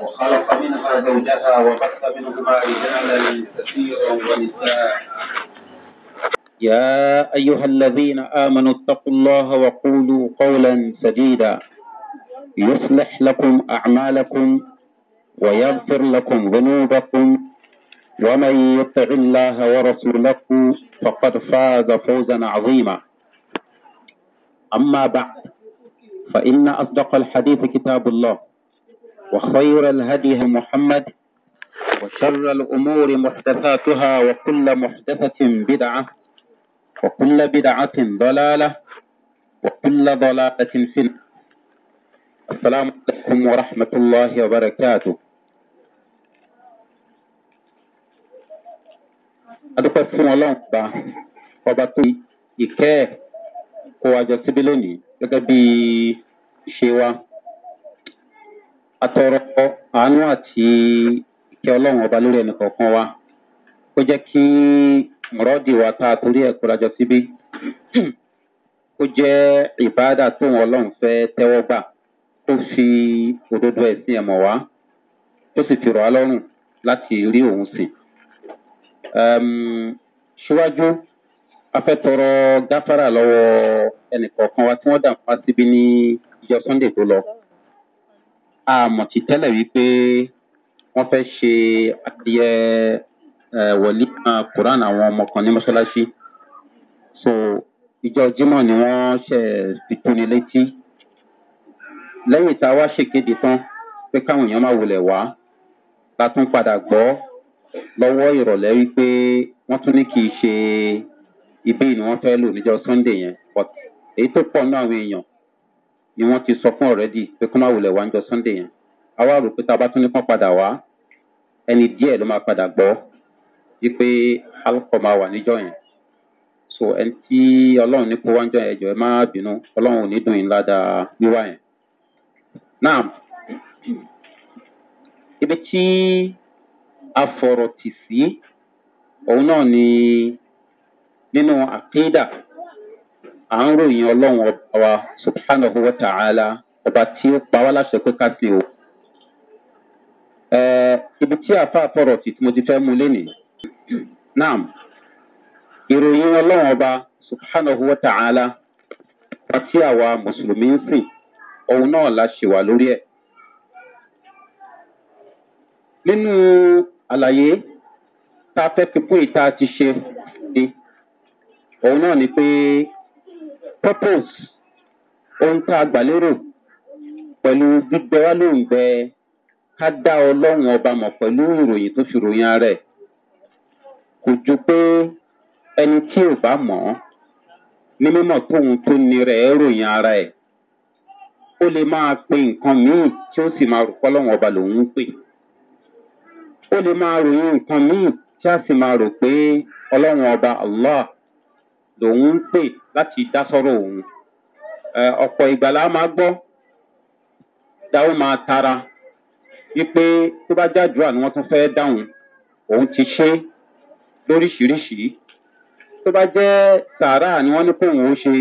وخلق منها زوجها وبث منهما رجالا كثيرا ونساء يا أيها الذين آمنوا اتقوا الله وقولوا قولا سديدا يصلح لكم أعمالكم ويغفر لكم ذنوبكم ومن يطع الله ورسوله فقد فاز فوزا عظيما أما بعد فإن أصدق الحديث كتاب الله وخير الهدي محمد وشر الأمور محدثاتها وكل محدثة بدعة وكل بدعة ضلالة وكل ضلالة في السلام عليكم ورحمة الله وبركاته adúpẹ́ fún ọlọ́run pa ọba tó kó gẹ́gẹ́ ṣe wa. atọrọ àánú àti ìkẹ́ ọlọ́run ọba lórí ẹnì wa ó jẹ́ kí mọ̀rọ́dì wa tá a torí ẹ̀ kórajọ síbí ó jẹ́ ìbáàdà tóun ọlọ́run fẹ́ tẹ́wọ́ gbà ó fi òdodo ẹ̀sìn ẹ̀mọ̀ wá ó sì fi rọ̀ á lọ́rùn láti rí òun sìn. síwájú a gáfárà lọ́wọ́ ẹnì wa tí wọ́n dà fún wa síbí ní ìjọ sunday tó lọ a mọ̀tí tẹ́lẹ̀ wípé wọ́n fẹ́ ṣe àtìyẹ wọ̀lí kan quran àwọn ọmọ kan ní mọ́ṣáláṣí so ìjọ jimoh ni wọ́n ṣe fi tóni létí lẹ́yìn tá a wá ṣèkéde tán pé káwọn èèyàn máa wulẹ̀ wá la tún padà gbọ́ lọ́wọ́ ìrọ̀lẹ́ wípé wọ́n tún ní kì í ṣe ibí ni wọ́n fẹ́ lò níjọ sunday yẹn but èyí tó pọ̀ nínú àwọn èèyàn ni wọ́n ti sọ fún ọ̀rẹ́dì pé kó má wulẹ̀ wá ń jọ sunday yẹn àwa rò pé tá a bá tún ní kán padà wá ẹni díẹ̀ ló máa padà gbọ́ wípé alukọ máa wà níjọ yẹn so ẹni tí ọlọ́run ní kó wá ń jọ yẹn jọ ẹ má bínú ọlọ́run ò ní dùn yín ládàá wíwá yẹn. náà ibi tí a fọ̀rọ̀ tì sí òun náà ni nínú àkéèdà. No, à ń ròyìn ọlọ́run ọba wa subhanahu wa ta'ala ọba tí ó pa wá láṣẹ pé ká sí o. ibi tí àáfàá fọ̀rọ̀ tì tí mo ti fẹ́ mu lénìí. naam ìròyìn ọlọ́run ọba subhanahu wa ta'ala ọba tí àwa mùsùlùmí ń sìn òun náà la ṣe wà lórí ẹ̀. nínú àlàyé tá a fẹ́ fi kún ìta ti ṣe ni òun náà ni pé. purpose ohun tá a gbà lérò pẹ̀lú gbígbẹ wá lóhùn ká dá ọlọ́run ọba mọ̀ pẹ̀lú ìròyìn tó fi ròyìn ara kò ju pé ẹni tí ò bá mọ̀ ní mímọ̀ tóun tó rẹ̀ ara ẹ̀ ó lè máa pe nǹkan míì tí ó sì máa rò ọlọ́run ọba lòun ń pè ó lè máa ròyìn nǹkan míì tí a sì máa rò pé ọba allah lòun ń pè láti dá sọ́rọ̀ òun. ọ̀pọ̀ ìgbà la máa gbọ́ dáwọ́ máa tara wípé tó bá jáàdúrà ni wọ́n tún fẹ́ dáhùn òun ti ṣe lóríṣiríṣi tó bá jẹ́ sàárà ni wọ́n ní kó òun ó ṣe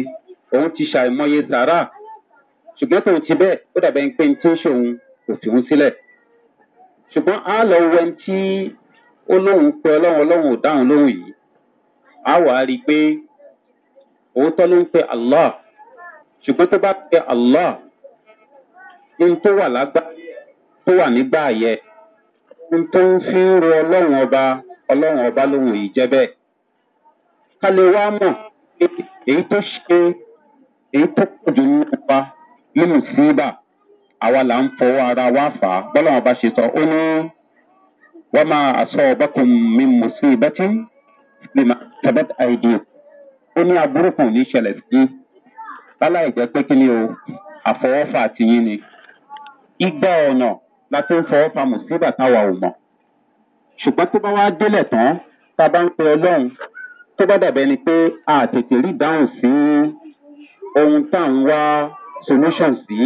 òun ti ṣàìmọye sàárà ṣùgbọ́n tòun ti bẹ́ẹ̀ ó dàbẹ̀ ń pé ní tí ń ṣe kò fi òun sílẹ̀ ṣùgbọ́n á lọ wẹ tí ó lóun pé ọlọ́run ọlọ́run ò dáhùn lóhùn yìí á wàá rí i pé òótọ́ ló pe allah ṣùgbọ́n tó bá pe allah ohun tó wà lágbá tó wà nígbà yẹ ohun tó ń fi ń ro ọlọ́run ọba ọlọ́run ọba lòun yìí jẹ́ bẹ́ẹ̀ ká lè wá mọ̀ èyí tó ṣe èyí tó pọ̀ jù nínú wa nínú síbà àwa là ń fọwọ́ ara wa fà á ṣe sọ ó ní wọ́n máa mi sí ibẹ́tí lè máa tẹ̀bẹ́tì àìdíyẹ. ó ní aburú kò ní ṣẹlẹ̀ sí láláì jẹ́ pé kí o àfọwọ́fà àti yín ni igba ọ̀nà la ti ń fọwọ́ pa mùsíbà táwa ò mọ̀ ṣùgbọ́n tó bá wá délẹ̀ tán tá a bá ń pe ọlọ́run tó bá dàbẹ́ ni pé a tètè rí ìdáhùn sí ohun tá à ń wá solution sí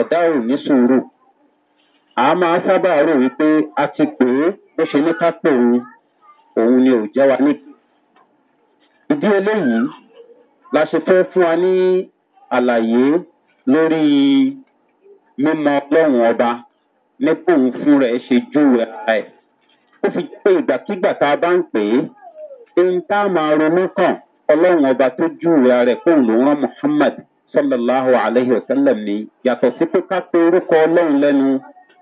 ẹ̀dá ò ní sùúrù a máa sábà rò wípé a ti pè é bó ṣe ní ká pè òun òun ni ò jẹ́ wa ní ìdí eléyìí la ṣe fẹ́ fún wa ní àlàyé lórí ọba ní bóun fún rẹ̀ ṣe júwe ara ẹ̀. ó fi jẹ́ ìgbàkigbà tá a bá ń pè é ohun tá ọba tó júwe ara ẹ̀ fóun ló rán muhammad sallallahu alayhi wa sallam ni yàtọ̀ sí pé ká pe orúkọ ọlọ́run lẹ́nu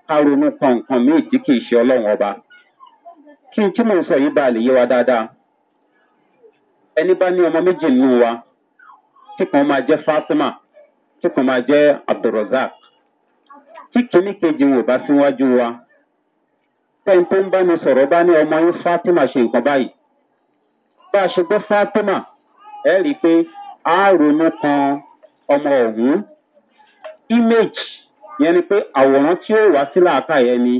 ká ronú kan nǹkan míì tí kì í ọba. kí n sọ yìí bá lè yé wa ẹni bá ní ọmọ méjì nù wa tí kan máa jẹ́ fatima tí kan máa jẹ́ abdulrozak tí kìíní kejì wò bá síwájú wa tẹ́yìn tó ń bá mi sọ̀rọ̀ bá ní ọmọ yín fatima ṣe nǹkan báyìí bá a ṣe gbọ́ fatima ẹ rí i pé a ronú kan ọmọ ọ̀hún image yẹn ni pé àwòrán tí ó wá sí làákà yẹn ni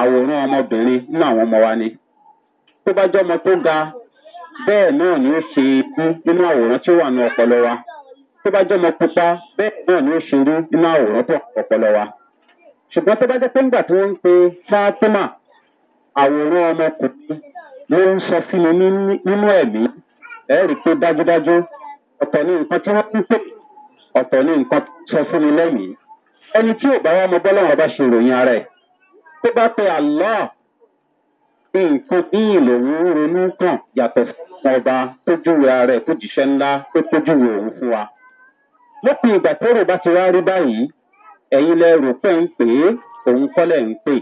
àwòrán ọmọbìnrin nínú àwọn ọmọ wa ni tó bá jẹ́ ọmọ tó ga bẹ́ẹ̀ náà ni ó ṣe ikú nínú àwòrán tí ó wà ní ọpọlọ wa tó bá jẹ́ ọmọ pupa bẹ́ẹ̀ náà ni ó ṣe rí nínú àwòrán tó ọpọlọ wa ṣùgbọ́n tó bá jẹ́ pé ńgbà tí wọ́n ń pe àwòrán ọmọkùnrin ló ń sọ sí mi nínú ẹ̀mí ẹ rí dájúdájú ọ̀tọ̀ ni nǹkan tí wọ́n ń pè ọ̀tọ̀ ni nǹkan sọ fún mi ẹni tí ò ọmọ Bọ́lá ọba tó júwe ara ẹ̀ tó jíṣẹ́ ńlá tó tó júwe òun fún wa. lópin ìgbà tẹ́rù bá ti wá rí báyìí ẹ̀yin lẹ rò pé ń pè é òun kọ́lẹ̀ ń pè.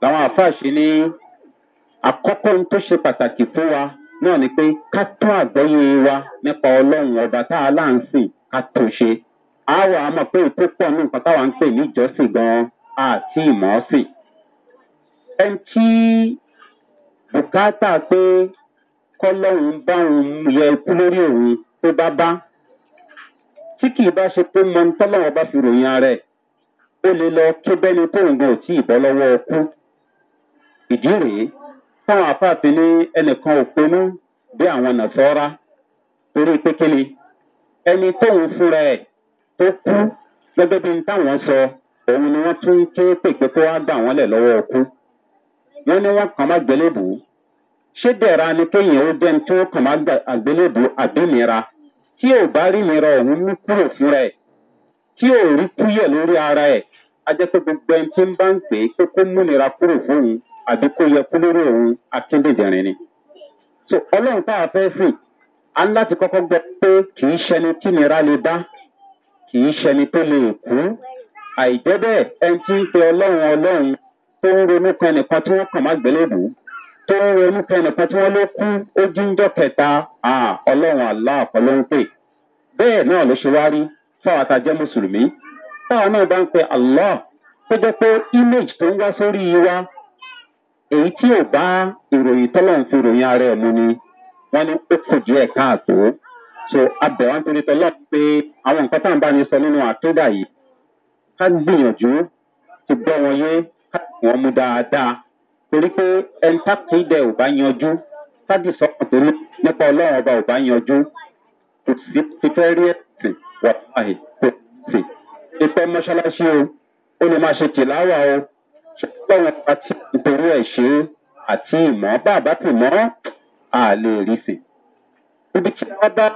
làwọn àfáàṣe ní àkọ́kọ́ ohun tó ṣe pàtàkì fún wa náà ni pé ká tún àgbọ́yé wa nípa ọlọ́run ọba tá a láǹsìn ká tó ṣe. àárọ̀ àmọ̀ pé ètò pọ̀ ní nǹkan táwa ń pè ní ìjọsìn gan-an àti ìmọ̀ọ́sìn. ẹni tí bùkátà pé kọ́lọ́hún bá òun yọ ikú lórí òun tó bá bá tí kì í bá ṣe pé mọ tọ́lọ́wọ́ bá fi ròyìn ara ẹ̀ ó lè lọ tó bẹ́ni tóun gan ò tí ì bọ́ lọ́wọ́ ọkú ìdí rèé táwọn àfáàfin ní ẹnìkan ò ponú bí àwọn nàṣọ́ra torí pékélé ẹni tóun fúnra ẹ̀ tó kú gẹ́gẹ́ bí táwọn sọ òun ni wọ́n tún ké pèpè kó wá gbà wọ́n lẹ̀ lọ́wọ́ ọkú wọ́n ní wọ́n kàn má gbélébùú ṣé dẹ̀ra ni kéèyàn ó jẹun tó kàn má àgbélébù àbínira tí ò bá rí ìnira òun mú kúrò fúnra ẹ̀ tí ò rí kúyẹ̀ lórí ara ẹ̀ a jẹ́ pé gbogbo ẹni tí ń bá ń pè é pé kó múnira kúrò fóun àbí kó yẹ kú lórí òun akíndèjẹrin ni. so ọlọ́run tá a fẹ́ sìn á ń láti kọ́kọ́ gbọ́ pé kì í ṣẹni tí nira lè bá kì í ṣẹni tó lè kú àìjẹ́ ẹni tí ń pe ọlọ́run ọlọ́run tó ń ronú kan nìkan tí wọ́n kàn má gbélébùú tó ń ronú kẹnìkan tí wọ́n ló kú ó jíjọ́ kẹta ọlọ́run allah ọ̀pọ̀lọ́ ń pè bẹ́ẹ̀ náà ló ṣe wá rí fáwọn àtàjẹ́ mùsùlùmí táwọn náà bá ń pe allah tó jẹ́ pé image tó ń wá sórí wa èyí tí ò bá ìròyìn tọ́lọ̀ ń fi ròyìn ara ẹ̀ mu ni wọ́n ní ó kù díẹ̀ káàtó so abẹ̀ wọn torí tọ́lọ̀ pé àwọn nǹkan tá à ń bá ní sọ nínú àtúndà yìí ká gbìyànjú ti gbọ́ wọn yé ká wọ́n mú dáadáa torí pé ẹni táàkì dẹ ò bá yanjú sáàdì sọkàn tó ní nípa ọlọ́run ọba ò bá yanjú kò sí fífẹ́ rí ẹ̀sìn wà láàyè kò sí. ìfẹ́ mọ́ṣáláṣí o ó lè máa ṣe tìláwà o ṣùgbọ́n wọn bá ti nítorí ẹ̀ ṣe é àti ìmọ̀ bàbá tì mọ́ à lè rí sí. ibi tí wọ́n bá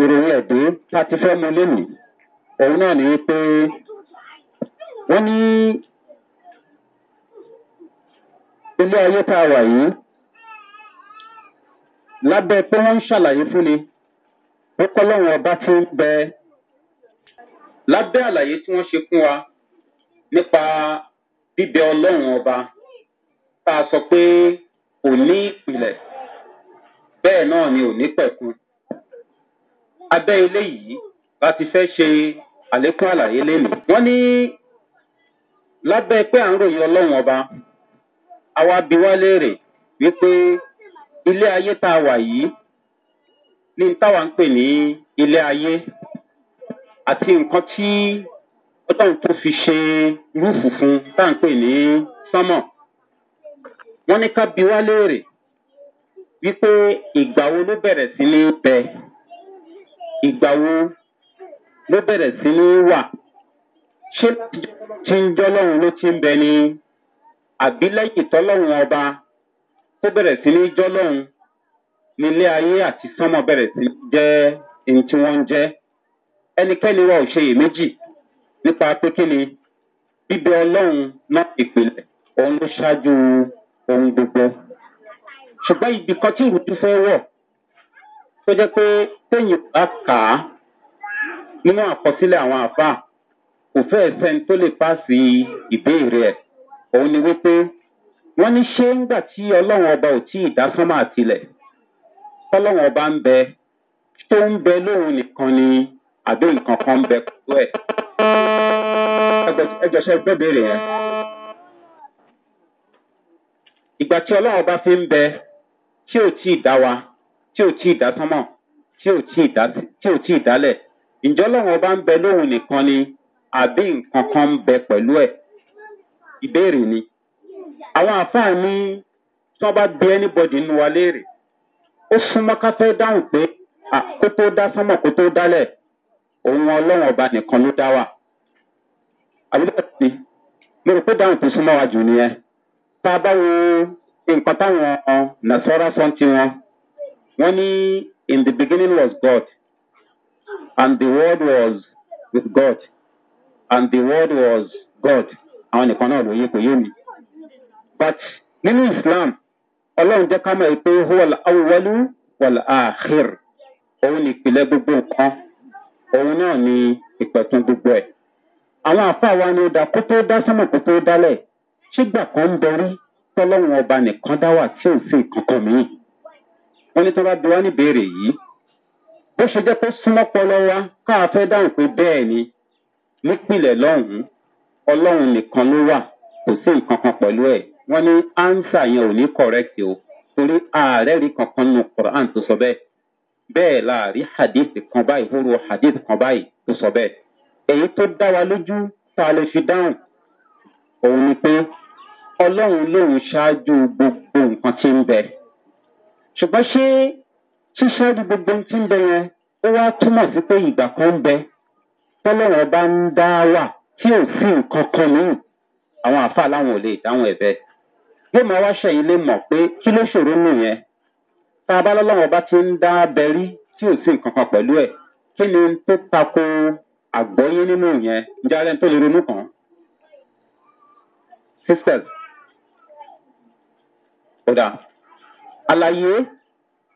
ìròyìn ẹ̀dẹ́ láti fẹ́ mu lénìí òun náà ní pé wọ́n ní ilé ayé tá a wà yìí lábẹ́ pé wọ́n ń ṣàlàyé fún ni wọ́n kọ́ lọ́wọ́ ọba tí ń bẹ lábẹ́ àlàyé tí wọ́n ṣe fún wa nípa bíbẹ ọlọ́run ọba tá a sọ pé kò ní ìpìlẹ̀ bẹ́ẹ̀ náà ni ò ní pẹ̀kun abẹ́ ilé yìí la ti fẹ́ ṣe àlékún àlàyé lénìí wọ́n ní lábẹ́ pé à ń ròyìn ọlọ́run ọba àwa bi wá léèrè wípé ilé ayé tá a wà yìí ní táwa ń pè ní ilé ayé àti nǹkan tí ọlọ́run tó fi ṣe rúùfù fún tá à ń pè ní sánmọ̀ wọ́n ní ká bi wá léèrè wípé ìgbà wo ló bẹ̀rẹ̀ sí ní bẹ ìgbà wo ló bẹ̀rẹ̀ sí ní wà ṣé láti jọ́ lọ́run ló ti ń bẹ ní. àbí tọ́lọ́run ọba tó bẹ̀rẹ̀ sí ní jọ́lọ́run nílé ayé àti sánmọ̀ bẹ̀rẹ̀ sí jẹ́ èyí tí wọ́n ń jẹ́ ẹnikẹ́ni wa ò ṣe méjì nípa pé kí ni bíbẹ ọlọ́run náà ìpìlẹ̀ ohun gbogbo ṣùgbọ́n ibi kan tí ìrújú fẹ́ wọ̀ tó jẹ́ pé téèyàn bá kà á nínú àkọsílẹ̀ àwọn tó lè pàṣẹ ìbéèrè òun ni wípé wọ́n ní ṣé ńgbà tí ọlọ́run ọba ò tí ì dá sánmà tilẹ̀ tọ́lọ́run ọba ń bẹ tó ń bẹ lóhun nìkan ni àbí nǹkan kan ń bẹ pẹ̀lú ẹ̀. ẹjọ ṣe gbé yẹn. ìgbà tí ọlọ́run ọba fi ń bẹ tí ò tí ì dá wa tí ò tí ì dá sánmà tí ò tí ì dálẹ̀ ǹjọ́ ọlọ́run ọba ń bẹ lóhun nìkan ni àbí nǹkan kan ń bẹ pẹ̀lú ẹ̀. ìbéèrè ni àwọn àfáà ní tí wọn bá anybody nínú wa léèrè ó súnmọ́ ká tó dáhùn pé kó tó dá sánmọ̀ kó tó dálẹ̀ òun ọlọ́run ọba nìkan ló dá wà. àbúrò mo rò pé dáhùn tó wa jù nìyẹn tá a in the beginning was god and the word was with god and the word was god. àwọn nìkan náà ló yé kò yé mi. but nínú islam ọlọ́run jẹ́ ká mọ̀ pé huwal awwalu wal akhir òun ni ìpìlẹ̀ gbogbo nǹkan òun náà ni ìpẹ̀tùn gbogbo ẹ̀. àwọn àfa wa ni ó da kó tó dá sọ́mọ̀ kó tó dálẹ̀ ṣígbà kan ń bẹrí tọ́lọ́run ọba nìkan dá wà tí ò sí kankan míì. wọ́n ní tí wọ́n bá bí wá níbèrè yìí bó ṣe jẹ́ pé súnmọ́ pọlọ wa káà fẹ́ dáhùn pé bẹ́ẹ̀ ni nípìnlẹ̀ lọ́hùn-ún ọlọ́run nìkan ló wà kò sí nǹkan kan pẹ̀lú ẹ̀ wọ́n ní ánsà yẹn ò ní kọ̀rẹ́kì o torí ààrẹ rí kankan nu quran tó sọ bẹ́ẹ̀ bẹ́ẹ̀ láàrí hadith kan báyìí horo hadith kan báyìí tó sọ bẹ́ẹ̀ èyí tó dá wa lójú tá a lè fi dáhùn òun ni pé ọlọ́run lòun ṣáájú gbogbo nǹkan tí ń bẹ ṣùgbọ́n ṣé ṣíṣáájú gbogbo ohun tí ń bẹ yẹn ó wá túmọ̀ sí pé ìgbà kan ń bẹ tọ́lọ́run ọba ń dá wà tí ò sí nǹkan kan mìíràn àwọn àáfàá láwọn ò lè dáhùn ẹ̀bẹ̀. yóò máa wá ṣẹ̀yìn lè mọ̀ pé kí ló ṣòro nù yẹn tá a bá lọ́lọ́wọ́ bá ti ń dá abẹ́rí tí ò sí nǹkan kan pẹ̀lú ẹ̀ kí ni tó tako àgbọ́yé nínú yẹn ǹjẹ́ alẹ́ tó lè ronú kàn án. sisters kódà àlàyé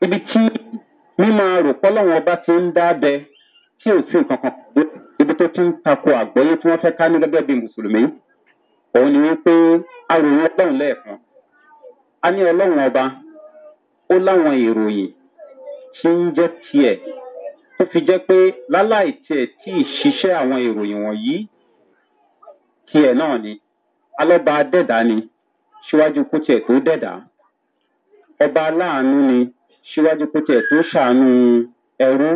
ibi tí mímọ rò pọ́lọ́wọ́n bá ti ń dá abẹ tí ò sí nǹkan kan pẹ̀lú tó tún tako àgbọ́yé tí wọ́n fẹ́ ká ní gẹ́gẹ́ bí mùsùlùmí òun ni wípé aròyìn ọlọ́run lẹ́ẹ̀kan a ní ọlọ́run ọba ó láwọn ìròyìn tí ń jẹ́ tiẹ̀ tó fi jẹ́ pé láláì tiẹ̀ tí ì ṣiṣẹ́ àwọn ìròyìn wọ̀nyí tiẹ̀ náà ni alọ́ba dẹ̀dá ni síwájú kó tiẹ̀ tó dẹ̀dá ọba aláàánú ni síwájú kó tiẹ̀ tó ṣàánú ẹrú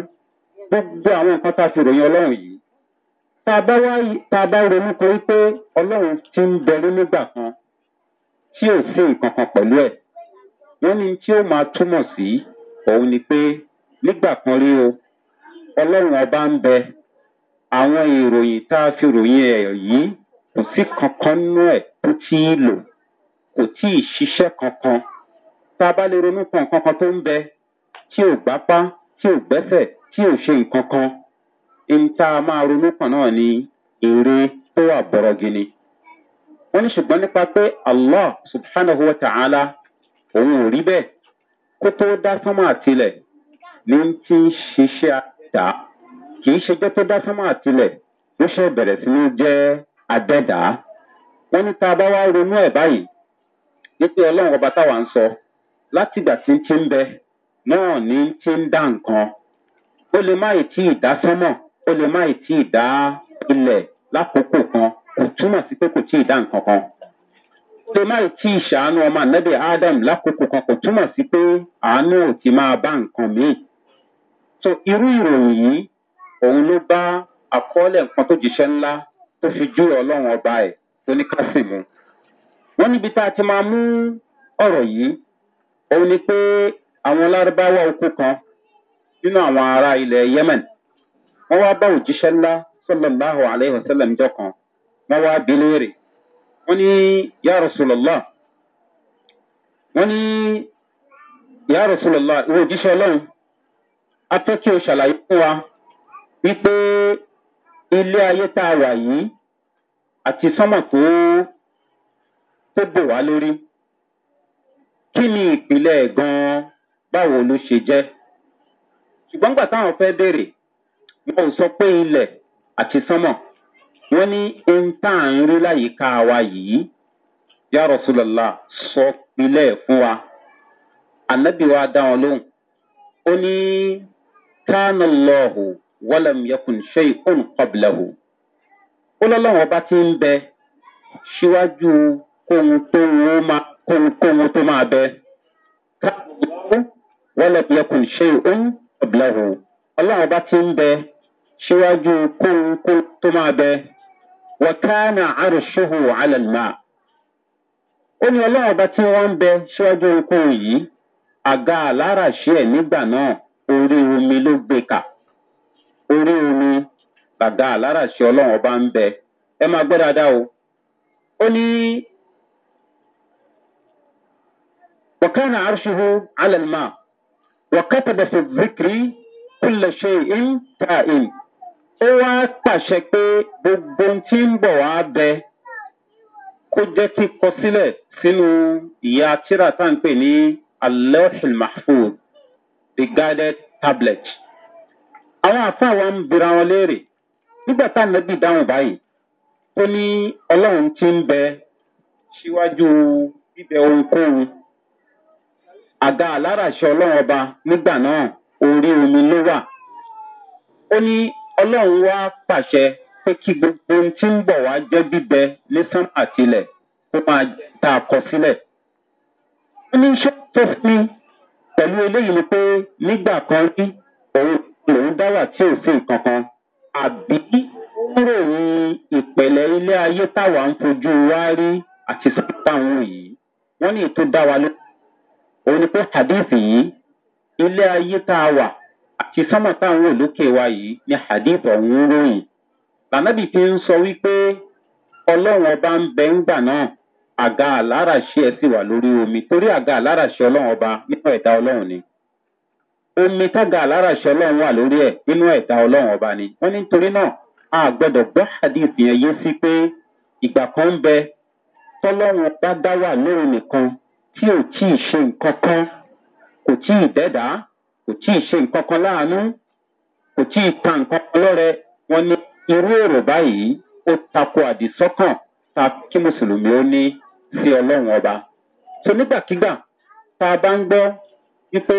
gbogbo àwọn nǹkan tá a fi ròyìn ọlọ́run yìí tá a bá wá tá a bá ronú pé pé ọlọ́run ti ń bẹ nígbà kan tí ò sí nǹkan kan pẹ̀lú ẹ̀ wọ́n ní tí ó máa túmọ̀ sí òun ni pé nígbà kan rí o ọlọ́run ọba ń bẹ àwọn ìròyìn tá a fi ròyìn ẹ̀ yìí kò sí kankan nínú ẹ̀ tó tí ì lò kò tí ì ṣiṣẹ́ kankan tá a bá lè ronú kan kankan tó ń bẹ tí ò gbápá tí ò gbẹ́sẹ̀ tí ò ṣe nǹkan kan. n tá máa ronú náà ni èrè tó wà wọ́n ní ṣùgbọ́n nípa pé allah subhanahu wa ta'ala òun ò rí bẹ́ẹ̀ kó tó dá sánmọ́ àtìlẹ̀ ní ti ṣiṣẹ́ àdá kì í ṣe jẹ́ tó dá sánmọ́ àtìlẹ̀ ló ó lè má ì tí ì dá ilẹ̀ lákòókò kan kò túmọ̀ sí pé kò tí ì dá nǹkan kan. ó lè má ì tí ì ṣàánú ọmọ ànábì adam lákòókò kan kò túmọ̀ sí pé àánú ò ti máa bá nǹkan míì. so irú ìròyìn yìí òun ló bá àkọọ́lẹ̀ nǹkan tó jíṣẹ́ ńlá tó fi jú ọlọ́run ọba ẹ̀ tó ní kásìmù. wọ́n níbi tá a ti máa mú ọ̀rọ̀ yìí òun ni pé àwọn lárúbáwá oko kan nínú àwọn ará ilẹ̀ yemen wọn wá bá òjíṣẹ ńlá sallallahu alayhi wa sallam jọ kan wọn wá bí léèrè wọn ní ya rasulallah wọn ní ya rasulallah ìwé òjíṣẹ ọlọrun afẹ kí o ṣàlàyé fún wa wípé ilé ayé tá a wà yìí àti sọmọ tó tó bò wá lórí kí ni ìpìlẹ̀ gan-an báwo ló ṣe jẹ́ ṣùgbọ́n gbà táwọn fẹ́ béèrè wọn ò sọ pé ilẹ̀ àti sánmọ̀ wọ́n ní ohun tá à ń rí láyìíká wa yìí yá rọ̀ṣùlọ̀lá sọ pilẹ̀ fún wa ànábì wa dá wọn lóhùn ó ní kánà lọ́hùn wọ́lẹ̀m yẹkùn ṣe ìkún kọ́bìlẹ̀hùn ó lọ́lọ́wọ́n bá ti ń bẹ síwájú kóhun tó máa bẹ kánà lọ́hùn wọ́lẹ̀m yẹkùn ṣe ìkún kọ́bìlẹ̀hùn ọlọ́wọ́n bá ti ń bẹ. síwájú kóńkó tó máa bẹ wọ̀kánà àrùsùhù alàlmá. ó ní ọlọ́run bá tí wọ́n ń bẹ síwájú ohunkóhun yìí àga aláràṣí ẹ̀ nígbà náà orí omi ló gbé kà orí omi ọlọ́run ń bẹ ẹ máa dáadáa o. ó ní wọ̀kánà àrùsùhù alàlmá zikiri kúlẹ̀ ṣe ń ta ó wá pàṣẹ pé gbogbo ohun tí ń bọ̀ wá bẹ kó jẹ́ kíkọ sílẹ̀ sínú ìyá tíra tá à pè ní alẹ́hìn mahfoud the guided tablet. àwọn àfáà wa ń bira wọn léèrè nígbà tá ànábì dáhùn báyìí ó ní ọlọ́run ti ń bẹ síwájú bíbẹ ohunkóhun àga aláràṣẹ ọlọ́run ọba nígbà náà orí omi ló wà ó ní ọlọ́run wá pàṣẹ pé kí gbogbo ohun tí ń bọ̀ wá jẹ́ bíbẹ ní sán àtilẹ̀ kó máa ta àkọ sílẹ̀. ó ní iṣẹ́ tó fún mi pẹ̀lú eléyìí ni pé nígbà kan rí òun lòún dáwà tí ò sí nǹkan kan àbí ó ìpẹ̀lẹ̀ ilé ayé táwa ń fojú wá rí àti sábàwọn yìí wọ́n ní ètò dá wa òun ni pé hadith yìí ilé ayé tá a wà ti sọ́mà tá à ń wò lókè wa yìí ni hadith ọ̀hún ń ròyìn. Bànábì ti ń sọ wípé ọlọ́run ọba ń bẹ ńgbà náà àga àláràṣẹ ẹ sì wà lórí omi torí àga àláràṣẹ ọlọ́run ọba nínú ẹ̀dá ọlọ́run ni. Omi tága àláràṣẹ ọlọ́run wà lórí ẹ̀ nínú ẹ̀dá ọlọ́run ọba ni. Wọ́n ní nítorí náà a gbọ́dọ̀ gbọ́ hadith yẹn yé sí pé ìgbà kan ń bẹ tọ́lọ́run ọba dá wà lóhun nìkan tí ò tíì ṣe nǹkan kan kò tíì ì dẹ́dàá kò tí ì ṣe nǹkan kan láàánú kò tí ì ta nǹkan kan lọ́rẹ wọn ni irú èrò báyìí ó tako àdìsọ́kàn ta kí mùsùlùmí ó ní sí ọlọ́run ọba. so nígbàkigbà tá a bá ń gbọ́ wípé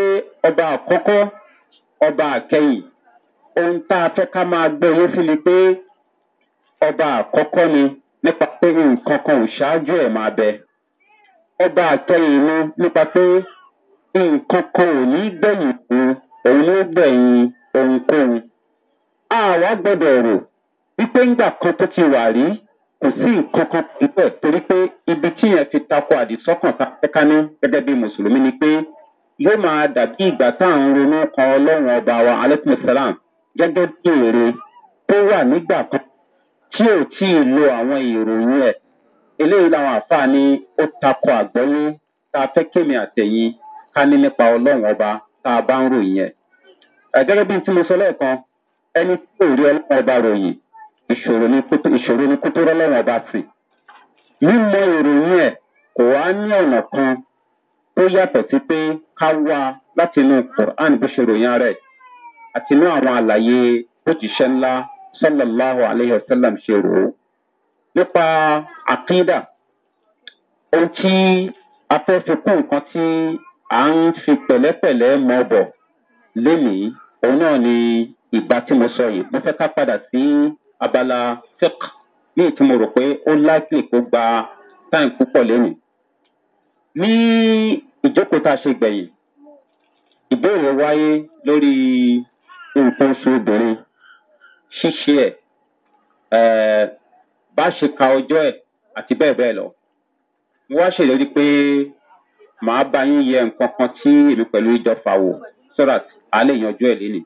ọba àkọ́kọ́ ọba àkẹyìn ohun tá a fẹ́ ká máa gbọ́ yé sí ni pé ọba àkọ́kọ́ ni nípa pé nǹkan kan ò ṣáájú ẹ̀ máa bẹ ọba àkẹyìn ni nípa pé. nǹkan kan ò ní gbẹ̀yìn òun òun ló gbẹ̀yìn ohunkóhun. àwa gbọ́dọ̀ rò wípé ńgbà kan tó ti wà rí kò sí nǹkan kan níbẹ̀ torí pé ibi tí yẹn fi takò àdìsọ́kàn tá a fẹ́ kání gẹ́gẹ́ bí mùsùlùmí ni pé yóò máa dàbí ìgbà tá à ń ronú kan ọlọ́run ọba wa aleykum salam gẹ́gẹ́ bí èrè tó wà nígbà kan tí ò tí ì lo àwọn ìròyìn ẹ̀ eléyìí làwọn àfáà ni ó takò àgbọ́yé tá a fẹ́ kémi àtẹ̀yìn ká ní nípa ọlọ́run ọba tá a bá ń ròyìn ẹ̀. gẹ́gẹ́ bí n tí mo sọ lẹ́ẹ̀kan ẹni tí ò rí ọlọ́run ọba ròyìn ìṣòro ni kó tó rọ́lọ́run ọba sí. mímọ ìròyìn ẹ̀ kò wá ní ọ̀nà kan tó yàtọ̀ sí pé ká wá láti inú quran bó ṣe ròyìn ara ẹ̀ àti inú àwọn àlàyé bó ti ṣe ńlá sallallahu alayhi wa sallam ṣe rò ó. nípa àkídà ohun tí a fẹ́ fi kún nǹkan tí à ń fi pẹ̀lẹ́pẹ̀lẹ́ mọ bọ̀ lénìí òun náà ni ìgbà tí mo sọ yìí mo fẹ́ ká padà sí abala fik ní ìtumọ̀ rò pé ó láìpẹ́ kó gba táìm púpọ̀ lénìí. ní ìjókòó tá a ṣe gbẹ̀yìn ìbéèrè wáyé lórí nǹkan oṣù obìnrin ṣíṣe ẹ̀ eh, bá ṣe ka ọjọ́ ẹ̀ àti bẹ́ẹ̀ bẹ́ẹ̀ lọ. mo wá ṣèlérí pé màá bá yín yẹ nǹkan kan tí èmi pẹ̀lú ìjọfà wò so that a lè yanjú ẹ̀ lénìí.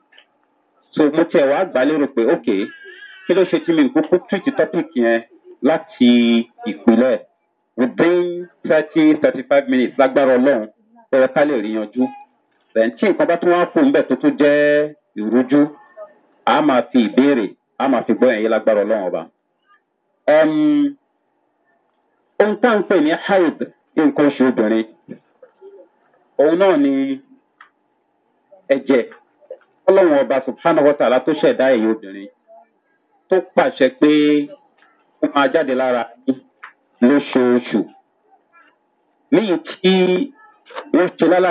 so mo tiẹ̀ wá gbà lérò pé ok kí ló ṣe tí mi kúkú treat topic yẹn láti ìpínlẹ̀ within thirty thirty five minutes lágbára ọlọ́run pẹ̀lú ká lè rí yanjú. then tí nǹkan bá tún wá fún un bẹ́ẹ̀ tó tún jẹ́ ìrújú a máa fi ìbéèrè a máa fi gbọ́ yẹn yé lágbára ọlọ́run ọba. ohun tá à ń pè ní hide nǹkan oṣù obìnrin òun náà ni ẹ̀jẹ̀ ọlọ́run ọba subhanahu wa ta'ala tó ṣẹ̀dá ẹ̀yìn obìnrin tó pàṣẹ pé ó máa jáde lára lóṣooṣù léyìí tí wọ́n ṣe lálà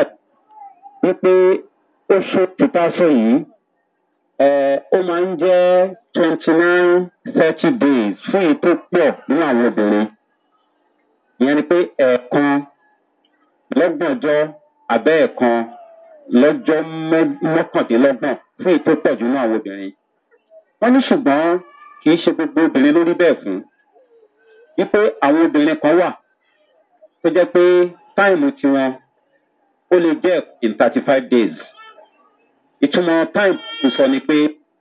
wípé oṣù tìtàṣọ yìí ó máa ń jẹ́ twenty nine thirty days fún èyí tó pọ̀ nínú àwọn obìnrin ìyẹn ni pé ẹ̀ẹ̀kan lọ́gbọ̀njọ́ àbẹ́ẹ̀kan lọ́jọ́ mọ́kàndínlọ́gbọ̀n fún ètò pọ̀jù náà àwọn obìnrin. wọ́n ní ṣùgbọ́n kì í ṣe gbogbo obìnrin ló rí bẹ́ẹ̀ fún wípé àwọn obìnrin kan wà tó jẹ́ pé táìmù tiwọn ó lè jẹ́ in thirty five days. ìtumọ̀ táìmù sọ ni pé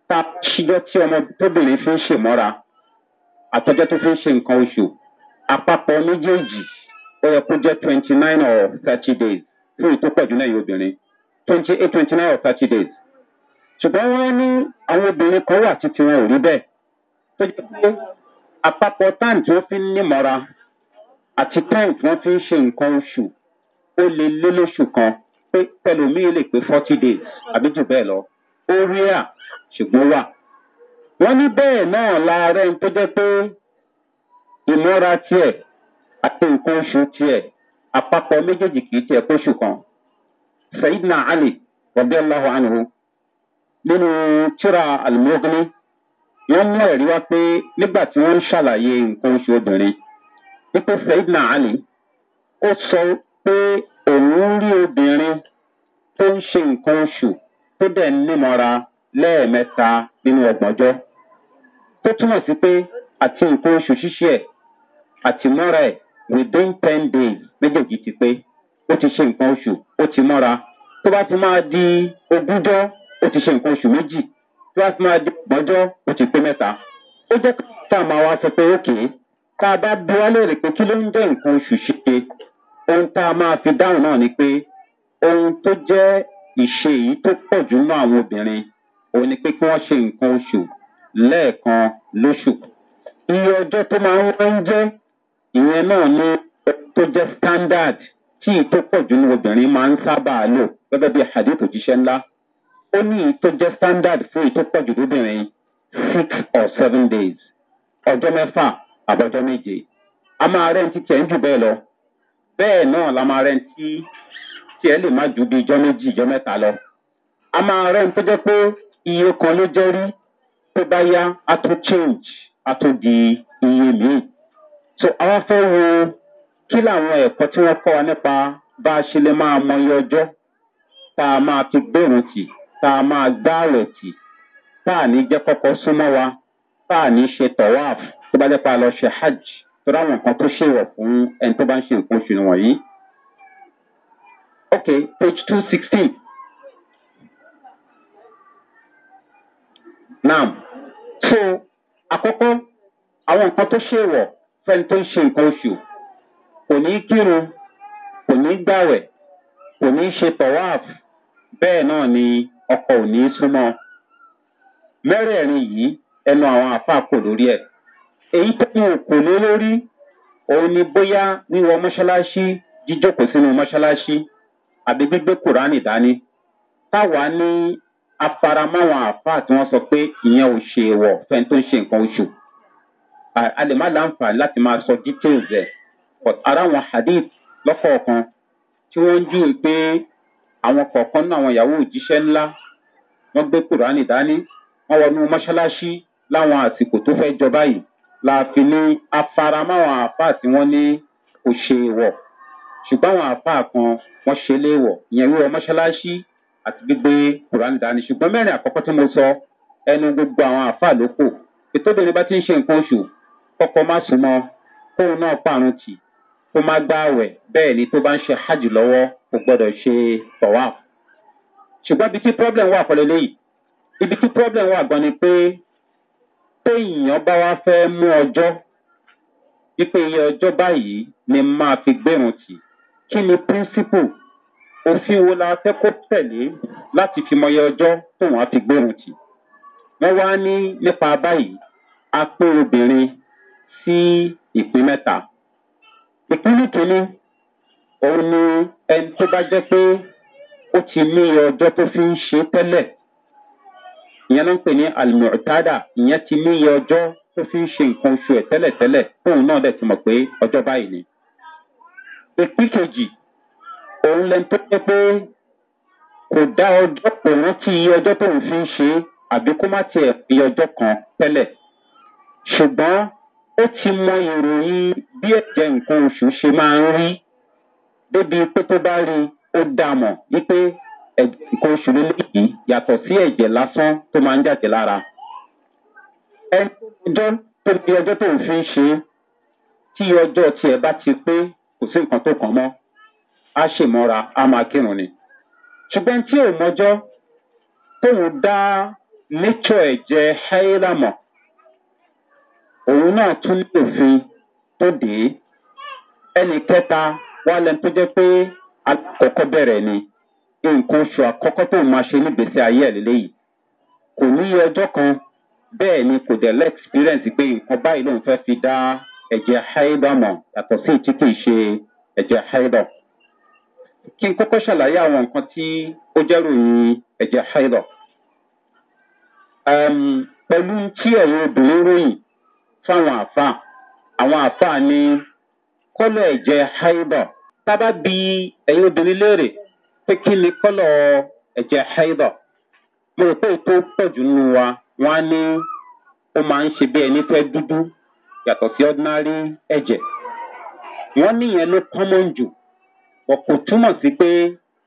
ta ṣíjọ́ tí ọmọ tóbìnrin fi ń ṣèmọ́ra àtọ́jọ́ tó fi ń ṣe nǹkan oṣù àpapọ̀ méjèèjì ó yẹ kó jẹ́ twenty nine or thirty days lóyún tó pọ̀jù náà yìí obìnrin twenty eight twenty nine or thirty days. ṣùgbọ́n wọ́n ní àwọn obìnrin kan wà títí wọn ò rí bẹ́ẹ̀ tó jẹ́ pé àpapọ̀ time tí wọ́n fi ń nímọ̀ra àti time tí wọ́n fi ń ṣe nǹkan oṣù ó lè lé lóṣù kan pé pẹlòmíì lè pé forty days àbí jù bẹ́ẹ̀ lọ ó rí à ṣùgbọ́n wà. wọ́n ní bẹ́ẹ̀ náà láàárẹ̀ tó jẹ́ pé ìmọ̀ra tiẹ̀ àti nǹkan oṣù tiẹ̀ àpapọ̀ méjèèjì kì í tiẹ̀ kóṣù kan sayidina ali rọ̀bíọ́láhu anhu nínú tíra alimogini wọn mú ẹ̀rí wá pé nígbà tí wọ́n ń ṣàlàyé nǹkan oṣù obìnrin wípé sayidina ali ó sọ pé òun rí obìnrin tó ń ṣe nǹkan oṣù tó dẹ̀ ń nímọ̀ra lẹ́ẹ̀mẹta nínú tó túmọ̀ sí pé àti nǹkan within ten days méjèèjì ti pé ó ti ṣe nǹkan oṣù ó ti mọ́ra tó bá ti máa di ogúnjọ́ ó ti ṣe nǹkan oṣù méjì tó bá ti máa di ọgbọ́njọ́ ó ti pé mẹ́ta ó jẹ́ ká máa wá sọ pé ókè tá a bá bí wá lóore pé kí ló ń jẹ́ nǹkan oṣù ṣíṣe ohun tá a máa fi dáhùn náà ni pé ohun tó jẹ́ ìṣe èyí tó pọ̀ jù mọ́ àwọn obìnrin òun ni pé kí wọ́n ṣe nǹkan oṣù lẹ́ẹ̀kan lóṣù iye ọjọ́ tó máa ń wọ́n ń jẹ́ ìyẹn náà ní tó jẹ́ standard tí ìtó pọ̀ jù ní obìnrin máa ń sábà lò gẹ́gẹ́ bí hadith òjíṣẹ́ ńlá ó ní ìtó jẹ́ standard fún ìtó pọ̀ jù lóbìnrin six or seven days ọjọ́ mẹ́fà àbọ̀jọ́ méje a máa rẹ́ ti tiẹ̀ ń jù bẹ́ẹ̀ lọ bẹ́ẹ̀ náà la máa rẹ́ ti tiẹ̀ lè má ju bí ijọ́ méjì ijọ́ mẹ́ta lọ a máa rẹ́ tó jẹ́ pé iye kan ló jẹ́ rí tó bá yá a tó change a tó di iye míì so àwọn fẹ́ wo kí làwọn ẹ̀kọ́ tí wọ́n kọ́ wa nípa bá a ṣe lè máa mọ iye ọjọ́ tá a máa fi gbèrò tì tá a máa gbá àwẹ̀ tì tá a ní jẹ́ kọ́kọ́ súnmọ́ wa tá a ní ṣe tọ̀wáàf tó bá lẹ́pa lọ ṣe hajj tó dáwọn nǹkan tó ṣèwọ̀ fún ẹni tó bá ń ṣe nǹkan oṣù wọ̀nyí. ok page two sixteen. now so àkọ́kọ́ àwọn nǹkan tó ṣèwọ̀ fẹ́ni tó ń ṣe nǹkan oṣù kò ní kírun kò ní gbàwẹ̀ kò ní ṣe tọ̀wáàf bẹ́ẹ̀ náà ni ọkọ̀ ò ní súnmọ́ mẹ́rẹ̀ẹ̀rin yìí ẹnu àwọn àáfàá kò lórí ẹ̀ èyí tó ní òkò lé lórí òun ni bóyá wíwọ mọ́ṣáláṣí jíjókòó sínú mọ́ṣáláṣí àbí gbígbé kùránì dání táwa ní afaramáwọn àáfàá tí wọ́n sọ pé ìyẹn ò ṣe wọ̀ fẹ́ni tó ń ṣe nǹkan oṣù a lè má láǹfààní láti máa sọ details ẹ̀ but ara àwọn hadith lọ́kọ̀ọ̀kan tí wọ́n ń júwe pé àwọn kọ̀ọ̀kan náà àwọn ìyàwó òjíṣẹ́ ńlá wọ́n gbé kùránì dání wọ́n wọnú mọ́ṣáláṣí láwọn àsìkò tó fẹ́ jọba yìí la fi ní afaramáwọn àáfàá tí wọ́n ní kò ṣe wọ̀ ṣùgbọ́n àwọn àáfàá kan wọ́n ṣe léèwọ̀ ìyẹn wíwọ mọ́ṣáláṣí àti gbígbé kùránì dání ṣùgbọ́n mẹ́rin àkọ́kọ́ tí mo sọ ẹnu gbogbo àwọn àáfàá ló kù ètò obìnrin bá ti ń ṣe nǹkan oṣù kọ́kọ́ má súnmọ́ kóun náà pààrùn tì kó má gbààwẹ̀ bẹ́ẹ̀ ni tó bá ń ṣe hajj lọ́wọ́ kò gbọ́dọ̀ ṣe tọ̀wá. ṣùgbọ́n ibi tí problem wà kọ́lé léyìí ibi tí problem wà gan ni pé téèyàn bá wá fẹ́ mú ọjọ́ wípé iye ọjọ́ báyìí ni máa fi gbẹ̀rùn tì kí ni principle òfin wo la fẹ́ kó tẹ̀lé láti fi mọyẹ ọjọ́ tó wọ́n á fi gbẹ̀rùn tì. wọ́n wá ní nípa báyìí a pé obìnrin sí ìpín mẹ́ta. Ìpínlẹ̀ kìíní, òun ni ẹni tó bá jẹ́ pé ó ti ní ọjọ́ tó fi ń ṣe tẹ́lẹ̀. Ìyẹn ló ń pè ní àlùmọ̀tádà. Ìyẹn ti ní iye ọjọ́ tó fi ń ṣe nǹkan oṣù ẹ̀ tẹ́lẹ̀tẹ́lẹ̀ tóun náà dẹ̀ ti mọ̀ pé ọjọ́ báyìí ni. Ìpín kejì, òun lẹni tó jẹ́ pé kò dá ọjọ́ kò rántí iye ọjọ́ tóun fi ń ṣe àbí kó má tiẹ̀ iye ọjọ́ kan tẹ́lẹ̀. Ṣùgbọ́n ó ti mọ ìròyìn bí ẹ̀jẹ̀ nǹkan oṣù ṣe máa ń rí débi pé tó bá rí ó dà mọ̀ wípé nǹkan oṣù lélẹ́yìí yàtọ̀ sí ẹ̀jẹ̀ lásán tó máa ń jàjẹ̀ lára. ẹni ọjọ́ tó di ọjọ́ tó ń fi ṣe tí ọjọ́ tiẹ̀ bá ti pé kò sí nǹkan tó kàn mọ́ á ṣèmọ́ra á máa kírun ni. ṣùgbọ́n tí ò mọjọ́ tóun dá nature ẹ̀jẹ̀ hẹ́ẹ́lá mọ̀ òun náà tún ní òfin tó dé ẹnì kẹta wà lẹni tó jẹ pé alákọ̀ọ́kọ́ bẹ̀rẹ̀ ni nǹkan oṣù àkọ́kọ́ tó máa ṣe nígbèsè ayé ẹ̀ lélẹ́yìí kò ní iye ọjọ́ kan bẹ́ẹ̀ ni kò dẹ̀ lẹ́ẹ̀xpírẹ́ǹsì pé nǹkan báyìí lòun fẹ́ fi dá ẹ̀jẹ̀ haidọ̀ mọ̀ yàtọ̀ sí tí kì ṣe ẹ̀jẹ̀ haidọ̀. kí n kọ́kọ́ ṣàlàyé àwọn nǹkan tí ó jẹ́ ròyìn ẹ̀jẹ̀ haidọ̀. pẹ̀lú tí ẹ̀yin obìnrin ròyìn fáwọn àáfàá àwọn àáfàá ní kọlọ ẹ̀jẹ̀ haibọ̀ tábà bí ẹ̀yin obìnrin léèrè pé kí ni kọ́lọ̀ ẹ̀jẹ̀ haibọ̀ mo rò pé ètò pọ̀jù nù wa wọ́n á ní ó máa ń ṣe bí ẹni fẹ́ dúdú yàtọ̀ sí ordinary ẹ̀jẹ̀ wọ́n níyẹn ló common jù wọ́n kò túmọ̀ sí pé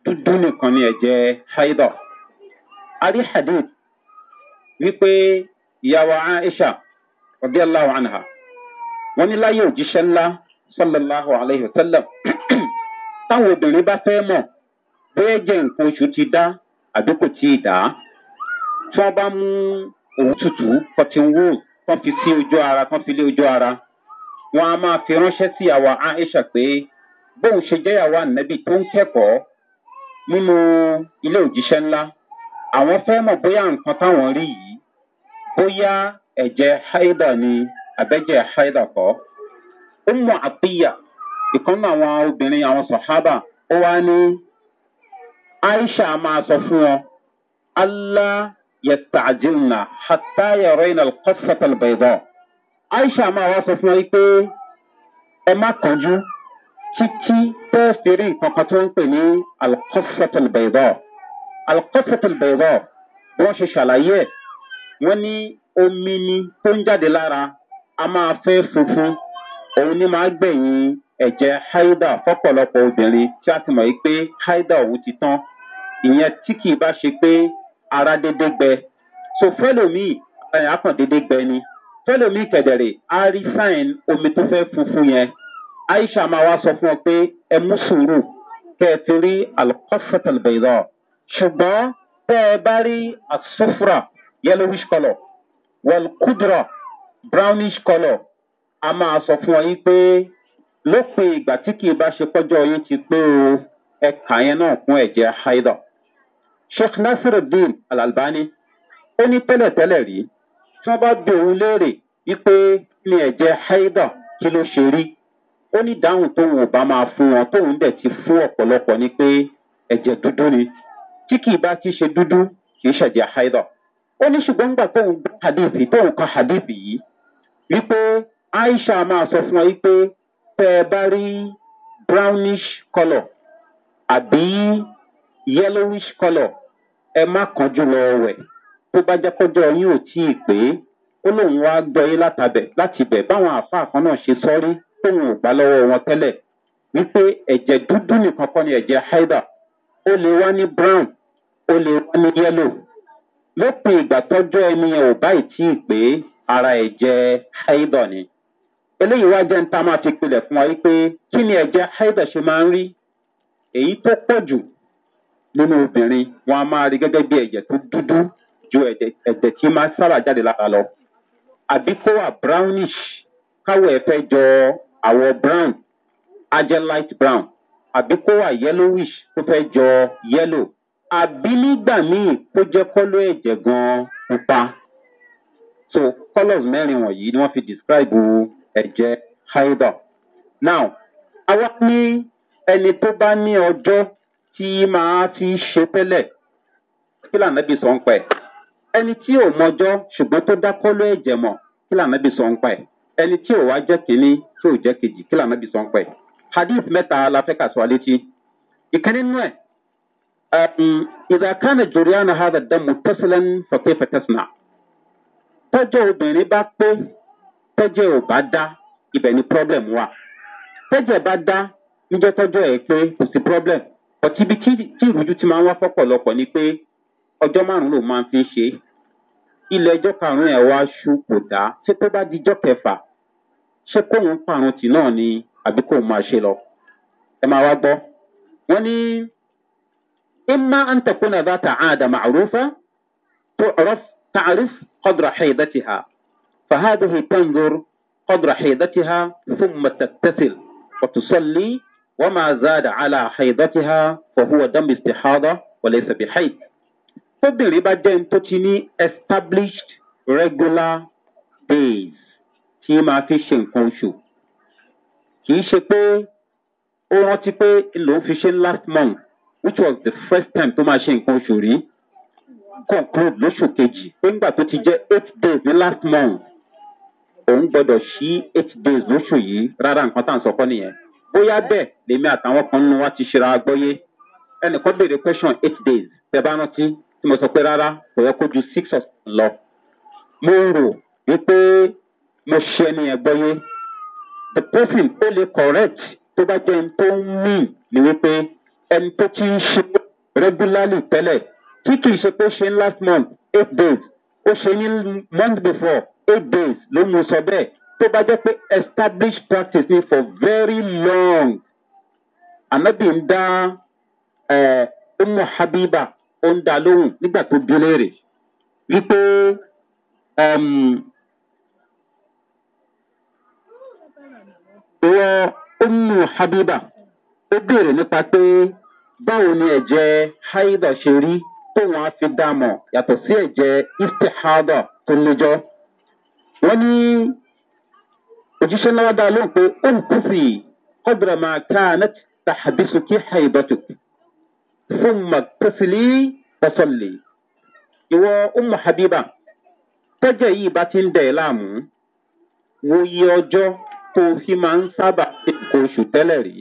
dúdú nìkan ni ẹ̀jẹ̀ haibọ̀ a wípé ìyàwó aisha. ọdí الله عنها. wọn ní láyé òjíṣẹ ńlá sọlọláhùn aláìhù tẹlẹ táwọn obìnrin bá fẹ mọ bóyá jẹ nǹkan oṣù ti dá àdókò tí ì dá tí wọn bá mú òwú tutù cotton wool kan fi sí ojú ara kan fi lé ojú ara wọn a máa fi ránṣẹ sí àwa aisha pé bóun ṣe jẹyàwó ànábì tó ń kẹkọọ nínú ilé òjíṣẹ ńlá àwọn fẹ mọ bóyá nǹkan táwọn rí yìí bóyá ẹ̀jẹ̀ haida ni àbẹ́jẹ̀ haida kọ́. ó mọ àpíyà ìkànnì àwọn obìnrin àwọn sọ̀hábà ó wá ní aisha máa sọ fún wọn allah yẹtàjìnnà hatta yẹrọ iná kọsẹtẹl bẹẹdọ aisha máa wá sọ fún wọn pé ẹ má kánjú títí tó fèrè nǹkan kan tó ń pè ní alkọsẹtẹl bẹẹdọ alkọsẹtẹl bẹẹdọ bí wọn ṣe ṣàlàyé ẹ wọn ní omi ni tó ń jáde lára a máa fẹ́ funfun òun ni máa gbẹ̀yìn ẹ̀jẹ̀ haida fọ́pọ̀lọpọ̀ obìnrin tí a ti mọ̀ yìí pé haida òun ti tán ìyẹn tí kì í bá ṣe pé ara dédé gbẹ so fẹlòmíì ẹ̀yìn akàn dédé gbẹ ni fẹlòmíì kẹ̀dẹ̀rẹ̀ á rí sáìn omi tó fẹ́ funfun yẹn aisha máa wá sọ fún ọ pé ẹ mú sùúrù kẹ ẹ ti rí alkọfẹtẹlbẹyìdọ ṣùgbọ́n tẹ́ ẹ bá rí asúfúrà yellowish colour wọ́n kúdùrọ̀ brownish colour a máa sọ fún ọ yín pé lópin ìgbà tí kì í bá ṣe pọ́jọ́ yín ti pé o ẹ̀ka yẹn náà kún ẹ̀jẹ̀ haidọ̀. sheikh nasiruddin alalbani ó ní tẹ́lẹ̀tẹ́lẹ̀ rí tí wọ́n bá gbé òun léèrè wípé ní ẹ̀jẹ̀ haidọ̀ kí ló ṣe rí ó ní dáhùn tóun ò bá máa fún wọn tóun dẹ̀ ti fún ọ̀pọ̀lọpọ̀ ni pé ẹ̀jẹ̀ dúdú ni tí kì í bá ti ṣe dúdú kì í ṣẹ̀jẹ̀ haidọ̀ ó ní ṣùgbọ́n gbà tóun gbọ́ hadithi tóun kan hadithi yìí wípé aisha máa sọ fún ọ wípé tẹ ẹ bá rí brownish colour àbí yellowish colour ẹ má kánjú lọ wẹ̀ tó bá jẹ́ kọjọ́ yín ò tí ì pé ó lóun wá gbọ́ yín látàbẹ̀ láti bẹ̀ báwọn àáfàá kan náà ṣe sọ́rí tóun ò gbà lọ́wọ́ wọn tẹ́lẹ̀ wípé ẹ̀jẹ̀ dúdú nìkan kọ́ ni ẹ̀jẹ̀ haida ó lè wá ní brown ó lè wá ní yellow lópin ìgbà tọjọ ẹni yẹn ò báyìí tí ì pé ara ẹjẹ haidọ ni eléyìí wá jẹ ń tá máa fi pilẹ fún wa yìí pé kí ni ẹjẹ haidọ ṣe máa ń rí èyí tó pọ jù nínú obìnrin wọn a máa rí gẹgẹ bí ẹjẹ tó dúdú ju ẹjẹ tí máa sábà jáde lára lọ àbí kó wà brownish káwọ ẹ fẹ jọ àwọ brown ajẹ light brown àbí kó wà yellowish tó fẹ jọ yellow àbí nígbà míì kó jẹ́ kọ́lọ́ ẹ̀jẹ̀ gan pupa. so colours mẹ́rin wọ̀nyí ni wọ́n fi describe ẹ̀jẹ̀ haida. now àwa ní ẹni tó bá ní ọjọ́ tí máa fi ṣe tẹ́lẹ̀ kí lànàbí sọ ń pẹ́ ẹni tí ò mọjọ́ ṣùgbọ́n tó dá kọ́lọ́ ẹ̀jẹ̀ mọ̀ kí lànàbí sọ ń pẹ́ ẹni tí ò wá jẹ́ kínní tí ò jẹ́ kejì kí lànàbí sọ ń pẹ́ hadith mẹ́ta la fẹ́ kà sọ àlétí ìkíní nínú ẹ̀ إذا كان جريان هذا الدم متصلا فكيف تصنع؟ tọ́jọ́ obìnrin bá pé tọ́jọ́ ò bá dá ibẹ̀ ni problem wà tọ́jọ́ bá dá níjọ́ tọ́jọ́ ẹ̀ pé kò sí problem ọtí ibi tí ìrújú ti máa ń wá fọ́pọ̀lọpọ̀ ni pé ọjọ́ márùn-ún ló إما أن تكون ذات عادة معروفة تعرف تعرف قدر حيضتها فهذه تنظر قدر حيضتها ثم تتسل وتصلي وما زاد على حيضتها فهو دم استحاضة وليس بحيض فبدي بعدين تتني established regular days tí máa fi ṣe nǹkan oṣù kì í ṣe اللو في شن last month which was the first time tó máa ṣe nǹkan oṣù rí conclude lóṣù kejì pé nígbà tó ti jẹ́ eight days ní last month òun gbọ́dọ̀ ṣí eight days lóṣù yìí rárá nǹkan tá à ń sọ kọ́ nìyẹn bóyá bẹ́ẹ̀ lèmi àtàwọn kan nínú wa ti ṣera agbọ́yé ẹnìkan béèrè question eight days tẹ bá rántí tí mo sọ pé rárá kò yẹ kó ju six ọ̀sán lọ mo rò wípé mo ṣe ẹni yẹn gbọ́yé the person tó lè correct tó bá jẹ́ n tó ń mì ní wípé ẹni tó ti ń ṣe regularly tẹ́lẹ̀ tí kì í ṣe pé ṣe ń last month eight days ó ṣe ní month before eight days ló mú sọ bẹ́ẹ̀ tó bá jẹ́ pé established practice ni for very long anabi ń dá ọmọ habiba ó ń dá lóhùn nígbà tó bí léèrè wípé ìwọ ọmọ habiba ó béèrè nípa pé báwo ni ẹ̀jẹ̀ haida ṣe rí tóun á fi dá mọ̀ yàtọ̀ sí ẹ̀jẹ̀ istihada tó léjọ́. wọ́n ní òjíṣẹ́ náà dá lóhùn pé ó ń kùsì kọ́dùrà máa ká ànátì tàbísùkì haidatuk fún màkùsìlì pọ̀sọ̀lì. ìwọ ọmọ habiba tọ́jọ́ yìí bá ti ń dẹ̀ láàmú wo iye ọjọ́ tó fi máa ń sábà ṣe nǹkan oṣù tẹ́lẹ̀ rí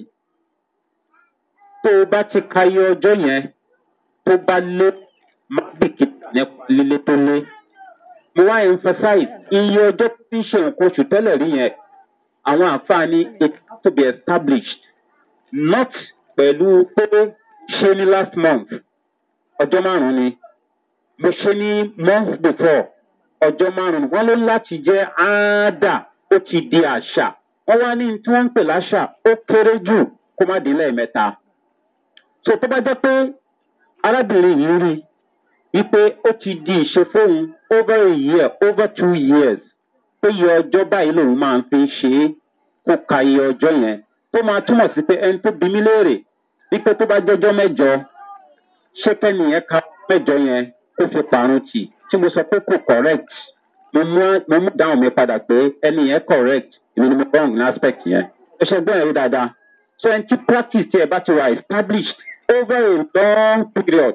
tó o bá ti ka iye ọjọ́ yẹn tó bá lé má bìkítà nípa lílé tó lé. mo wá emphasize iye ọjọ́ tí ń ṣe nǹkan oṣù tẹ́lẹ̀ rí yẹn àwọn àǹfààní it has to be established not pẹ̀lú pé ṣe ní last month ọjọ́ márùn-ún ni mo ṣe ní month before ọjọ́ márùn-ún wọ́n ló láti jẹ́ áádà ó ti di àṣà wọ́n wá ní tí wọ́n ń pè láṣà ó kéré jù kó má dín lẹ́ẹ̀mẹ́ta so tó bá jẹ́ pé arábìnrin yìí rí i pé ó ti di ìṣe fóun over a year over two years pé iye ọjọ́ báyìí lòun máa ń fi ṣe é kó ka iye ọjọ́ yẹn tó máa túmọ̀ sí pé ẹni tó bí mí léèrè wípé tó bá jọjọ́ mẹ́jọ ṣé kẹ́niyẹn ka mẹ́jọ yẹn kó fi parun tì tí mo sọ pé kò correct mo mú mo mú dáhùn mi padà pé ẹni yẹn correct èmi ni mo wrong ní aspect yẹn ẹ ṣe gbọ́n ẹ̀rí dáadaa so ẹni tí practice tiẹ̀ bá ti wà established over a long period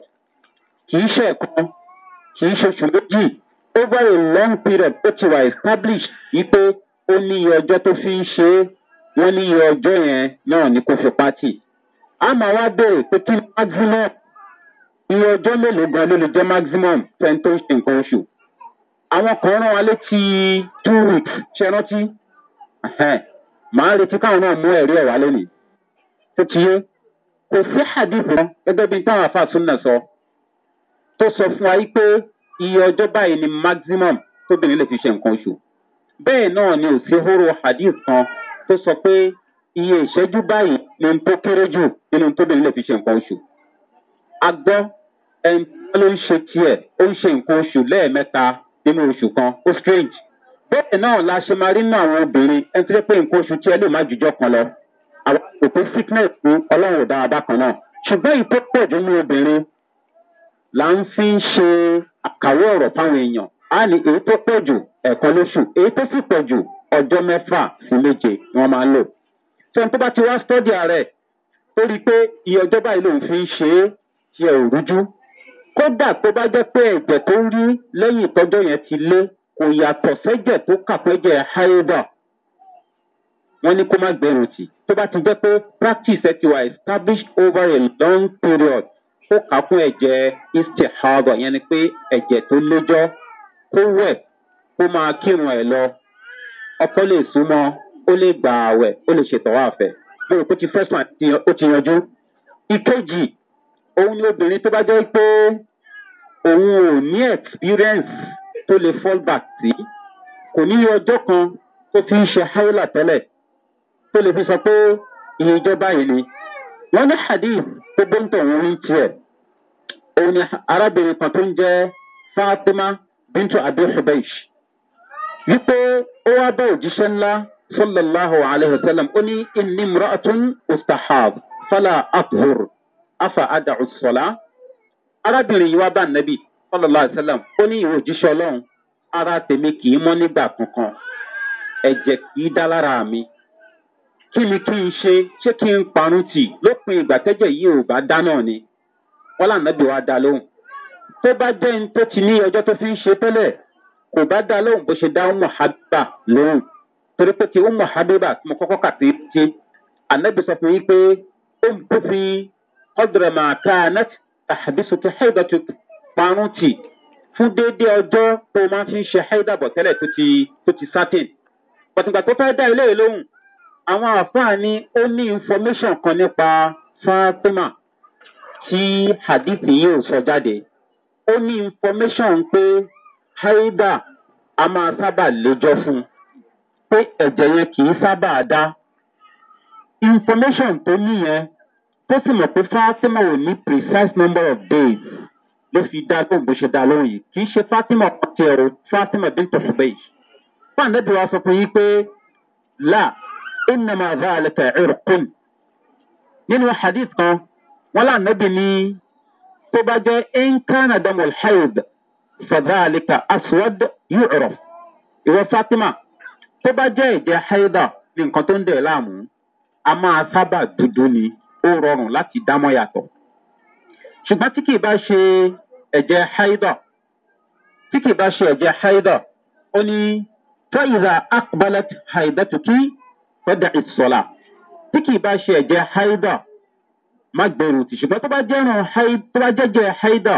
kìí ṣe ẹ̀kan kìí ṣe oṣù méjì over a long period ó ti wà established wípé ó ní iye ọjọ́ tó fi ń ṣe é wọ́n ní iye ọjọ́ yẹn náà ni kò fi pátì. a wá béèrè pé kí ni maximum iye ọjọ́ mélòó gan ló lè jẹ́ maximum ten tó ń ṣe nǹkan oṣù. àwọn kan rán wa létí two weeks ṣe rántí. màá retí káwọn náà mú ẹ̀rí ẹ̀ wá lónìí. tó ti yé kò sí hadith kan gẹ́gẹ́ bí táwọn afa súnà sọ tó sọ fún wa pé iye ọjọ́ báyìí ni maximum tóbìnrin lè fi ṣe nǹkan oṣù bẹ́ẹ̀ náà ni ò sí hóró hadith kan tó sọ pé iye ìṣẹ́jú báyìí ni n tó kéré jù nínú tóbìnrin lè fi ṣe nǹkan oṣù a gbọ́ ẹni ló ń ṣe tiẹ̀ ó ń ṣe nǹkan oṣù lẹ́ẹ̀mẹ́ta nínú oṣù kan ó strange bẹ́ẹ̀ náà la ṣe máa rí nínú àwọn obìnrin ẹni tó jẹ́ pé nǹkan oṣù tiẹ̀ lè má jùjọ́ kan lọ àwọn òpè sickness ní ọlọ́run ò dáadáa kan náà ṣùgbọ́n ìtọ́ pọ̀ jù ní obìnrin là ń fi ń ṣe àkàwé ọ̀rọ̀ fáwọn èèyàn á ní èyí tó pọ̀ jù ẹ̀kan lóṣù èyí tó sì pọ̀ jù ọjọ́ mẹ́fà sí méje ni wọ́n máa ń lò. sọ́n tó bá ti wá stọ́dì ààrẹ tó rí i pé iye ọjọ́ báyìí lòun fi ń ṣe é tí ẹ rújú. kódà tó bá jẹ́ pé ẹ̀jẹ̀ tó rí lẹ́yìn ìtọ́jọ́ yẹn ti lé kò yàtọ̀ sẹ́jẹ̀ tó kàpẹ́jẹ̀ háyébà wọ́n ní kó má gbẹ̀rùn tì tó bá ti jẹ́ pé practice ẹ ti wà established over a long period kó kà fún ẹ̀jẹ̀ istihaba yẹn ni pé ẹ̀jẹ̀ tó lójọ́ kó wẹ̀ kó máa kírun ẹ̀ lọ ọkọ lè súnmọ́ ó lè gbà àwẹ̀ ó lè ṣètọ́ àfẹ́ mo rò pé ti first one ó ti yanjú. ìkejì òun ni obìnrin tó bá jẹ́ pé òun ò ní experience tó lè fall back sí kò ní ọjọ́ kan tó fi ń ṣe haila tẹ́lẹ̀ tó lè fi sọ pé iye ìjọba yìí ni wọn ní hadith tó bóńtò wọn ní tiẹ òun ni arábìnrin kan tó ń jẹ fatima bintu abi hubeish wípé ó wá bá òjíṣẹ́ ńlá sallallahu alayhi wa sallam ó ní inni mura'atun ustahab fala athur afa ada'u sọlá arábìnrin yìí wá bá nàbì sallallahu alayhi wa sallam ó ní ìwé òjíṣẹ́ ọlọ́run ara tèmi kì í mọ́ nígbà kankan ẹ̀jẹ̀ kì í dá lára mi kí ni kí n ṣe ṣé kí n parun tì lópin ìgbà tẹ́jẹ̀ yìí ò bá dá náà ni wọn lànàbí wa dá lóhùn tó bá jẹ́ ní tó ti ní ọjọ́ tó fi ń ṣe tẹ́lẹ̀ kò bá dá lóhùn bó ṣe dá umu habiba lóhùn torí pé ti umu habiba mo kọ́kọ́ kà ti ànábì sọ fún yín pé ó ń bú fi ọdọ̀rọ̀ mà ká anat àhàbísọ ti haida tó parun tì fún déédéé ọjọ́ tó máa fi ń ṣe haida bọ̀ tẹ́lẹ̀ tó ti sátìn pàtàkì tó fẹ́ dá ilé ìlóhùn àwọn àfáà ni ó ní information kan nípa fatima tí hadith yìí ò sọ jáde ó ní information pé haida a máa sábà léjọ́ fún un pé ẹ̀jẹ̀ yẹn kì í sábà dá information tó níyẹn tó sì mọ̀ pé fatima ò ní precise number of days ló fi dá gbogbo ṣe dá lóhùn yìí kì í ṣe fatima ọtí ẹ̀rọ fatima bí n tọ̀sùbẹ́ yìí fún àdébíwá sọ fún yín pé láà ìnàmà àdáàlẹ̀kà ìrùkùn. nínú hadith kan wọn là nàbì ní tó bá jẹ́ ẹ̀ńkánà dàmọ̀ haid fàdáàlẹ̀kà aswad yóò rọ̀. ìwọ fatima tó bá jẹ́ ìjẹ́ haida ní nǹkan tó ń dẹ̀ láàmú a máa sábà dúdú ni ó rọrùn láti dámọ́ yàtọ̀. ṣùgbọ́n tí kì bá ṣe ẹ̀jẹ̀ haida tí kì bá ṣe ẹ̀jẹ̀ haida ó ní tẹ́yìdà akbalat haidatuki fẹ́dà ìsọ̀là tí kì í bá ṣe ẹ̀jẹ̀ haida má gbèrú tì ṣùgbọ́n tó bá jẹ́ ràn tó bá jẹ́jẹ́ haida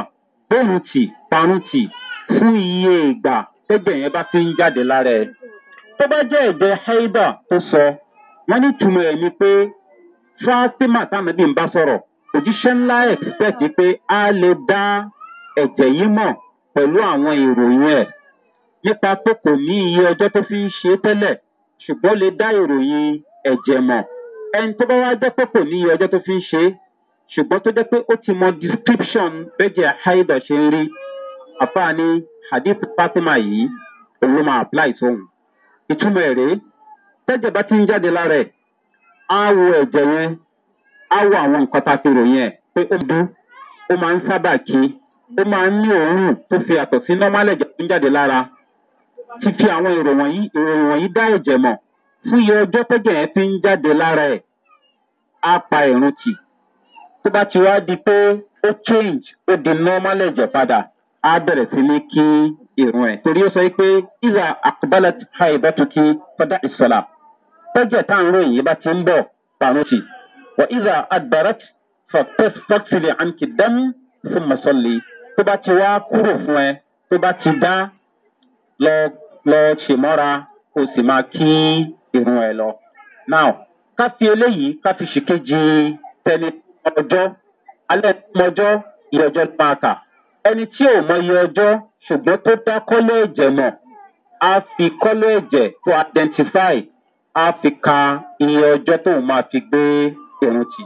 bóòrùn tì parun tì fún iye ìgbà tẹ́jẹ̀ yẹn bá fi ń jáde lára ẹ̀ tó bá jẹ́ ẹ̀jẹ̀ haida tó sọ wọ́n ní túmọ̀ ẹ̀ ni pé fatima tánàbí ń bá sọ̀rọ̀ òjíṣẹ́ ńlá expect pé a lè dá ẹ̀jẹ̀ yìí mọ̀ pẹ̀lú àwọn ìròyìn ẹ̀ nípa pé kò ní iye ọjọ́ tó fi ń ṣe tẹ́lẹ̀ ṣùgbọ́n lè dá ìròyìn ẹ̀jẹ̀ mọ̀ ẹni tó bá wá jẹ́ pé kò ní iye ọjọ́ tó fi ń ṣe é ṣùgbọ́n tó jẹ́ pé ó ti mọ description bẹ́jẹ̀ haidọ̀ ṣe ń rí àfáà hadith fatima yìí òun máa apply sóhun ìtumọ̀ ẹ̀ rèé tẹ́jẹ̀ bá ti ń jáde lára ẹ̀ á wo ẹ̀jẹ̀ yẹn á wo àwọn nǹkan tá a fi ròyìn ẹ̀ pé ó dún ó máa ń sábà kí ó máa ń ní òórùn tó fi àtọ̀ sí normal ẹ̀jẹ̀ tó ń jáde lára fífi àwọn èrò wọ̀nyí èrò wọ̀nyí dá ẹ̀jẹ̀ mọ̀ fún iye ọjọ́ tẹ́jẹ̀ yẹn fi ń jáde lára ẹ̀ á pa ìrun tì tó bá ti wá di pé ó change ó di normal ẹ̀jẹ̀ padà á bẹ̀rẹ̀ sí ní kí ìrun ẹ̀ torí ó sọ pé ìzà àkùbálẹ̀ ha ìbọn tuntun fọdá ìsọ̀là tẹ́jẹ̀ tá à ń ròyìn bá ti ń bọ̀ parun tì wà ìzà àdàrẹ́t fọ̀tẹ́sítọ́sílẹ̀ àǹkì dẹ́mú fún mọ̀sọ́lì tó bá ti wá kúrò fún ẹ tó bá ti dá lọ lọ ṣèmọ́ra o sì máa kí irun ẹ̀ lọ. now ká fi eléyìí ká fi ṣìkejì tẹni ọjọ́ alẹ́ ọmọjọ́ ìyọjọ́ máa kà ẹni tí ò mọ iye ọjọ́ ṣùgbọ́n tó dá kọ́lé ẹ̀jẹ̀ mọ̀ a fi kọ́lé ẹ̀jẹ̀ to identify a fi ka iye ọjọ́ tóun máa fi gbé irun tì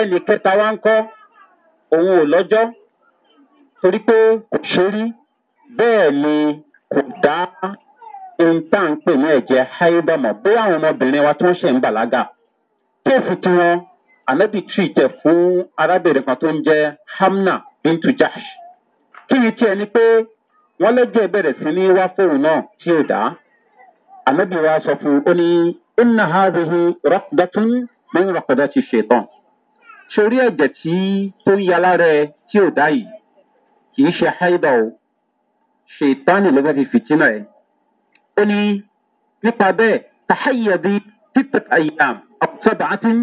ẹnì kẹta wá ń kọ́ òun ò lọ́jọ́ torí pé kò ṣe rí bẹ́ẹ̀ ni kò dá nta pè ní ẹ̀jẹ̀ háídọ̀mọ̀ bóyá àwọn ọmọbìnrin wa tó ń ṣe ń bàlágà kéèfù tí wọn ànábì tìtẹ̀ e fún arábìnrin kan tó ń hamna bintu jash kí ni tiẹ̀ ni pé wọ́n lẹ́jọ́ bẹ̀rẹ̀ sí ní wá náà tí ò dá ànábì wa sọ fún ó ní inna rẹ tí ò dá yìí kì í ṣe o ó ní nípa bẹ́ẹ̀ tàháyàbí títẹ̀ àyàm àwùsọ̀bàátìn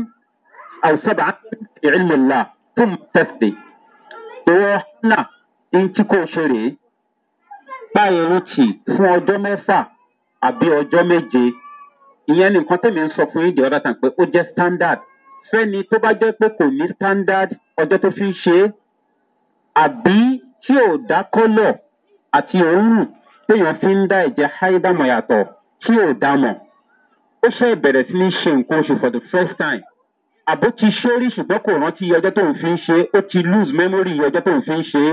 àwùsọ̀bàátìn ìrìnlélà tó ń tẹ̀sí. ìwọ náà ní tí kò ṣe rèé báyìí rántí fún ọjọ́ mẹ́fà àbí ọjọ́ méje ìyẹn ni nǹkan tẹ̀mí ń sọ fún yín di ọ̀dà tán pé ó jẹ́ standard fẹ́ni tó bá jẹ́ pé kò ní standard ọjọ́ tó fi ń ṣe é àbí tí ò dá àti òórùn téèyàn ti ń dá ẹ̀jẹ̀ háídàmọ̀ yàtọ̀ tí ò dámọ̀ ó fẹ́ bẹ̀rẹ̀ sí ní ṣe nǹkan oṣù for the first time àbó ti ṣórí ṣùgbọ́n kò rántí iye ọjọ́ tó ń fi ń ṣe ó ti lose memory iye ọjọ́ tó ń fi ń ṣe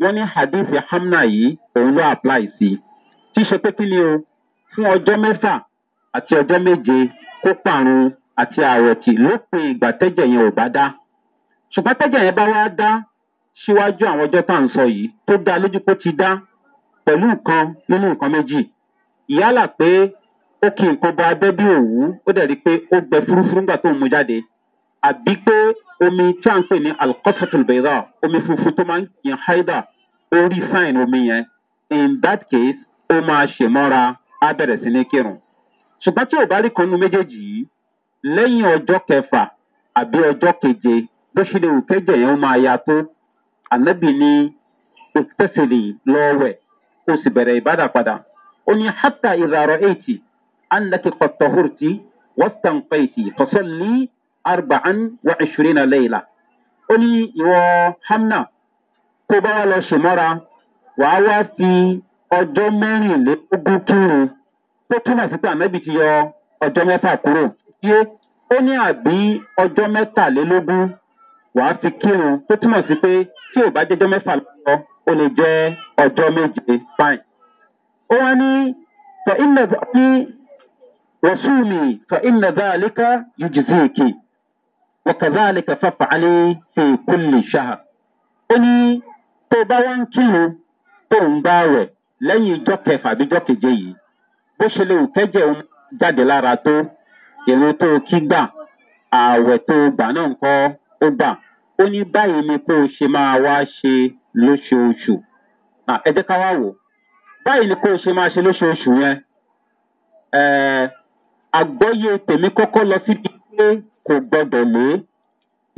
wọ́n ní hadith hamna yìí òun ló apply sí tí ṣe pé kí ni o fún ọjọ́ mẹ́fà àti ọjọ́ méje kó pààrùn àti àròtì lópin ìgbà tẹ́jẹ̀ yẹn ò bá dá ṣùgbọ́n tẹ́jẹ̀ yẹn bá wá dá síwájú àwọn ọjọ́ tá à ń sọ yìí tó dá lójú pé ti dá pẹ̀lú nǹkan nínú nǹkan méjì yálà pé ó kí nǹkan bọ abẹ́ bí òwú ó dẹ̀ rí i pé ó gbẹ fúrúfúrú nígbà tó ń mu jáde àbí pé omi tí à ń pè ní alcofatul bera omi funfun tó máa ń yàn haida ó rí fáìn omi yẹn in that case ó máa ṣèmọ́ra á bẹ̀rẹ̀ sí ní kírun ṣùgbọ́n tí ò bá rí kan nu méjèèjì yìí lẹ́yìn ọjọ́ kẹfà àbí ọjọ́ keje bó ṣe lè wù kẹ́jẹ̀ yẹn ó máa ya tó ànábì ní òtẹ́sẹ̀lì lọ́wẹ̀ kó o sì bẹ̀rẹ̀ ìbádà padà ó ní hátà ìràrọ̀ èyítì ànàkì kọ̀tọ̀hùrtì wọ́tàǹpẹ̀yìtì tọ́sọ̀lì arba'an wa ìṣúrínà lẹ́yìnlá ó ní ìwọ hamna kó bá wà lọ sùmọ́ra wàá wá fi ọjọ́ mẹ́rìnlélógún kírun tó túmọ̀ sí pé àmẹ́bí ti yọ ọjọ́ mẹ́fà kúrò ó ní àbí ọjọ́ mẹ́tàlélógún wàá fi kírun tó túmọ̀ sí pé tí ò bá jẹ́jọ́ mẹ́fà lọ. ó lè jẹ́ ọjọ́ méje fine. ó wá ní fa iná ní rasúùmì fa iná dáàlíkà yujizéèkì wàkàdáàlíkà fàfàálì fi kúlì ṣáà. ó ní tó bá wá ń kírun tó ń bá rẹ̀ lẹ́yìn ijọ́ kẹfà àbí keje yìí bó ṣe lè kẹ́jẹ̀ òun jáde lára tó ìrún tó tó gbà ni kó o ṣe máa wá ṣe lóṣooṣù ẹ jẹ́ ká wá wò báyìí ni kó o ṣe máa ṣe lóṣooṣù yẹn àgbọ́yé tèmi kọ́kọ́ lọ síbi pé kò gbọ́dọ̀ lé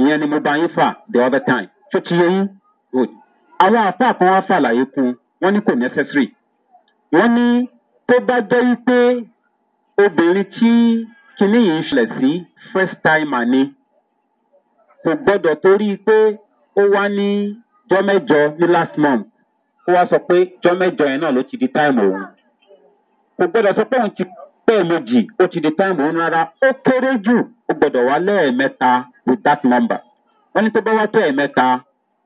ìyẹn ni mo bá yín fà the other time tó ti yẹ yín good àwọn àpá kan wá fàlàyé kun wọ́n ní kò necessary wọ́n ní tó bá jẹ́ wípé obìnrin tí kinní yìí ń ṣẹlẹ̀ sí first timer ni kò gbọ́dọ̀ torí pé ó wá ní jọ́ mẹ́jọ ní last month kó wá sọ pé jọ́ mẹ́jọ yẹn náà ló ti di táìmù òun kò gbọ́dọ̀ sọ pé òun ti pẹ́ méjì ó ti di táìmù òun rárá ó kéré jù ó gbọ́dọ̀ wá lẹ́ẹ̀mẹ́ta with that number wọ́n ní tó bá wá tó ẹ̀mẹ́ta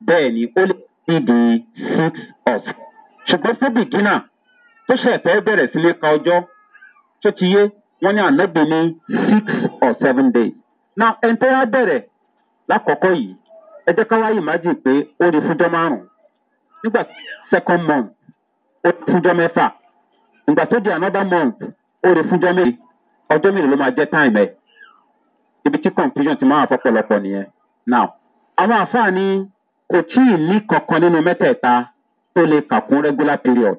bẹ́ẹ̀ ni ó lè ti di six of. ṣùgbọ́n fún bìgínà tó ṣe ẹ̀fẹ́ bẹ̀rẹ̀ sí ní ka ọjọ́ tó ti yé wọ́n ní ànábì six or seven days now ẹni tó yá bẹ̀rẹ̀ lákọ̀ọ́kọ́ yìí ẹ jẹ́ ká o imagine pé ó rí fúnjọ́ márùn-ún nígbà second month ó rí fúnjọ́ mẹ́fà ìgbà tó di another month ó rí fúnjọ́ mẹ́rin ọjọ́ mélòó ló máa jẹ́ time ẹ̀ ibi tí confusion ti máa wà fọ́pọ̀lọpọ̀ nìyẹn now àwọn àfáàní kò tí ì ní kankan nínú mẹ́tẹ̀ẹ̀ta tó lè kà kún regular period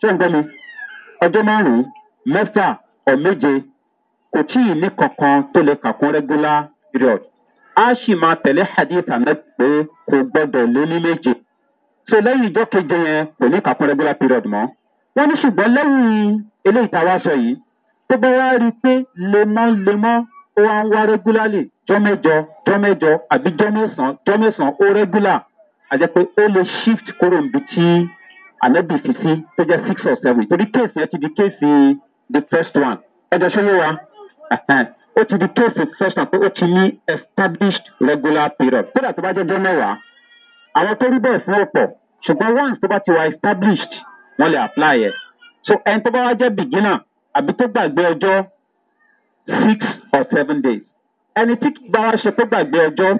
ṣé ń gbọ́ mi ọjọ́ márùn-ún mẹ́fà ọ̀ méje kò tí ì ní kankan tó lè kà kún regular period a sì máa tẹ̀lé hadith anabi pé kò gbọdọ̀ lé ní méje so lẹ́yìn ìjọ keje yẹn kò ní kàkún regular period mọ́ wọ́n ní ṣùgbọ́n lẹ́yìn eléyìí tá a wá sọ yìí tó bá wá rí i pé lemọ́lemọ́ ó wá ń wá regularly jọ́ mẹ́jọ jọ́ mẹ́jọ àbí jọ́ mẹ́sàn-án jọ́ mẹ́sàn-án ó regular àjẹ́ pé ó lè shift kúrò níbi tí anabi fi sí tó jẹ́ six or seven torí kéèsì yẹn ti di kéèsì the first one ẹ̀jẹ̀ ṣé yóò wá ó ti di case exception pé ó ti ní established regular period kódà tó bá jẹ́ jọ́mẹ́wàá àwọn tó rí bẹ́ẹ̀ fún ọ̀pọ̀ ṣùgbọ́n once tó bá ti wà established wọ́n lè apply ẹ̀ so ẹni tó bá wá jẹ́ beginner àbí tó gbàgbé ọjọ́ six or seven days ẹni tí kì í bá wá ṣe tó gbàgbé ọjọ́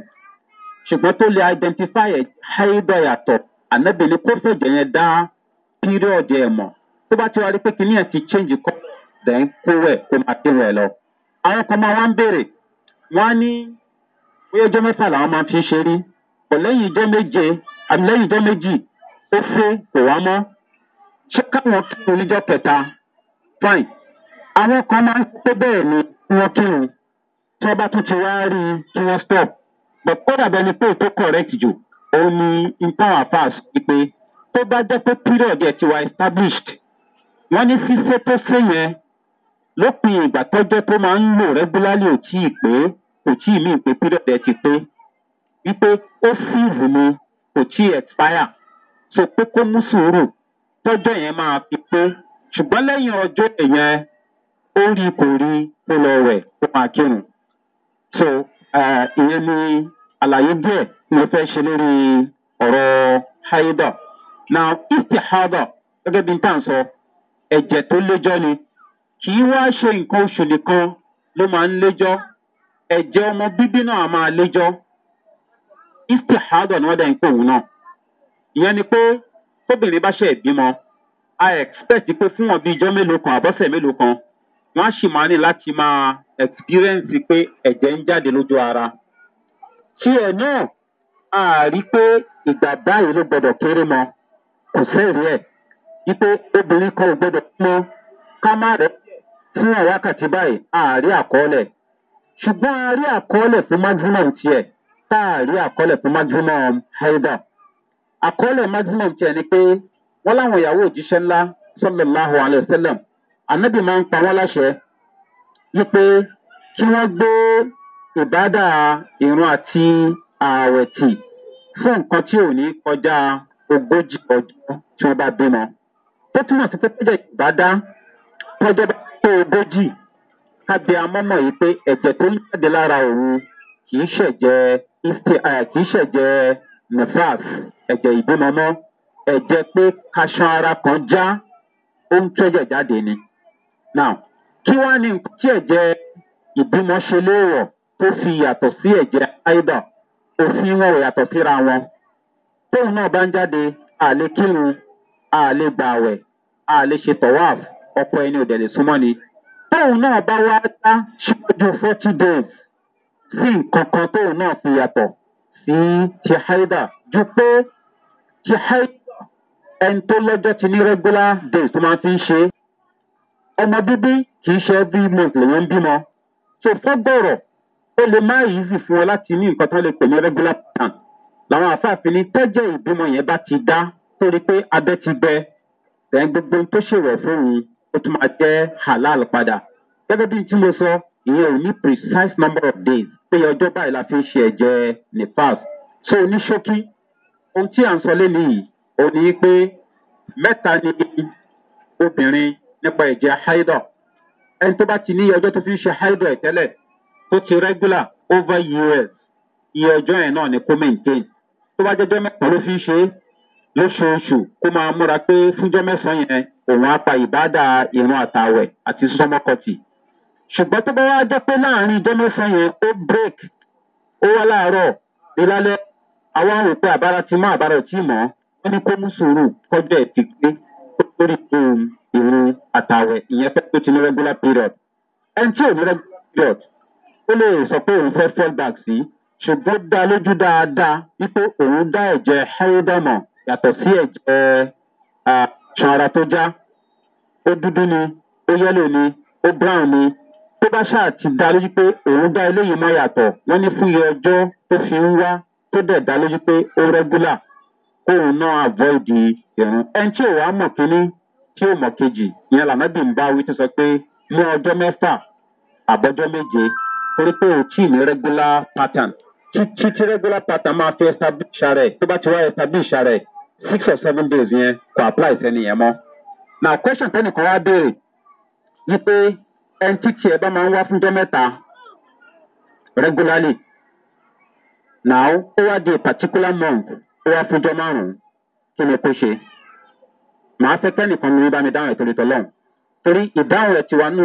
ṣùgbọ́n tó lè identify ẹ̀ háyédọ̀ yàtọ̀ ànábìlẹ̀ kó fẹ̀jẹ̀ yẹn dá period ẹ̀ mọ̀ tó bá ti wá rí pé kìnìyàn ti change colour then kó wẹ̀ kó máa dín wẹ̀ lọ àwọn kan máa wá ń béèrè wọn á ní bóyá ọjọ́ mẹ́ta làwọn máa fi ń ṣe rí kò lẹ́yìn ijọ́ méje àbí lẹ́yìn ijọ́ méjì ó fẹ́ kò wá mọ́ ṣé káwọn kírun níjọ́ kẹta fine àwọn kan máa ń pé bẹ́ẹ̀ ni kí wọ́n kírun tí wọ́n bá tún ti wá rí i kí wọ́n stop but kódà bẹ́ẹ̀ ni pé ètò correct jù òun ni impower pass wípé tó bá jẹ́ pé period ẹ̀ ti wá established wọ́n ní fífẹ́ tó fẹ́ lópin ìgbà tọ́jọ́ tó máa ń lò rẹ́gúlálì ò tí ì pé kò tí mí pé period ti pé wípé ó tí expire so pé kó mú sùúrù tọ́jọ́ yẹn máa fi pé ṣùgbọ́n lẹ́yìn ọjọ́ yẹn ó rí kò rí so ìyẹn ni àlàyé díẹ̀ mo ṣe lórí ọ̀rọ̀ now gẹ́gẹ́ bí n tàn sọ ẹ̀jẹ̀ ni. kì í wá ṣe nǹkan oṣù nìkan ló máa ń léjọ́ ẹ̀jẹ̀ ọmọ bíbí náà máa léjọ́ istihadọ̀ ni wọ́n dẹ̀ ń pè òun náà ìyẹn ni pé tóbìnrin bá ṣe ìbímọ a expect pé fún wọn bíi ijọ́ mélòó kan àbọ̀sẹ̀ mélòó kan wọ́n á sì máa ní láti máa experience pé ẹ̀jẹ̀ ń jáde lójú ara tiẹ̀ náà a rí pé ìgbà báyìí ló gbọdọ̀ kéré mọ kò sẹ́ẹ̀rí ẹ̀ wípé obìnrin kan ò gbọdọ̀ mọ ká má rẹ̀ níwọn wákàtí báyìí àárí àkọọlẹ ṣùgbọn a rí àkọọlẹ fún maximum tiẹ tá a rí àkọọlẹ fún maximum haida àkọọlẹ maximum tiẹ ni pé wọn láwọn ìyàwó òjíṣẹ ńlá sọlọláhu alayhiṣẹlẹm ànábì máa ń pa wọn láṣẹ wípé kí wọn gbé ìbádà ìrún àti ààwẹ tì fún nǹkan tí ò ní kọjá ogójì ọjọ tí wọn bá bímọ tó túmọ̀ sí pé tọ́jà ìbádá tọ́jà bá ogójì kábíamọ mọ̀ yìí pé ẹ̀jẹ̀ tó ń jáde lára òun kì í ṣẹ̀jẹ̀ kì í nefas ẹ̀jẹ̀ ìbímọmọ́ ẹ̀jẹ̀ pé kaṣan ara kan já ó ń tẹ́jẹ̀ jáde ni. now kí wàá ní nǹkan tí ẹ̀jẹ̀ ìbímọ ṣe léèwọ̀ tó fi yàtọ̀ sí ẹ̀jẹ̀ áìdà òfin wọn ò yàtọ̀ síra wọn. tóun náà bá ń jáde àlè kírun àlè ọkọ ẹni ò dẹ̀ lè súnmọ́ ni. tóun náà bá wá dá ṣíwájú forty days sí nǹkan kan tóun náà fi yàtọ̀ sí ti haida ju pé ti haida ẹni tó lọ́jọ́ ti ní regular days tó máa fi ń ṣe. ọmọ bíbí kì í ṣe every month lèyàn ń bímọ. so fọ́gbọ̀rọ̀ ó lè má yíìsì fún ọ láti ní nǹkan tó lè pè ní regular pattern. làwọn àfáàfin ní tẹ́jẹ̀ ìbímọ yẹn bá ti dá torí pé abẹ́ ti bẹ ẹ̀ gbogbo tó ṣèrò fóun ó tún máa jẹ́ halal padà. gẹ́gẹ́ bí tí mo sọ ìyẹn ò ní precise number of days pé ọjọ́ báyìí la fi ń ṣe ẹ̀jẹ̀ nifas. so ní ṣókí ohun tí à ń sọ lẹ́nu yìí ò ní pé mẹ́ta ni obìnrin nípa ẹ̀jẹ̀ haidọ̀ ẹni tó bá ti ní ọjọ́ tó fi ń ṣe haidọ̀ ẹ̀ tẹ́lẹ̀ tó ti regular over years iye ọjọ́ yẹn náà ni kó maintain tó bá jẹ́jọ́ mẹ́ta ló fi ń ṣe lóṣooṣù kó máa múra pé fúnjọ́ mẹ́sàn-án yẹn òun á pa ìbádà ìran àtàwẹ̀ àti sọmọkọtì ṣùgbọ́n tó bá wá jẹ́ pé láàrin ijọ́ mẹ́fà yẹn ó break ó wá láàárọ̀ ìlálẹ́ àwọn àrùn pé àbára ti mọ́ àbára ò tí mọ́ wọ́n ní kó mú sùúrù kọjá ẹ̀ ti pé lórí ohun ìrun àtàwẹ̀ ìyẹn fẹ́ tó ti ní regular period ẹni tí ò ní regular period ó lè sọ pé òun fẹ́ fall back sí ṣùgbọ́n dá lójú dáadáa wípé òun dá ẹ̀jẹ̀ herodamọ̀ yàtọ̀ sí ẹ̀jẹ̀ ṣan ara tó já ó dúdú ni ó yẹ́lò ni ó brown ni tó bá ṣáà ti dá lójú pé òun dá eléyìí mọ́ yàtọ̀ wọ́n ní fún iye ọjọ́ tó fi ń wá tó dẹ̀ dá lójú pé ó rẹ́gúlà kóun náà avoid ìrún ẹni tí ò wá mọ̀ kínní tí ò mọ̀ kejì ìyẹn làmẹ́bí ń bá wí tó sọ pé mú ọjọ́ mẹ́fà àbọ̀jọ́ méje torí pé ò tí ì ní regular pattern títí tí regular pattern máa fi establish rẹ̀ tó bá ti wá establish rẹ̀ six or seven days yẹn kò apply sẹ́ni yẹn mọ́ na question tẹ́nìkan wá béèrè yí pé ẹni tí tiẹ̀ bá máa ń wá fúnjọ́ mẹ́ta regularly now ó wá di a particular month ó wá fúnjọ́ márùn-ún kí ni kó ṣe màá fẹ́ kẹ́nìkan mi bá mi dáhùn ètò ìtọ́lọ́ torí ìdáhùn rẹ̀ ti wá nù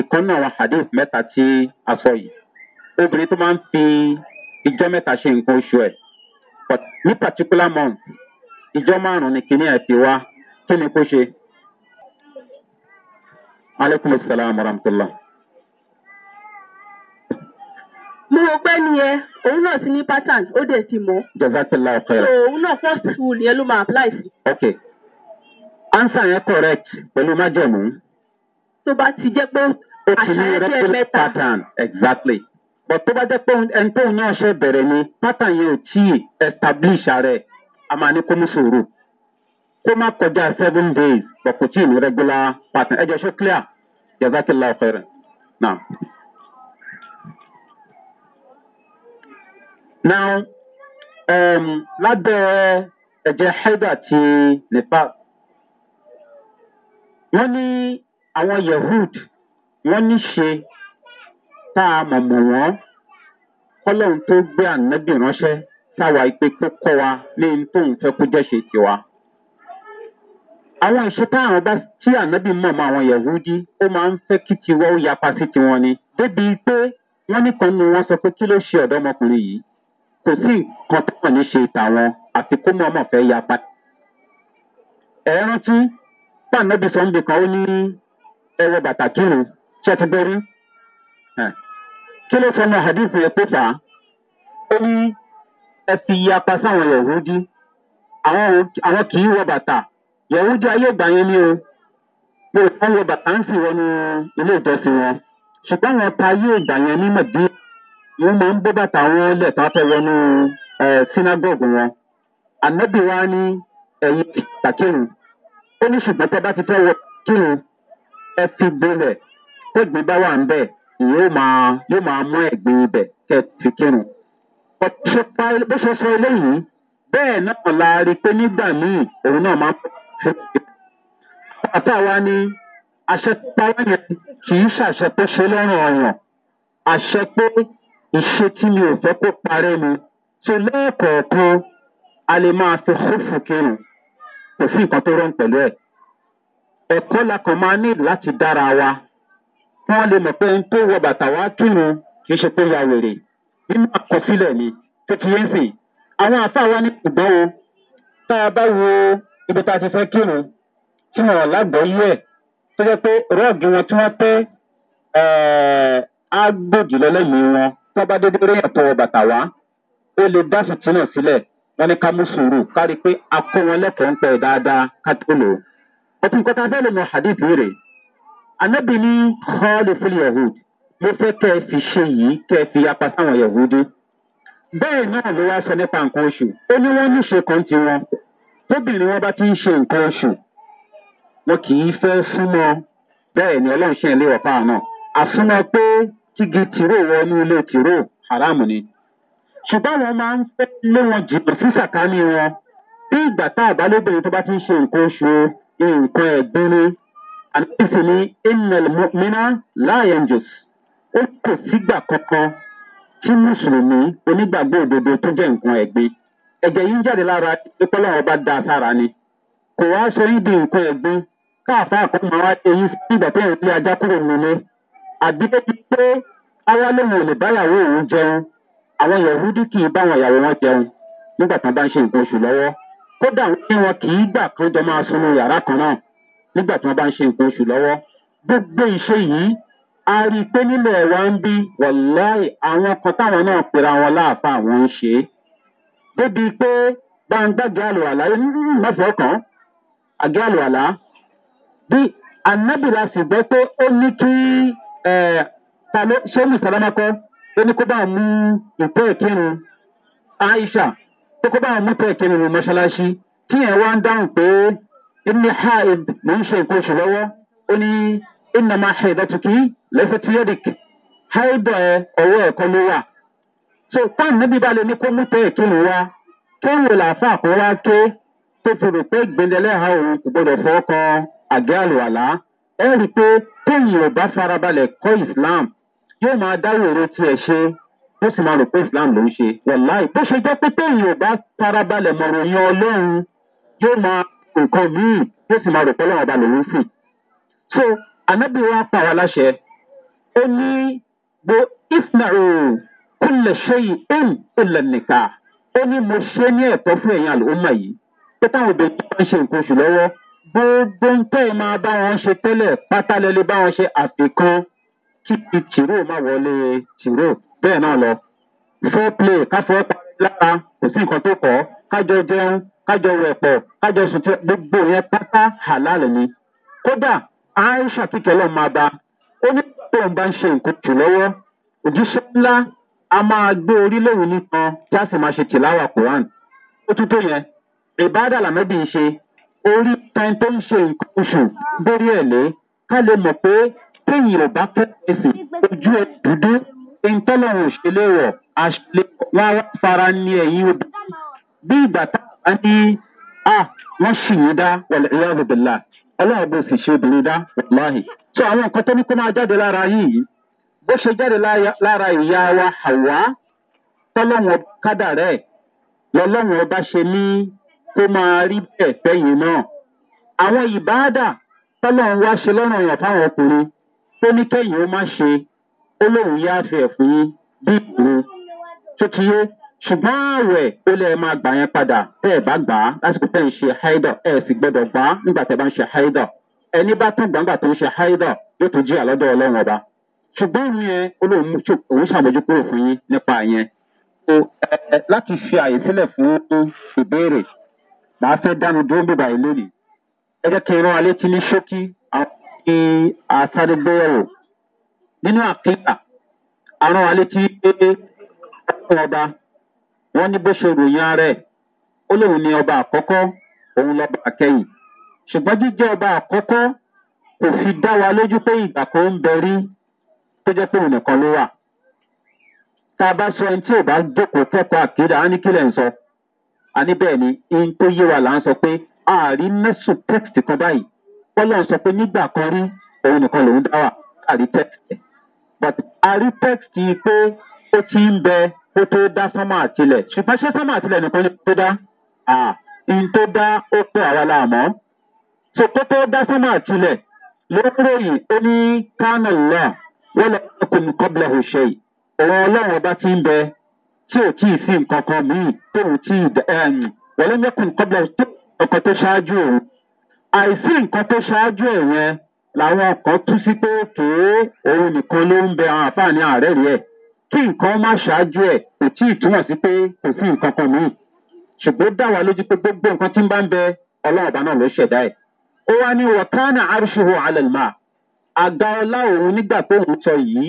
ìkànnì àwọn hadith mẹ́ta tí a sọ yìí obìnrin tó máa ń fi ìjọ mẹ́ta ṣe nǹkan oṣù ẹ̀ ní particular month ìjọ márùn-ún ni kìnìún ẹ̀ fi wá kí ni kó ṣe aleykum salaam wa rahmatulah. mo rò pé nìyẹn òun náà ti ní pattern ó dẹ̀ ti mọ̀. jazakillah ọ̀kẹ́rẹ́. so òun náà first school yẹn ló máa apply sí. ok answer yẹn correct pẹ̀lú májẹ̀mú. tó bá ti jẹ́ pé àṣà ẹgbẹ́ mẹ́ta. pattern exactly. but tó bá jẹ́ pé ẹni tó ń yàn bẹ̀rẹ̀ ni pattern yẹn ò tí ì establish rẹ̀ a máa ní kó mú sòrò kó má kọjá seven days but kò tí ì ní regular pattern ẹ jẹ́ ṣó clear. جزاك الله خيرا نعم now um, lábẹ́ ẹ̀jẹ̀ haida ti nepal wọ́n ní àwọn yehud wọ́n ní ṣe tá a mọ̀mọ̀ wọ́n kọ́lọ́hún tó gbé ànábì ránṣẹ́ táwa ìpè kó kọ́ wa ní tóun fẹ́ kó jẹ́ ṣe tiwa àwọn nǹkan táwọn bá tí ànábì mọ̀ mọ́ àwọn yẹ̀wúdí ó máa ń fẹ́ kí tiwọn ó yapa sí tiwọn ni débi pé wọ́n nìkan nu wọn sọ pé kí ló ṣe ọ̀dọ́mọkùnrin yìí kò sí nǹkan tó wọ̀n ní ṣe tàwọn àfi kó mọ̀ mọ̀ fẹ́ yapa. ẹ rántí pàǹdàbí sọ́ńdì kan ó ní ẹwọ bàtà kírun ṣẹ́tìbẹ́rí kí ló sọ ní àdìsí yẹn pé fà á ó ní ẹ fi yapa sáwọn yẹ̀wúdí àwọn kì í wọ bàtà. ìyàwó jẹ ayé ìgbà ni o mo rò wọn bàtà ń sì ilé wọn ṣùgbọ́n ta ayé ìgbà ní mọ̀dí wọn máa ń bó bàtà wọn lẹ̀ tá a fẹ́ wọnú wọn ànábì wa ní ìtàkìrùn ó ní ṣùgbọ́n tẹ́ bá ti fẹ́ wọ kírun ẹ fi bá wà ń bẹ̀ yóò máa yóò máa mú ibẹ̀ fi kírun bó ṣe la rí pé nígbà míì àtà wa ní àṣẹ táwa yẹn kì í ṣàṣẹ pé ṣe lọ́rùn ọ̀yàn àṣẹ pé ìṣe tí mi ò fẹ́ kó parẹ́ mi tó lẹ́ẹ̀kọ̀ọ̀kan a lè máa fi hófù kírun kò sí nǹkan tó rán pẹ̀lú ẹ̀. ẹ̀kọ́ la kàn máa ní láti dára wa kí wọ́n lè mọ̀ pé ń tó wọ bàtà wá kírun kì í ṣe pé ya wèrè nínú àkọsílẹ̀ ni tó yẹn sìn. àwọn àfáà wa ní ìgbọ́n o tá a bá wo ibi tá a ti fẹ́ kírun tí wọn lágbọ́yé ẹ̀ tó jẹ́ pé rọ́ọ̀gì wọn tí wọ́n tẹ́ á eh, gbòdì lọ́lẹ́yìn wọn tó bá dédé rí ẹ̀tọ́ bàtà wá ó lè dá fìtínà sílẹ̀ wọn ní ká mú sùúrù kárí pé a kó wọn lẹ́kọ̀ọ́ ń pẹ́ dáadáa ká tó lò ó. òtún nǹkan tá a fẹ́ lè mọ hadith rè anábì ní họ́ọ̀lù fún yahud mo fẹ́ kẹ́ ẹ fi ṣe yìí kẹ́ ẹ fi yapa sáwọn yahudi. bẹ́ẹ̀ náà ló wá sọ nípa nǹkan oṣù ó ní wọ́n níṣe kan ti wọn tóbìnrin wọn bá ti ń ṣe nǹkan oṣù wọn kì í fẹ́ súnmọ́ bẹ́ẹ̀ ni ọlọ́run ṣe ìléwọ̀ fáwọn náà àsúnmọ́ pé kígi tìró wọnú ilé tìró haramu ni ṣùgbọ́n wọn máa ń fẹ́ lé wọn jìnnà sí sàkání wọn bí ìgbà tá àbálòbìnrin tó bá ti ń ṣe nǹkan oṣù nǹkan ẹ̀gbin ni àdéhùn ní inel mina lions ó kò sígbà kankan tí mùsùlùmí onígbàgbọ́ òdodo tó jẹ́ nǹkan ẹ̀gbin ẹ̀jẹ̀ yìí ń jáde lára ìpínlẹ̀ ọba da sára ni kò wá ṣe ń di nǹkan ẹ̀gbin káàfà àkọ́mọ wa èyí sí ìgbà tó ń gbé ajá kúrò nílé àdúgbò ti pé awálé wọn ò lè báyàwó òun jẹun àwọn yahudi kì í báwọn ìyàwó wọn jẹun nígbà tí wọn bá ń ṣe nǹkan oṣù lọ́wọ́ kódà ní wọn kì í gbà kán jọ máa sunú yàrá kan náà nígbà tí wọn bá ń ṣe nǹkan oṣù lọ́wọ́ gbogbo ìṣe yìí a rí i pé nílẹ̀ wa ń bí wọ̀lẹ́ àwọn kan táwọn náà pera wọn láàfáà wọn ń ṣe é. débi pé gbàǹgbàjà lò àlá mẹ́fẹ̀ẹ́ kan àjọ lò àlá bí anábìlà sì gbọ́ pé ó ní kí sọ́mù sàlámákọ́ ó ní kó bá mú aisha tó kó bá mú ìpẹ́ ìkírun mọ́ṣáláṣí tí yẹn wá ń dáhùn pé inni haid mò ń ṣe nǹkan oṣù ó ní so táwọn níbi bá lè ní kó mú tẹ́ẹ̀ kí ni wá kéwòn làáfà kó wá ké tó fi rò pé gbẹdẹlẹ́hà òun kò gbọdọ̀ fọ́ kan àgẹ́ àlùwàlá ẹ rí i pé téèyàn ò bá farabalẹ̀ kọ́ islam yóò máa dáwòrò tiẹ̀ ṣe ó sì máa rò pé islam ló ń ṣe wàláì bó ṣe jẹ́ pé téèyàn ò bá farabalẹ̀ mọ̀rọ̀ yan ọlọ́run yóò máa nǹkan míì yóò sì máa rò pé ọlọ́run ọba lòún sì. so anabi wa pa wa láṣẹ ó ní gbo ifnaru kúlẹ̀ ṣẹ́yìn ẹ̀m ilẹ̀ nìka ó ní mo ṣe ní ẹ̀tọ́ fún ẹ̀yìn àlùmọ̀ yìí pé táwọn obìnrin bá ń ṣe nǹkan oṣù lọ́wọ́ gbogbo ń tẹ́ ẹ máa bá wọn ṣe tẹ́lẹ̀ pátálẹ́lẹ́ bá wọn ṣe àfikún kí ni tìró má wọlé tìró bẹ́ẹ̀ náà lọ. fọ́ play káfọ́ parí lára kò sí nǹkan tó kọ́ kájọ aisha kíkẹ́ lọ́ọ́ máa bá ó ní bóun a máa gbé orílẹ̀-èdè nìkan tí a sì máa ṣe tìláwà quran ó tún tó yẹn ìbáàdà làmẹ́bí ń ṣe orí tẹ́ni tó ń ṣe nǹkan oṣù dórí ẹ̀ lé ká lè mọ̀ pé téèyàn ò bá fẹ́ ẹ̀sìn ojú ẹ̀ dúdú ìtọ́lọ́run òṣèlè wọ̀ àṣìlè wọn wá fara ní ẹ̀yìn obìnrin bí ìgbà táwọn á ní à wọ́n sì yín dá wọ̀lẹ̀ ìyá ọ̀bẹ̀bẹ̀ ọlọ́run bó sì ṣe obìnrin dá wọ̀láhì. sọ àwọn nǹkan tó ní kó máa jáde lára yìí bó ṣe jáde lára ìyá wa Hàwá tọ́lọ́wọ́n kádàrẹ́ lọ́lọ́wọ́n ọba ṣe ní kó máa rí bẹ́ẹ̀ fẹ́yìn náà. àwọn ìbáàdà tọ́lọ́wọ́n wá ṣe lọ́rùn ọ̀yàn fáwọn ọkùnrin tó ní kẹ́yìn ó má ṣe ó lóun yá fi ẹ̀fún yín bí ìrù tó ti yé ṣùgbọ́n ààrẹ ó lè máa gbà yẹn padà tẹ́ ẹ̀ bá gbà á lásìkò tẹ́ ẹ̀ ń ṣe haidọ̀ ẹ̀ sì gbọ́dọ̀ gbà á nígbà tẹ́ ẹ bá ń ṣe haidọ̀ ẹni bá tún gbàǹgbà tó ń ṣe haidọ̀ yóò tún jí àlọ́dọ̀ ọlọ́run ọba ṣùgbọ́n òun yẹn olóhùn òun ṣàmójúkúrò fún yín nípa yẹn so láti fi àyè sílẹ̀ fún ìbéèrè màá fẹ́ dánu dúró bíbá yìí lónìí ẹ jẹ́ kí n rán alé tí ní ṣókí àti àsárégéyẹ̀wò nínú àkíńkà àrùn alé tí pé ọkọ ọba wọn ní bó ṣe ròyìn ara ẹ ó lóun ọba àkọ́kọ́ òun lọ́ba àkẹyìn ṣùgbọ́n jíjẹ́ ọba àkọ́kọ́ kò fi dá wa lójú pé ìgbà kan ń bẹ rí tó jẹ́ pé òun nìkan ló wà tá a bá sọ ẹni tí ò bá jókòó kẹ́kọ̀ọ́ àkéde á ní kílẹ̀ ń sọ a ní bẹ́ẹ̀ ni ihun tó yé wa là ń sọ pé ààrí mẹ́sùn text kan báyìí bọ́lá sọ pé nígbà kan rí òun nìkan lòún dá wà àrí text but àrí text pé ó ti ń bẹ kó tó dá sánmà àtìlẹ̀ ṣùgbọ́n ṣé sánmà àtìlẹ̀ nìkan tó dá ihun tó dá ó pẹ́ àwa la so kó tó dá sánmà àtìlẹ̀ ló ó ní kánà lọ́ọ̀ wọ́n lọ ọkùnrin kọ́bílẹ̀ òṣè yìí ọ̀rọ̀ ọlọ́run ọba ti ń bẹ tí ò tí ì sí nǹkan kan míì tóun tí ì ẹ̀yìn wọ́n lọ ọkùnrin kọ́bílẹ̀ tó ọkọ̀ tó ṣáájú òun àìsí nǹkan tó ṣáájú ẹ̀ yẹn làwọn ọkọ̀ tú sí pé òkè òun nìkan ló ń bẹ àwọn àfààní ààrẹ rí ẹ̀ kí nǹkan má ṣáájú ẹ̀ kò tí ì túmọ̀ sí pé kò sí nǹkan kan míì ṣùgbọ́n dá wa lójú pé gbogbo nǹkan tí ń bá ń bẹ ọlọ́ọ̀bá náà ló ṣẹ̀dá ẹ̀ ó wá ní wọ̀tánà àrùṣòwò alẹ́ máa àga ọlá òun nígbà tóun sọ yìí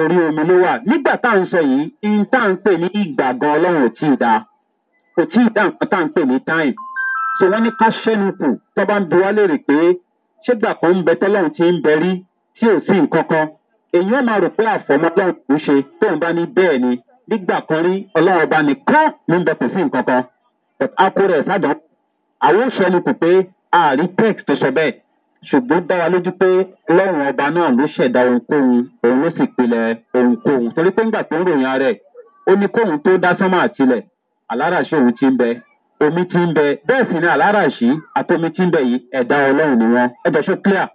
orí omi ló wà nígbà tá à ń sọ yìí in tá à ń pè ní ìgbà ọlọ́run ò tí ì da kò tí ì dá nǹkan tá à ń pè ní time so wọ́n ní ká ṣẹ́nu kù tó bá ń bi wá léèrè pé ṣé gbà kan ń bẹ tọ́lọ́run ti ń bẹ rí tí ò sí nǹkan kan èèyàn máa rò pé àfọ̀mọ́ ọlọ́run kò ṣe tóun bá ní bẹ́ẹ̀ ni nígbà kan rí ọlọ́run ọba nìkan ló ń bẹ kò sí nǹkan kan akó rẹ̀ àwọn ò ṣẹ́nu kù pé àárí text sọ bẹ́ẹ̀ ṣùgbọ́n dá wa lójú pé ọlọ́run ọba náà ló ṣẹ̀dá ohunkóhun òun ló sì pilẹ̀ ohunkóhun torí pé ńgbà tó ń ròyìn ara ẹ̀ ó ní kóhun tó dá sánmà àtilẹ̀ aláràṣí òun ti ń bẹ omi ti ń bẹ bẹ́ẹ̀ sì ni aláràṣí àtomi ti ń bẹ yìí ẹ̀dá ọlọ́run ni wọn ẹjọ́ ṣó clear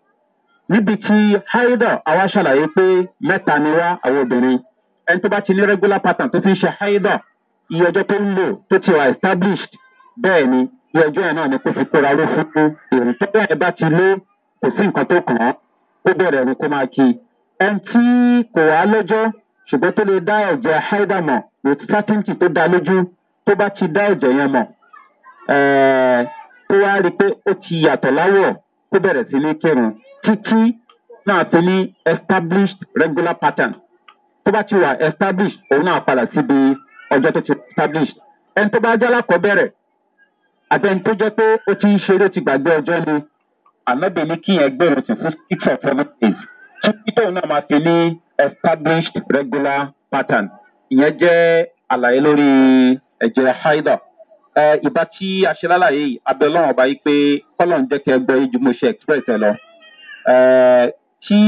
níbi tí haida àwa ṣàlàyé pé mẹ́ta ni wá àwọn obìnrin ẹni tó bá ti ní regular pattern tó fi ń ṣe haida iye ọjọ́ tó ń lò tó ti wà established bẹ́ẹ̀ ni iye ọjọ́ yẹn náà ni kò fi kóra ló fún un èrò tó bá ti lé kò sí nǹkan tó kàn án kó bẹ̀rẹ̀ ẹ̀rù kó máa kí i. ẹni tí kò wá lọ́jọ́ ṣùgbọ́n tó lè dá ẹ̀jẹ̀ haida mọ̀ with certainty tó dá lójú tó bá ti dá ẹ̀jẹ̀ yẹn mọ̀ eh, tó wá rí i pé ó ti yàtọ̀ láwọ̀ kó bẹ̀rẹ̀ sí ní kírun títí náà fi ní established regular pattern tó bá ti wà established òun náà padà síbi ọjọ́ tó ti established ẹni tó bá jẹ́ alákọ̀ọ́bẹ̀rẹ̀ àtẹni tó jẹ́ pé ó ti ń ṣeré ti gbàgbé ọjọ́ ni àmẹ́bẹ̀ ní kí yẹn gbèrò sí fún six or seven days tí títọ́ náà máa fi ní established regular pattern ìyẹn jẹ́ àlàyé lórí ẹ̀jẹ̀ haida ìbá tí a ṣe lálàyé yìí abẹ́ ọlọ́run ọba yìí pé kọ́lọ̀ ń jẹ́ kí ẹ gbọ́ yìí ju mo ṣe express ẹ lọ tí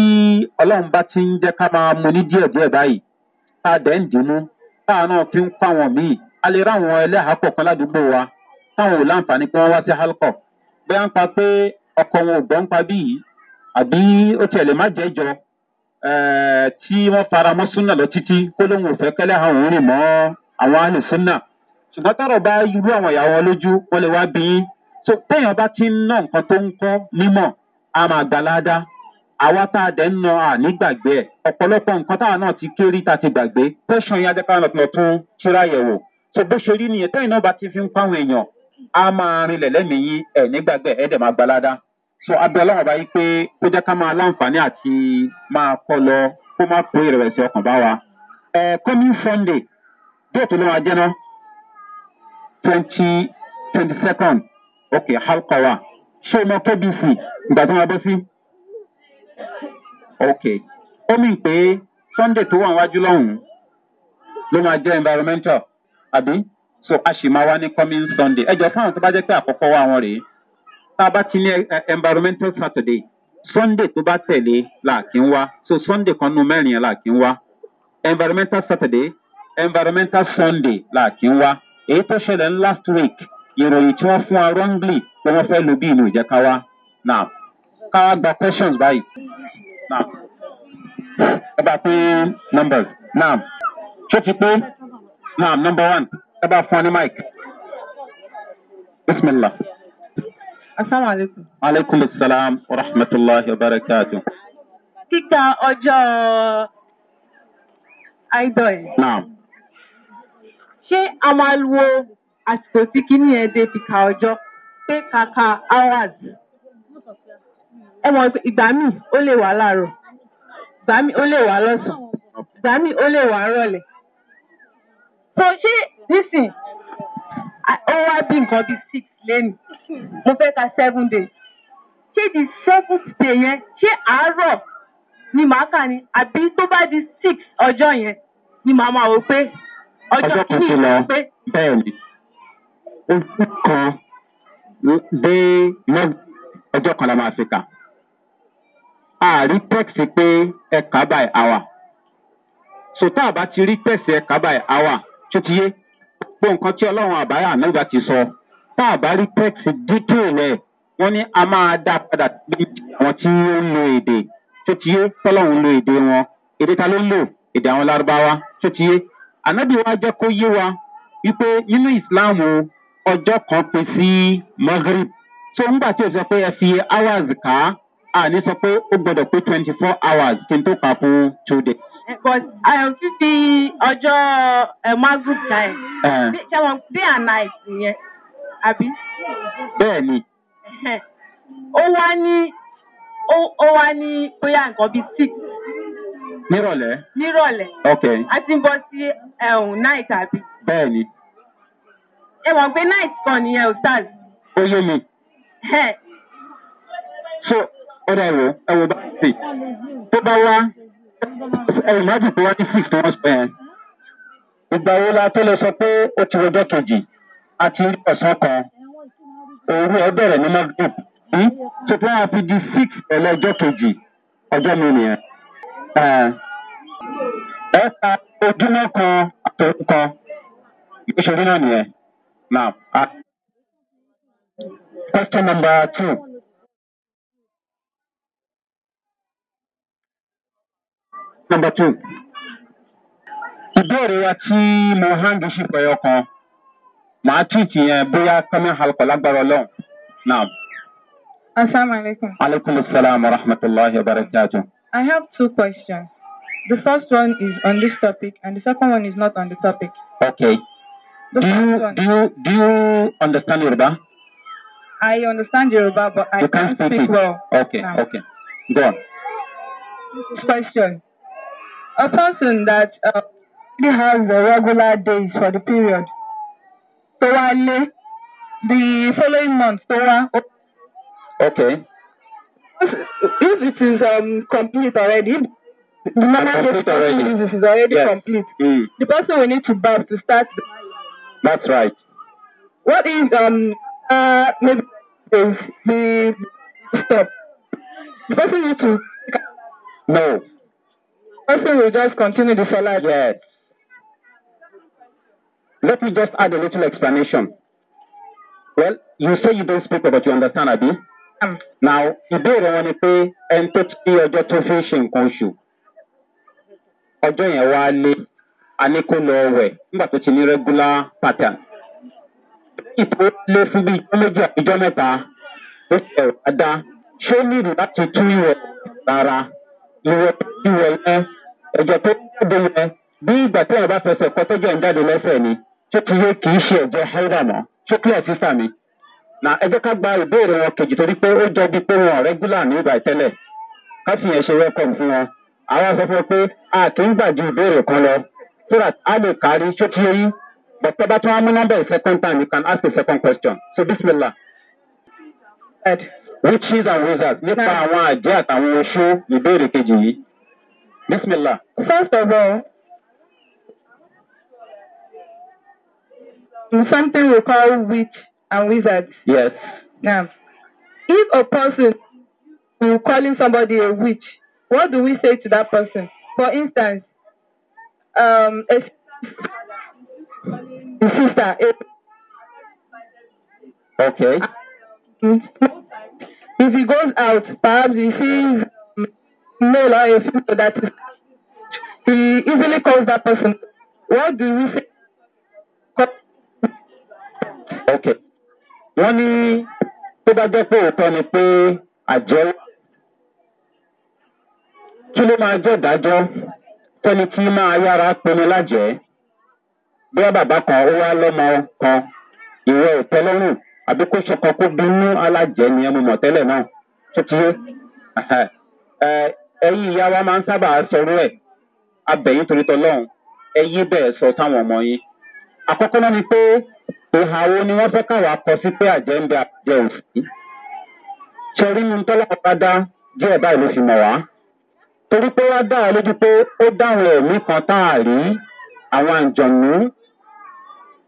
ọlọ́run bá ti ń jẹ́ ká máa mu ní díẹ̀díẹ̀ báyìí tá a dẹ̀ ń dìímú táà náà fi ń pa wọn míì a lè ráwọn ẹlẹ́hàá kọ̀ọ̀kan ládùúgbò wa táwọn ò láǹfààní pé wọ́n wá sí halkọ̀ bẹ́ẹ̀ ń pa pé ọkọ wọn ò gbọ́ ń pa bí yìí àbí ó tiẹ̀ lè má jẹ́jọ eh, tí wọ́n fara mọ́ súnà lọ títí kó lóun ò fẹ́ kẹ́lẹ́ àwọn òun rìn mọ́ àwọn àlè súnà ṣùgbọ́n tọrọ bá irú àwọn ìyàwó lójú wọn lè wá bí yín so téèyàn bá ti ń ná nǹkan tó ń kọ́ nímọ̀ a máa gbà ládàá àwa tá a dẹ̀ ń nà á nígbàgbé ẹ̀ ọ̀pọ̀lọpọ̀ nǹkan táwa náà ti kéré tá a ti gbàgbé tẹ̀sán yín ajẹ́ká lọ́tọ̀ tún túra yẹ̀wò so bó ṣe rí nìyẹn téèyàn náà bá ti fi ń pa àwọn èèyàn a máa rinlẹ̀ lẹ́mìí yín ẹ̀ nígbàgbé ẹ̀ dẹ̀ máa gbà ládàá so abẹ ọlọrun ọba yìí pé kó jẹ ká máa láǹfààní àti máa kọ lọ kó má kó ìrẹwẹsì ọkàn bá wa ẹ coming sunday déètì ló máa jẹ ná twenty twenty second ok halkọ wa ṣé o mọ kbc ìgbà tó máa bọ sí ok ó mì pé sunday tó wà wájú lọ́hùn ló máa jẹ́ environmental àbí so a sì máa wá ní coming sunday ẹ jọ fáwọn tó bá jẹ́ pé àkọ́kọ́ wá wọn rèé tá a bá ti ní eh, eh, environmental saturday sunday tó bá tẹ̀lé la wá so sunday kan nu mẹ́rin yẹn la wá environmental saturday environmental sunday la kì ń wá èyí tó ṣẹlẹ̀ ní last week ìròyìn tí wọ́n fún wa wrongly pé wọ́n fẹ́ lo bí ìlú ìjẹ́ká wa now ká wá gba questions báyìí now ẹ bá pín numbers now ṣé ti pé now number one ẹ bá fún wa ní mic bismillah asalaamualeykum. aleykum salaam wa rahmatulahi wa barakatu. kíka ọjọ́ idol. naam. ṣé a máa wo àsìkò tí kíní ẹ̀ dé fi ka ọjọ́ pé kàkà hours ẹ mọ ìgbà míì ó lè wà láàárọ̀ ìgbà míì ó lè wà lọ́sàn ìgbà míì ó lè wà rọ̀lẹ́. so ṣé nísìn ó wá bí nǹkan bíi six lẹ́nu mo fẹ́ ka seven days ṣé di seventh day yẹn ṣé àárọ̀ ni màá kà ni àbí tó bá di six ọjọ́ yẹn ni màá máa wò pé ọjọ́ kìíní ló pé. bẹ́ẹ̀ ni oṣù kan dé mẹ́rin ọjọ́ kan la máa fi kà àrí tẹ́ẹ̀sì pé ẹ̀ka báyìí àwà sòtá àbá ti rí tẹ́ẹ̀sì ẹ̀ka báyìí àwà tó ti yé gbogbo nǹkan tí ọlọ́run àbáyà náà ti sọ. So tá a bá rí text detail ẹ̀ wọ́n ní a máa dá padà bí àwọn tí ó ń lo èdè tó ti yé tọ́lọ́hún lo èdè wọn èdè ta ló ń lò èdè àwọn lárúbáwá tó ti yé ànábì wa jẹ́ kó yé wa wípé nínú islam ọjọ́ kan pe sí maghrib so ńgbà tí o sọ pé ẹ fi hours kà á àní sọ pé ó gbọdọ̀ pé twenty four hours kí n tó kà fún two days. fífi ọjọ́ eh, maghrib time eh. ṣé wọn day and night nìyẹn àbí? Bẹ́ẹ̀ni. Ó wá ní ó wá ní bóyá nǹkan bíi six. Nírọ̀lẹ́. Nírọ̀lẹ́. Ok. A ti ń bọ́ sí ẹ̀hún night àbí? Bẹ́ẹ̀ni. Ẹ mọ̀ pé night kan nìyẹn ò stars. Ó yé mi. So ó dá ẹ̀wọ̀ ẹ̀wọ̀ bá ṣe. Tó bá wá ẹ̀rù má jù pé wá ní six tó wọ́n sọ yẹn. Ìgbà wo la tó lọ sọ pé ó ti rọjọ́ kejì? a ti rí ọ̀sán kan òru ẹ bẹ̀rẹ̀ ní magrib tó hmm? tí wọ́n fi di six ẹ̀lẹ́ ọjọ́ kejì ọjọ́ mi nìyẹn. ẹ ka ojúmọ́ kan àtọ́jú kan yóò ṣe rí náà nìyẹn. Now, uh, question number two. Number two. Ìbéèrè wa tí mo pẹ̀yọ kan. màá wa wa I have two questions. The first one is on this topic and the second one is not on the topic. Okay. The do you do you do you understand Yoruba? I understand Yoruba, but I you can't, can't speak, well. Okay, now. okay. Go on. Question. A person that uh, has the regular days for the period tó wá lé the following month tó wá. okay. if it is um, complete already. The normal process already. is is already yes. complete. Mm. The person will need to bath to start. The... That's right. What is um uh maybe the, the stop. The person need to. No. The person will just continue the salat. Yes. Let me just add a little explanation. Well, you say you don't speak, but you understand, Abi. Um. Now, ìbéèrè wọn ni pé ẹni tó ti ọjọ́ tó fi ṣe nǹkan oṣù. Ọjọ́ yẹn wá lé Aníkó lọ wẹ̀ nígbà tó ti ní regular pattern. Ìtò lé fún bí ijọ́ méjì àbíjọ́ mẹ́ta ló ṣe ẹ̀rọ dá. Ṣé ní ìlú láti tú ìwẹ̀ rárá? Ìwẹ̀ ìwẹ̀ yẹn, ẹ̀jẹ̀ tó ń jáde yẹn, bí ìgbà tí ẹ̀rọ bá fẹsẹ̀ kọ́ tọ́jú ẹ̀ ń jáde lẹ́sẹ̀ ni. ṣé kì ka kì eje clear mi. na ẹ jẹ́ ká gba ìbéèrè wọn kejì torí pé ó jọ bíi pé wọn rẹ́gúlà ní ìgbà ìtẹ́lẹ̀ ká sì ṣe welcome fún wọn. àwọn sọ fún a kì í gbà ju ìbéèrè kan lọ so that a lè kárí ṣé kí eyín bọ̀tẹ́ bá second time you can ask the second question so and wizards nípa àwọn àjẹ́ àtàwọn oṣó ìbéèrè kejì yìí first something we call witch and wizard. Yes. Now, if a person is calling somebody a witch, what do we say to that person? For instance, um, a sister. A okay. If he goes out, perhaps he sees male or a female that is, he easily calls that person. What do we say? ok wọ́n ní tó bá jẹ́ pé òótọ́ ni pé àjẹ́ wà kí ló máa jẹ́ ìdájọ́ tẹ́ni tí máa yára pinnu lájẹ́ bóyá bàbá kan ó wá lọ́mọ kan ìwọ ìtẹ́lọ́rùn àbí kó ṣọkan kó bínú alájẹ ni ẹmu mọ̀tẹ́lẹ̀ náà tó ti yé ẹyin ìyá wa máa ń sábà sọrú ẹ̀ abẹ̀yìn torítọ́ lọ́hùn ẹ yí bẹ́ẹ̀ sọ táwọn ọmọ yín àkọ́kọ́ náà ni pé òhà wo ni wọ́n fẹ́ káwa kọ sí pé àjẹ́ ń òsì. sọrí ní tọ́lá bá dá díẹ̀ báyìí ló fi mọ̀ wá. torí pé wá dá lójú pé ó dáhùn ẹ̀mí kan tá a rí àwọn àjọ̀nú.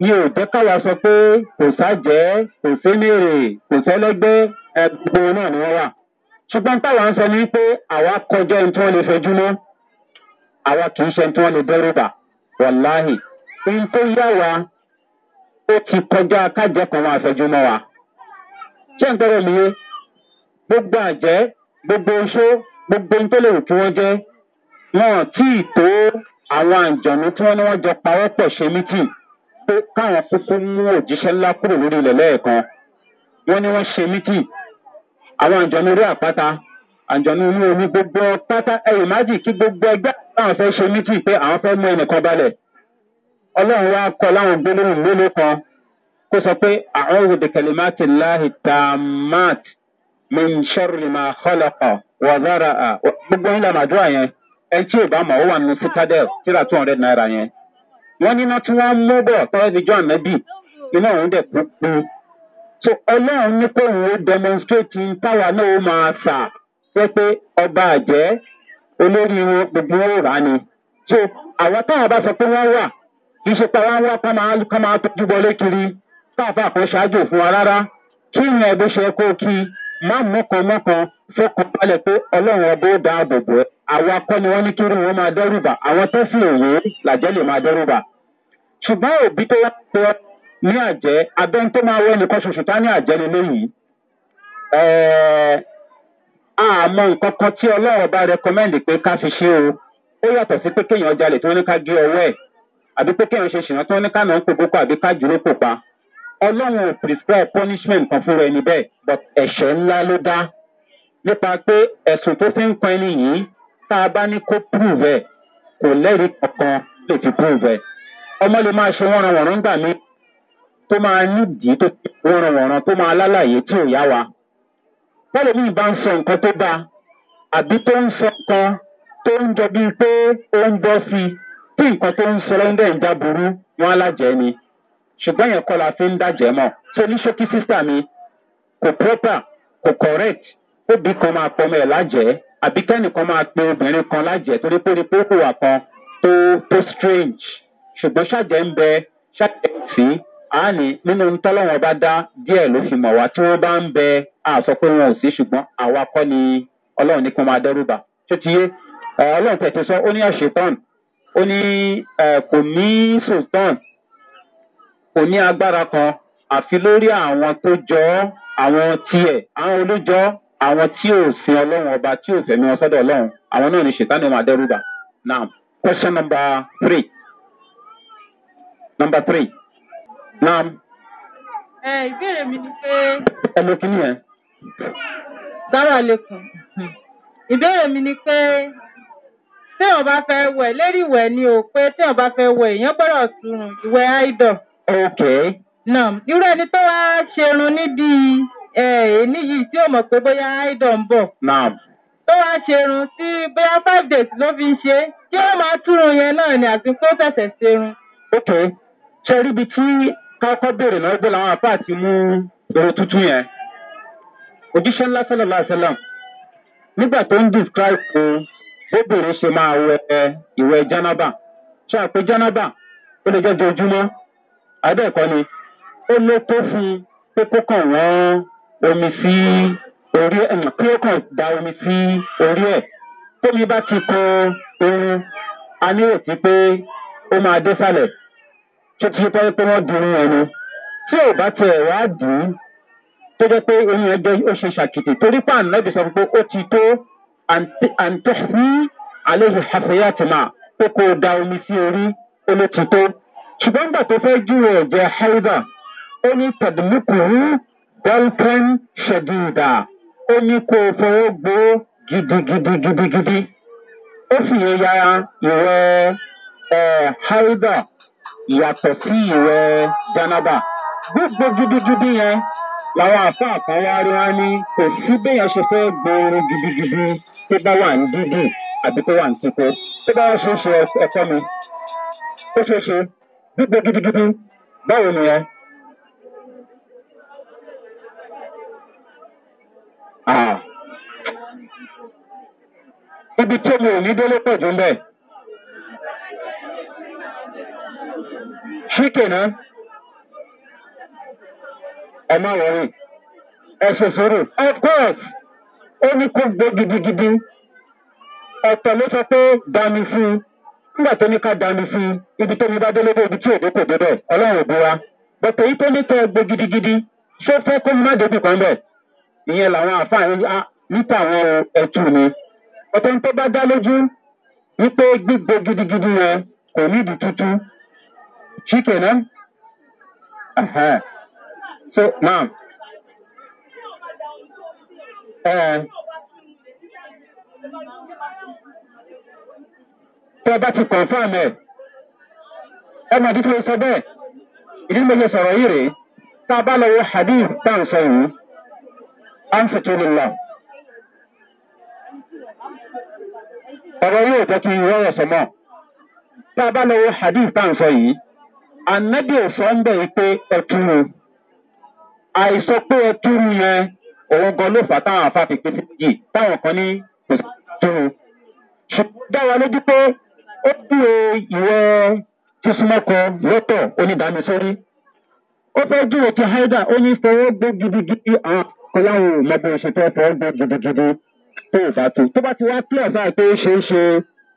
yìí ò jẹ́ sọ pé kò sájẹ́ kò kò ẹgbẹ́ náà ni wọ́n wà. ṣùgbọ́n táwa ń sọ pé àwa ẹni tí ó ti kọjá kájẹ kan wọn àfẹjú mọ wa. ṣé nǹkan rẹ̀ nìyẹn gbogbo àjẹ́ gbogbo oṣó gbogbo ohun tó lè wò kí wọ́n jẹ́ wọn tí ì tó àwọn àǹjọ̀nú tí wọ́n ní wọ́n jọ pawọ́ pọ̀ ṣe mítì pé káwọn kúkú mú òjíṣẹ́ ńlá kúrò lórí ilẹ̀ lẹ́ẹ̀kan wọ́n ní wọ́n ṣe mítì àwọn àǹjọ̀nú orí àpáta àǹjọ̀nú inú omi gbogbo pátá ẹ̀rì májì kí gbogbo ẹgbẹ́ àwọn fẹ́ ṣe mítì pé àwọn fẹ́ mú ẹnìkan balẹ̀ ọlọ́run wá kọ́ láwọn gbólóhùn mélòó kan kó sọ pé àwọn òdìkẹ̀lẹ̀ máa ti láàyè tààmát mẹ́ńsọ́rì máa kọ́lọ́kọ̀ wọ̀dára à gbogbo ńlá màdúrà yẹn ẹ tí ò bá mọ̀ ó wà nínú citadel tíra two hundred naira yẹn. wọ́n níná tí wọ́n mú bọ̀ tọ́lá ti jọ ànábì iná òun dẹ̀ kú kú. so ọlọ́run ní pé òun ó demonstrate táwa náà ó máa sà pé pé ọba àjẹ́ olórí wọn gbogbo wọn ò rà ni. so àwọn táwọn bá sọ pé wọ́n wà kì í ṣe pé wọ́n wá ká máa ká máa tọ́jú bọlé kiri káàfà kan ṣáájú fún wa rárá kí ìyẹn bó ṣe kó kí má mọ́kàn mọ́kàn fọkàn balẹ̀ pé ọlọ́run ọbẹ̀ ó dáàbò bò ẹ́ àwọn ni wọn ní kí irú wọn máa dẹ́rùbà àwọn tó sì òye làjẹ́ lè máa dẹ́rùbà ṣùgbọ́n òbí tó wá pé ní àjẹ́ abẹ́ni tó máa wọ ẹnìkan ṣoṣo tá ní àjẹ́ ni lóyìí àmọ́ nǹkan kan tí ọlọ́run bá rẹkọmẹ́ndì pé ká fi ṣe o ó yàtọ̀ sí pé kéèyàn jalè tó ní ká gé ọwọ́ ẹ̀ àbí pé kéèyàn ṣe ṣìnà tí wọ́n ní kánà ń kókó àbí kájú ló kò pa ọlọ́run ò prescribe punishment kan fúnra ẹni bẹ́ẹ̀ but ẹ̀ṣẹ̀ ńlá ló dá nípa pé ẹ̀sùn tó fi ń kan ẹni yìí tá a bá ní kó prove ẹ̀ kò lẹ́rìí kankan lè fi prove ẹ̀ ọmọ lè máa ṣe wọ́nranwọ̀nran gbà mí tó máa nídìí tó wọ́nranwọ̀nran tó máa lálàyé tí ò yá wa bọ́ọ̀lù mi bá ń sọ nǹkan tó dáa àbí tó ń sọ nǹkan tó ń jọ bíi pé ó ń bọ́ sí i pé nǹkan tó ń sọrọ ń dẹ̀ ń dá burú wọn alájẹ ni ṣùgbọ́n yẹn kọ́ la fi ń dàjẹ́ mọ̀ tó ní ṣókí sísà mi kò proper kò correct obì kan máa pọmọ ẹ̀ lájẹ́ àbí kẹ́nìkan máa pe obìnrin kan lájẹ́ torí pé pé kò wà kan tó tó strange ṣùgbọ́n ṣàjẹ́ ń bẹ ṣàjẹ́ sí àání nínú tọ́lọ́wọ́n bá dá díẹ̀ ló fi mọ̀ wá tí wọ́n bá ń bẹ àsọ pé wọn ò sí ṣùgbọ́n àwa kọ́ ni ọlọ́run ní kí wọ́n máa dẹ́rù ó ní kò ní sultan kò ní agbára kan àfi lórí àwọn tó jọ ọ́ àwọn tiẹ̀ àwọn olójọ́ àwọn tí ò sin ọlọ́run ọba tí ò fẹmi wọn sọ́dọ̀ ọlọ́run àwọn náà ní ṣètánì ọmọ adẹ́rùbà now question number three number three now. ẹ ìbéèrè mi ni pé. ẹ kí ni yẹn. sára lẹkùn ìbéèrè mi ni pé téèyàn bá fẹ́ wẹ̀ lérí ìwẹ̀ ni o pé téèyàn bá fẹ́ wẹ̀ èèyàn gbọ́dọ̀ sunrùn ìwẹ̀ áìdọ̀. ok. náà irú ẹni tó wá ṣerun níbi èní yìí tí ò mọ̀ pé bóyá áìdọ̀ ń bọ̀. náà. tó wá ṣerun tí bóyá five days ló fi ń ṣe kí ó máa túrun yẹn náà ni àti kó ṣẹ̀ṣẹ̀ ṣerun. ok ṣe rí ibi tí kọ́kọ́ béèrè náà gbé làwọn àpá àti mú èrò tuntun yẹn ojúṣe ńlá sọlọ láṣẹlẹ nígbà bóbìnrin ṣe máa wẹ ìwẹ jánábà ṣe àpè jánábà ó lè jẹ jojúmọ àbẹ́ẹ̀kọ́ ni ó ló tó fún pé kó kàn wọ́n omi sí orí ẹ̀ kí ó kàn da omi sí orí ẹ̀ tómi bá ti kan irun a nírètí pé ó máa dé sálẹ̀ tó ti tọ́ pé wọ́n dirun ẹnu tí ò bá tiẹ̀ wá dùn ún tó jẹ́ pé irun ẹ̀ ó ṣe ṣàkìtì torí pàǹlẹ́bí sọ pé ó ti tó àǹtọ́fù àlejò àfẹ́yàtìmá pé kò da omi sí orí olótìtó ṣùgbọ́n nígbà tó fẹ́ júwe ẹ̀jẹ̀ haida ó ní tàdímùkùrú dọ́lpẹ́n ṣẹ̀dúdà ó ní kó o fọwọ́ gbó gidigidigidigidi ó sì yẹ ya ìwẹ́ ẹ̀ haida yàtọ̀ sí ìwẹ́ janaba gbogbo gidigidi yẹn làwọn àfáà kan wá rí wá ní kò sí bẹ́yẹn ṣe fẹ́ gbòòrò gidigidi tó bá wà ní dídì àbí tó wà ní kíkó tó bá ṣe é ṣe ẹ̀kọ́ mi ó ṣe é ṣe gbígbé gidigidi báwo ni ẹ. ibi tí mi ò ní délé pọ̀ jù ń Chicken ṣíkè náà ẹ má wọrí ẹ ṣe sùúrù of course ó ní kó gbé gidigidi ọ̀tọ̀ ló sọ pé dání fún un nígbà tó ní ká dání fún un ibi tó ní bá dé lóde ibi tí èdè kò débẹ̀ ọlọ́run ò búra bọ̀tẹ̀ yìí tó ní kó gbé gidigidi ṣé fẹ́ kó má débi kan bẹ̀ ìyẹn làwọn àfáàní ah, níta àwọn ẹ̀tù ni ọ̀tọ̀ ní tó bá dá lójú wípé gbígbé gidigidi yẹn kò ní ìdí tuntun chicken náà so now. Ee. Tí ẹ bá ti confirm ẹ̀, ẹ mọ̀ bí kí ló sọ bẹ́ẹ̀. Ìdí mi lè sọ̀rọ̀ yìí rèé. Tá a bá lọ wo Hadith tá à ń sọ yìí, à ń fìtú lílà. Ọ̀rọ̀ yóò jẹ́ kí mọ́. Tá a bá lọ wo Hadith tá ń sọ yìí, ń bẹ̀ yìí pé Àìsọ pé yẹn. òun gan ló fà á táwọn afa fi pé sí méjì táwọn kan ní kò sí tó o. ṣùgbọ́n dá wa lójú pé ó dúró ìwẹ́ sísúnmọ́kọ lọ́tọ̀ onídàámẹ́sórí. ó fẹ́ dúró ti haida ó ní fọwọ́ gbé gidigidi àwọn akọláwò mọ́bí oṣù tó fọwọ́ gbé gidigidi tó o bá tó. tó bá ti wá pílọ̀ sáà pé ṣe é ṣe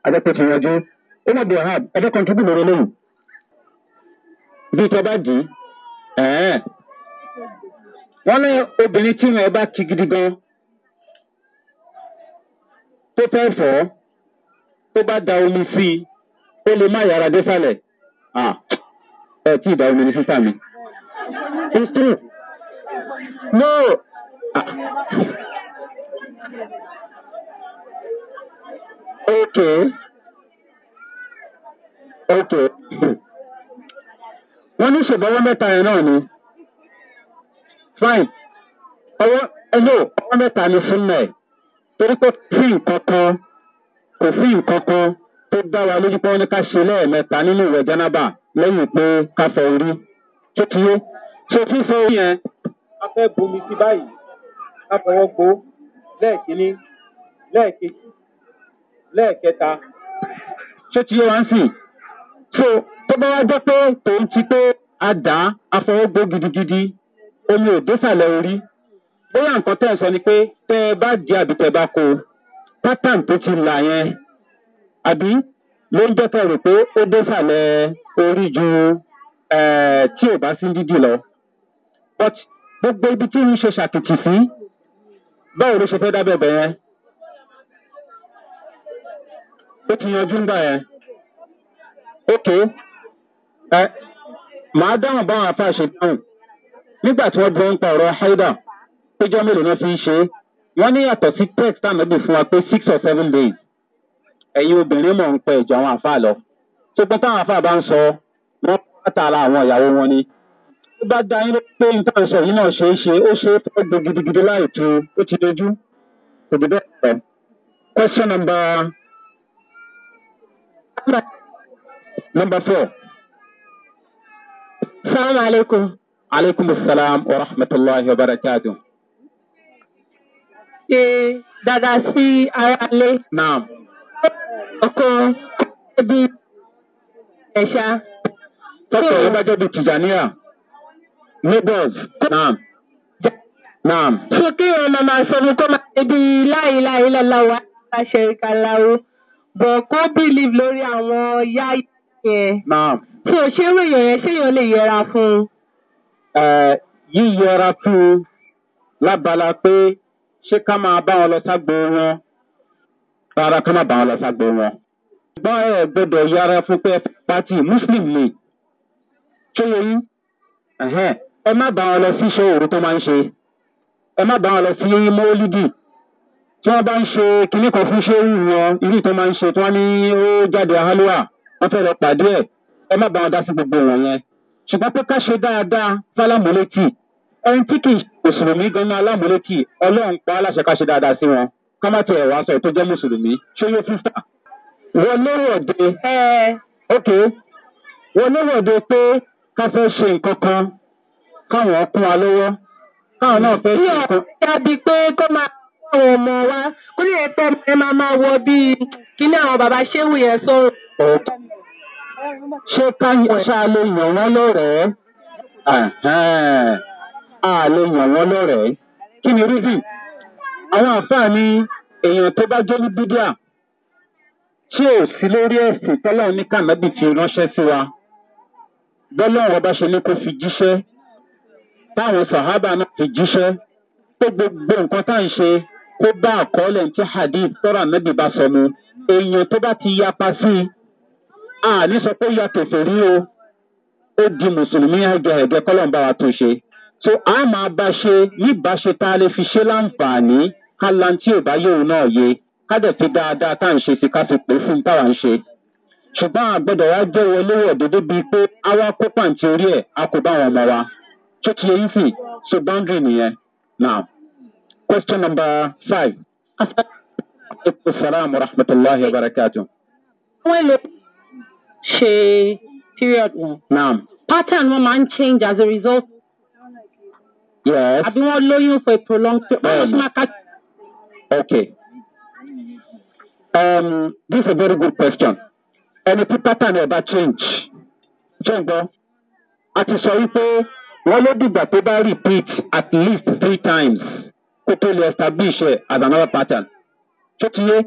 àjẹpẹ́ ti yanjú ó mọ̀ bí ọ̀hán ẹ̀fẹ́ kọ́ńtúbù lórí lóyún. bí tọ́ bá dì í wọn ní obìnrin tí wọn bá ti gidi gan tó fẹ́ fọ́ tó bá da omi sí i ó lè má yára désàlẹ̀ ẹ tí ì da omi ní sísá mi. it's true no. Ah. okay okay wọ́n ní ṣèbọ̀wọ́ mẹ́ta yẹn náà ni fine ọwọ́ ẹ̀lò ọwọ́ mẹ́ta ni fún náà torí pé fí nǹkan kan kò fí nǹkan kan tó dá wa lójú pé wọ́n ní ká ṣe lẹ́ẹ̀mẹ́ta nínú ìwẹ̀ jánábà lẹ́yìn pé ká fọ orí tó ti yé so fífọ orí yẹn a fẹ́ bomi sí báyìí ká fọwọ́ gbó lẹ́ẹ̀kíní lẹ́ẹ̀kejì lẹ́ẹ̀kẹta tó ti yé wá ń sìn so tó bá wá jẹ́ pé tòun ti pé a dá afọwọ́gbó gidigidi omi ò désàlẹ̀ orí bóyá nǹkan tẹ́ ẹ̀ sọ ni pé tẹ́ ẹ bá jẹ́ àbí tẹ́ ẹ bá kó pátán tó ti là yẹn àbí ló ń jẹ́ kẹ́ rò pé ó désàlẹ̀ orí ju tí ò bá sí dídì lọ but gbogbo ibi tí ń ṣe ṣàkìtì sí báwo ló ṣe fẹ́ dábẹ́ bẹ̀ yẹn ó ti yanjú ń bà yẹn ok ẹ màá dáhùn báwọn afáàṣe dáhùn nígbà tí wọ́n bí wọ́n ń pa ọ̀rọ̀ haida péjọ mélòó náà fi ń ṣe é wọ́n ní yàtọ̀ sí text ànábì fún wa pé six or seven days ẹ̀yin obìnrin mọ̀ ń pẹ́ ìjọ àwọn àfa lọ ṣùgbọ́n táwọn àfa bá ń sọ wọ́n látara àwọn ìyàwó wọn ni ó bá da yín pé nǹkan sọ yìí náà ṣe é ṣe ó ṣe é fẹ́ gbé gidigidi láì tu ó ti dojú kò dé bẹ́ẹ̀ pẹ́. question number number four. salaamaleykum aleykum salaam wa rahmatulahi wa barakatu. ṣe dada sí aráalé. naam. ọkàn ẹbí ẹ̀ṣá. tọkọ ìbájọ́ bíi tìjànìyà neighbors naam. naam. ṣé kí ọmọ máa sọ fún kó máa ṣe bíi láìláì lọ́la wà á ṣe ìkàlàwọ́ bọ̀ kó bìlìf lórí àwọn yáyà yẹn. naam. tí o ṣe wéyàn yẹn ṣé yóò lè yẹra fún un um yíyẹra fún un lábala pé ṣé ká máa bá wọn lọ ságbo wọn rárá ká má bá wọn lọ ságbo wọn. ṣùgbọ́n ẹ gbọ́dọ̀ yára fún pé pati muslim lè ṣé yẹyí ẹ má bá wọn lọ sí iṣẹ́ òru tó máa ń ṣe ẹ má bá wọn lọ sí mọ́lídì tí wọ́n bá ń ṣe kinní kan fún ṣé wọn irú tó máa ń ṣe tí wọ́n ní ó jáde ahalúwà wọ́n fẹ́ lọ pàdé ẹ̀ ẹ má bá wọn dá sí gbogbo wọn yẹn ṣùgbọ́n pé ká ṣe dáadáa sálámúlétì ẹni tí kì í mùsùlùmí ganan alámúlétì ọlọ́run pa aláṣẹ ká ṣe dáadáa sí wọn ká má tiẹ̀ wá sọ tó jẹ́ mùsùlùmí ṣé yóò fún fà. wọ́n lérò ọ̀dẹ ok wọ́n lérò ọ̀dẹ pé ká fẹ́ ṣe nǹkan kan káwọn ọkùn wa lọ́wọ́ káwọn náà fẹ́ ṣe nǹkan. bí ọ̀rẹ́ àbí pé kó máa àwọn ọmọ wa kó lè pẹ́ ẹ máa máa wọ bíi kí àwọn bàbá ṣéwù yẹn sọ̀rọ̀ ṣé ká ṣá lè yàn wọ́n lọ́rẹ̀ẹ́? a lè yàn wọ́n lọ́rẹ̀ẹ́. kí ni rídì? àwọn àfáà ni èèyàn tó bá jẹ́ ní bídíà tí ò sí lórí ẹ̀sìn tọ́lọ́run ní kànábì ti ránṣẹ́ sí wa bọ́lọ́run ọba ṣe ní kó fi jíṣẹ́ táwọn sàhábà náà fi jíṣẹ́ pé gbogbo nǹkan tá à ń ṣe kó bá àkọọ́lẹ̀ ní ti hadith tọ́ra mẹ́bí bá sọ mu èèyàn tó bá ti yapa sí i àní sọ pé ya kẹfẹ́rí o ó di mùsùlùmí ẹgẹ ẹgẹ kọlọ́nba wa tó ṣe so a máa bá ṣe yíba ṣe tá a lè fi ṣe láǹfààní ká lantí ò bá yóò náà yé ká dáadáa tá à ń ṣe sí ká fi pè fún táwa ń ṣe ṣùgbọ́n àgbẹ̀dọ̀ wa jẹ́ wọlé ọ̀dọ́ débi pé àwa kó pàǹtí orí ẹ̀ a kò bá àwọn ọmọ wa tó ti yẹ yín so boundary nìyẹn now question number five. àwọn èlò ṣe period wọn. naam. pattern wọn máa ń change as a result. yes. àbí wọ́n lóyún for a prolonged period. bẹ́ẹ̀ ni okay. Um, this is a very good question. ẹni tí pattern ẹ̀ bá change ṣé n gbọ́ a ti sọ wípé wọ́n ló dìgbà tó bá repeat at least three times kó tó lè establish as another pattern. ṣé ti yé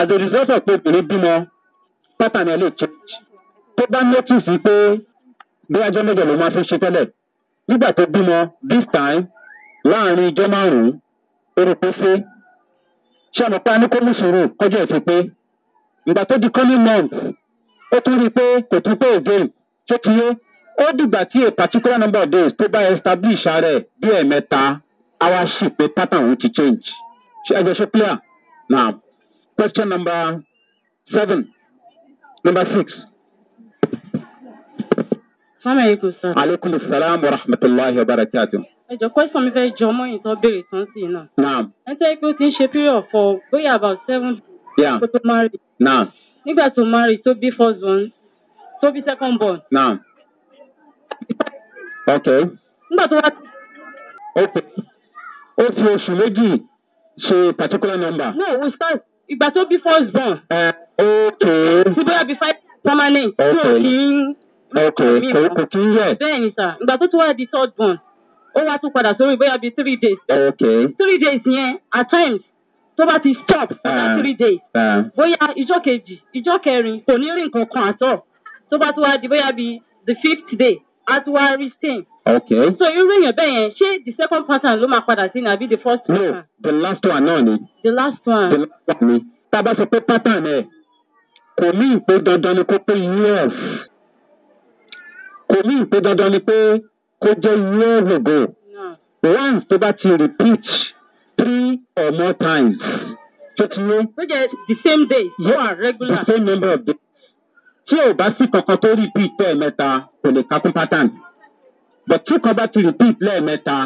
as a result of pé obìnrin bímọ pátánù ẹ̀ lè change tó bá notice pé bí ajọ́ mẹ́jọ ló máa fi ṣe tẹ́lẹ̀ nígbà tó bímọ this time láàrin ijọ́ márùn-ún erékùn ṣe ṣé ọmọ pa ní kó mú sùúrù kọjá ẹ̀ ti pé ìgbà tó di coming month ó tún rí i pé kò tún pé again ṣé kí yé ó dìgbà tí a particular number of days tó bá establish ara ẹ̀ bí ẹ̀mẹ́ta a wá sì pé pattern òun ti change ṣé ẹjọ́ ṣe clear now question number seven. Number six. Assalamu alaikum sir. Aleykum salaam wa rahmatulahi wa barakatu. Ẹjọ́ question mi fẹ́ jọ mọ́ ìtọ́ béèrè tán sí iná. Naam. Ẹ tẹ́ pé ó ti ń ṣe period for bóyá about seven. Yeah. Kó tó marry. Naam. Nígbà tó marry tó bí first born tó bí second born. Naam. Okay. Nígbà tó wá. Okay. Ó fi oṣù méjì ṣe particular number. No, we start ìgbà tó bí first born. Ah, ti bóyá bí five permanent tí ò kí ń. ok kò kí ń sà ìgbà tó tún wá di third born ó wá tún padà sórí bóyá bí three days. ok three days yẹn at times tó bá ti stop for that ah, three days. Ah. bóyá ìjọ kejì ìjọ kẹrin kò ní rí nǹkan kan àtọ̀ tó bá tún wá di bóyá bí the fifth day á tún wá rí stain. Okay. So irú èèyàn bẹ́ẹ̀ yẹn ṣé the second pattern ló máa padà sí ni àbí the first pattern? No, the last one náà ni. The last one. The last one ni. Tá a bá sọ pé pattern ẹ̀ kò ní ìpè dandan ni kó pé years. Kò ní ìpè dandan ni pé kó jẹ́ years ago. No. Once tó bá ti repeat three or more times. Tó ti yé. Ó jẹ́ the same day. You are regular. The same number of days. Tí ò bá sí kankan tó repeat bẹ́ẹ̀ mẹ́ta kò lè kakún pattern but tí kò bá ti repeat lẹ́ẹ̀mẹta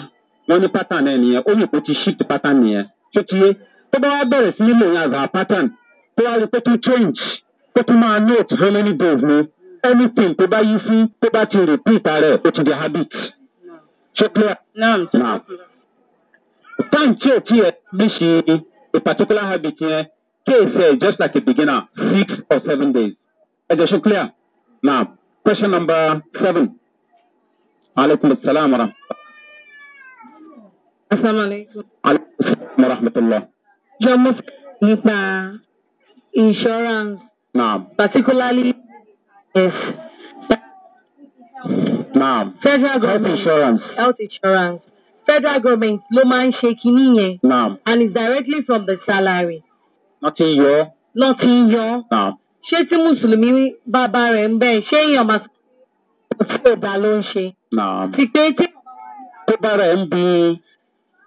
wọn ní pattern ẹ̀ nìyẹn ó yẹ kó ti shift pattern nìyẹn ṣé tiye tó bá wá bẹ̀rẹ̀ sí nílò yẹn àzà pattern tó wá rí pé tó change tó tún máa note how many days ni anything tó bá yí sí tó bá ti repeat rẹ̀ ó ti di habit ṣé clear. naam naam time tí o ti ẹ bí ṣe a particular habit yẹn kéèsì ẹ just like a beginner six or seven days ẹ jẹ ṣe clear now question number seven aleykum salaam wa rahmatulah. asalaamualeykum. aleykum salaam wa rahmatulah. jọ mo fẹ́ nípa uh, insurance. naam. particularly yes. naam. federal government health insurance. health insurance. federal government ló máa ń ṣe kinní yẹn. naam. and it's directly from the salary. wọ́n ti yọ. wọ́n ti yọ. naam. ṣé tí mùsùlùmí bàbá rẹ̀ ń bẹ̀ ṣé èèyàn máa sọ fún ọ̀dà ló ń ṣe ti pé tí tó bára ẹ̀ ń bi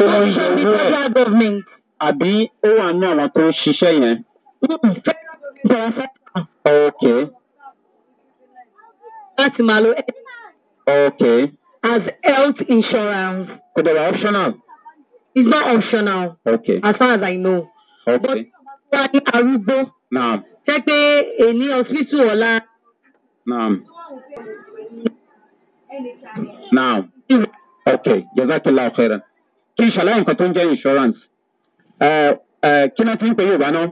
ohun ìyẹn ní government. àbí ó wà ní àwọn tó ń ṣiṣẹ́ yẹn. ok. láti máa lo ok. as health insurance. kò dẹ̀ wá optional. it's not optional. ok. as far as I know. ok. but wọ́n wá ní arúgbó. naam. jẹ́ pé èyí ní hospital ọ̀la. naam now okay jazakillah khairan kí n ṣàlàyé nǹkan tó ń jẹ́ insurance eh, eh, kí náà ti ń pè yorùbá náà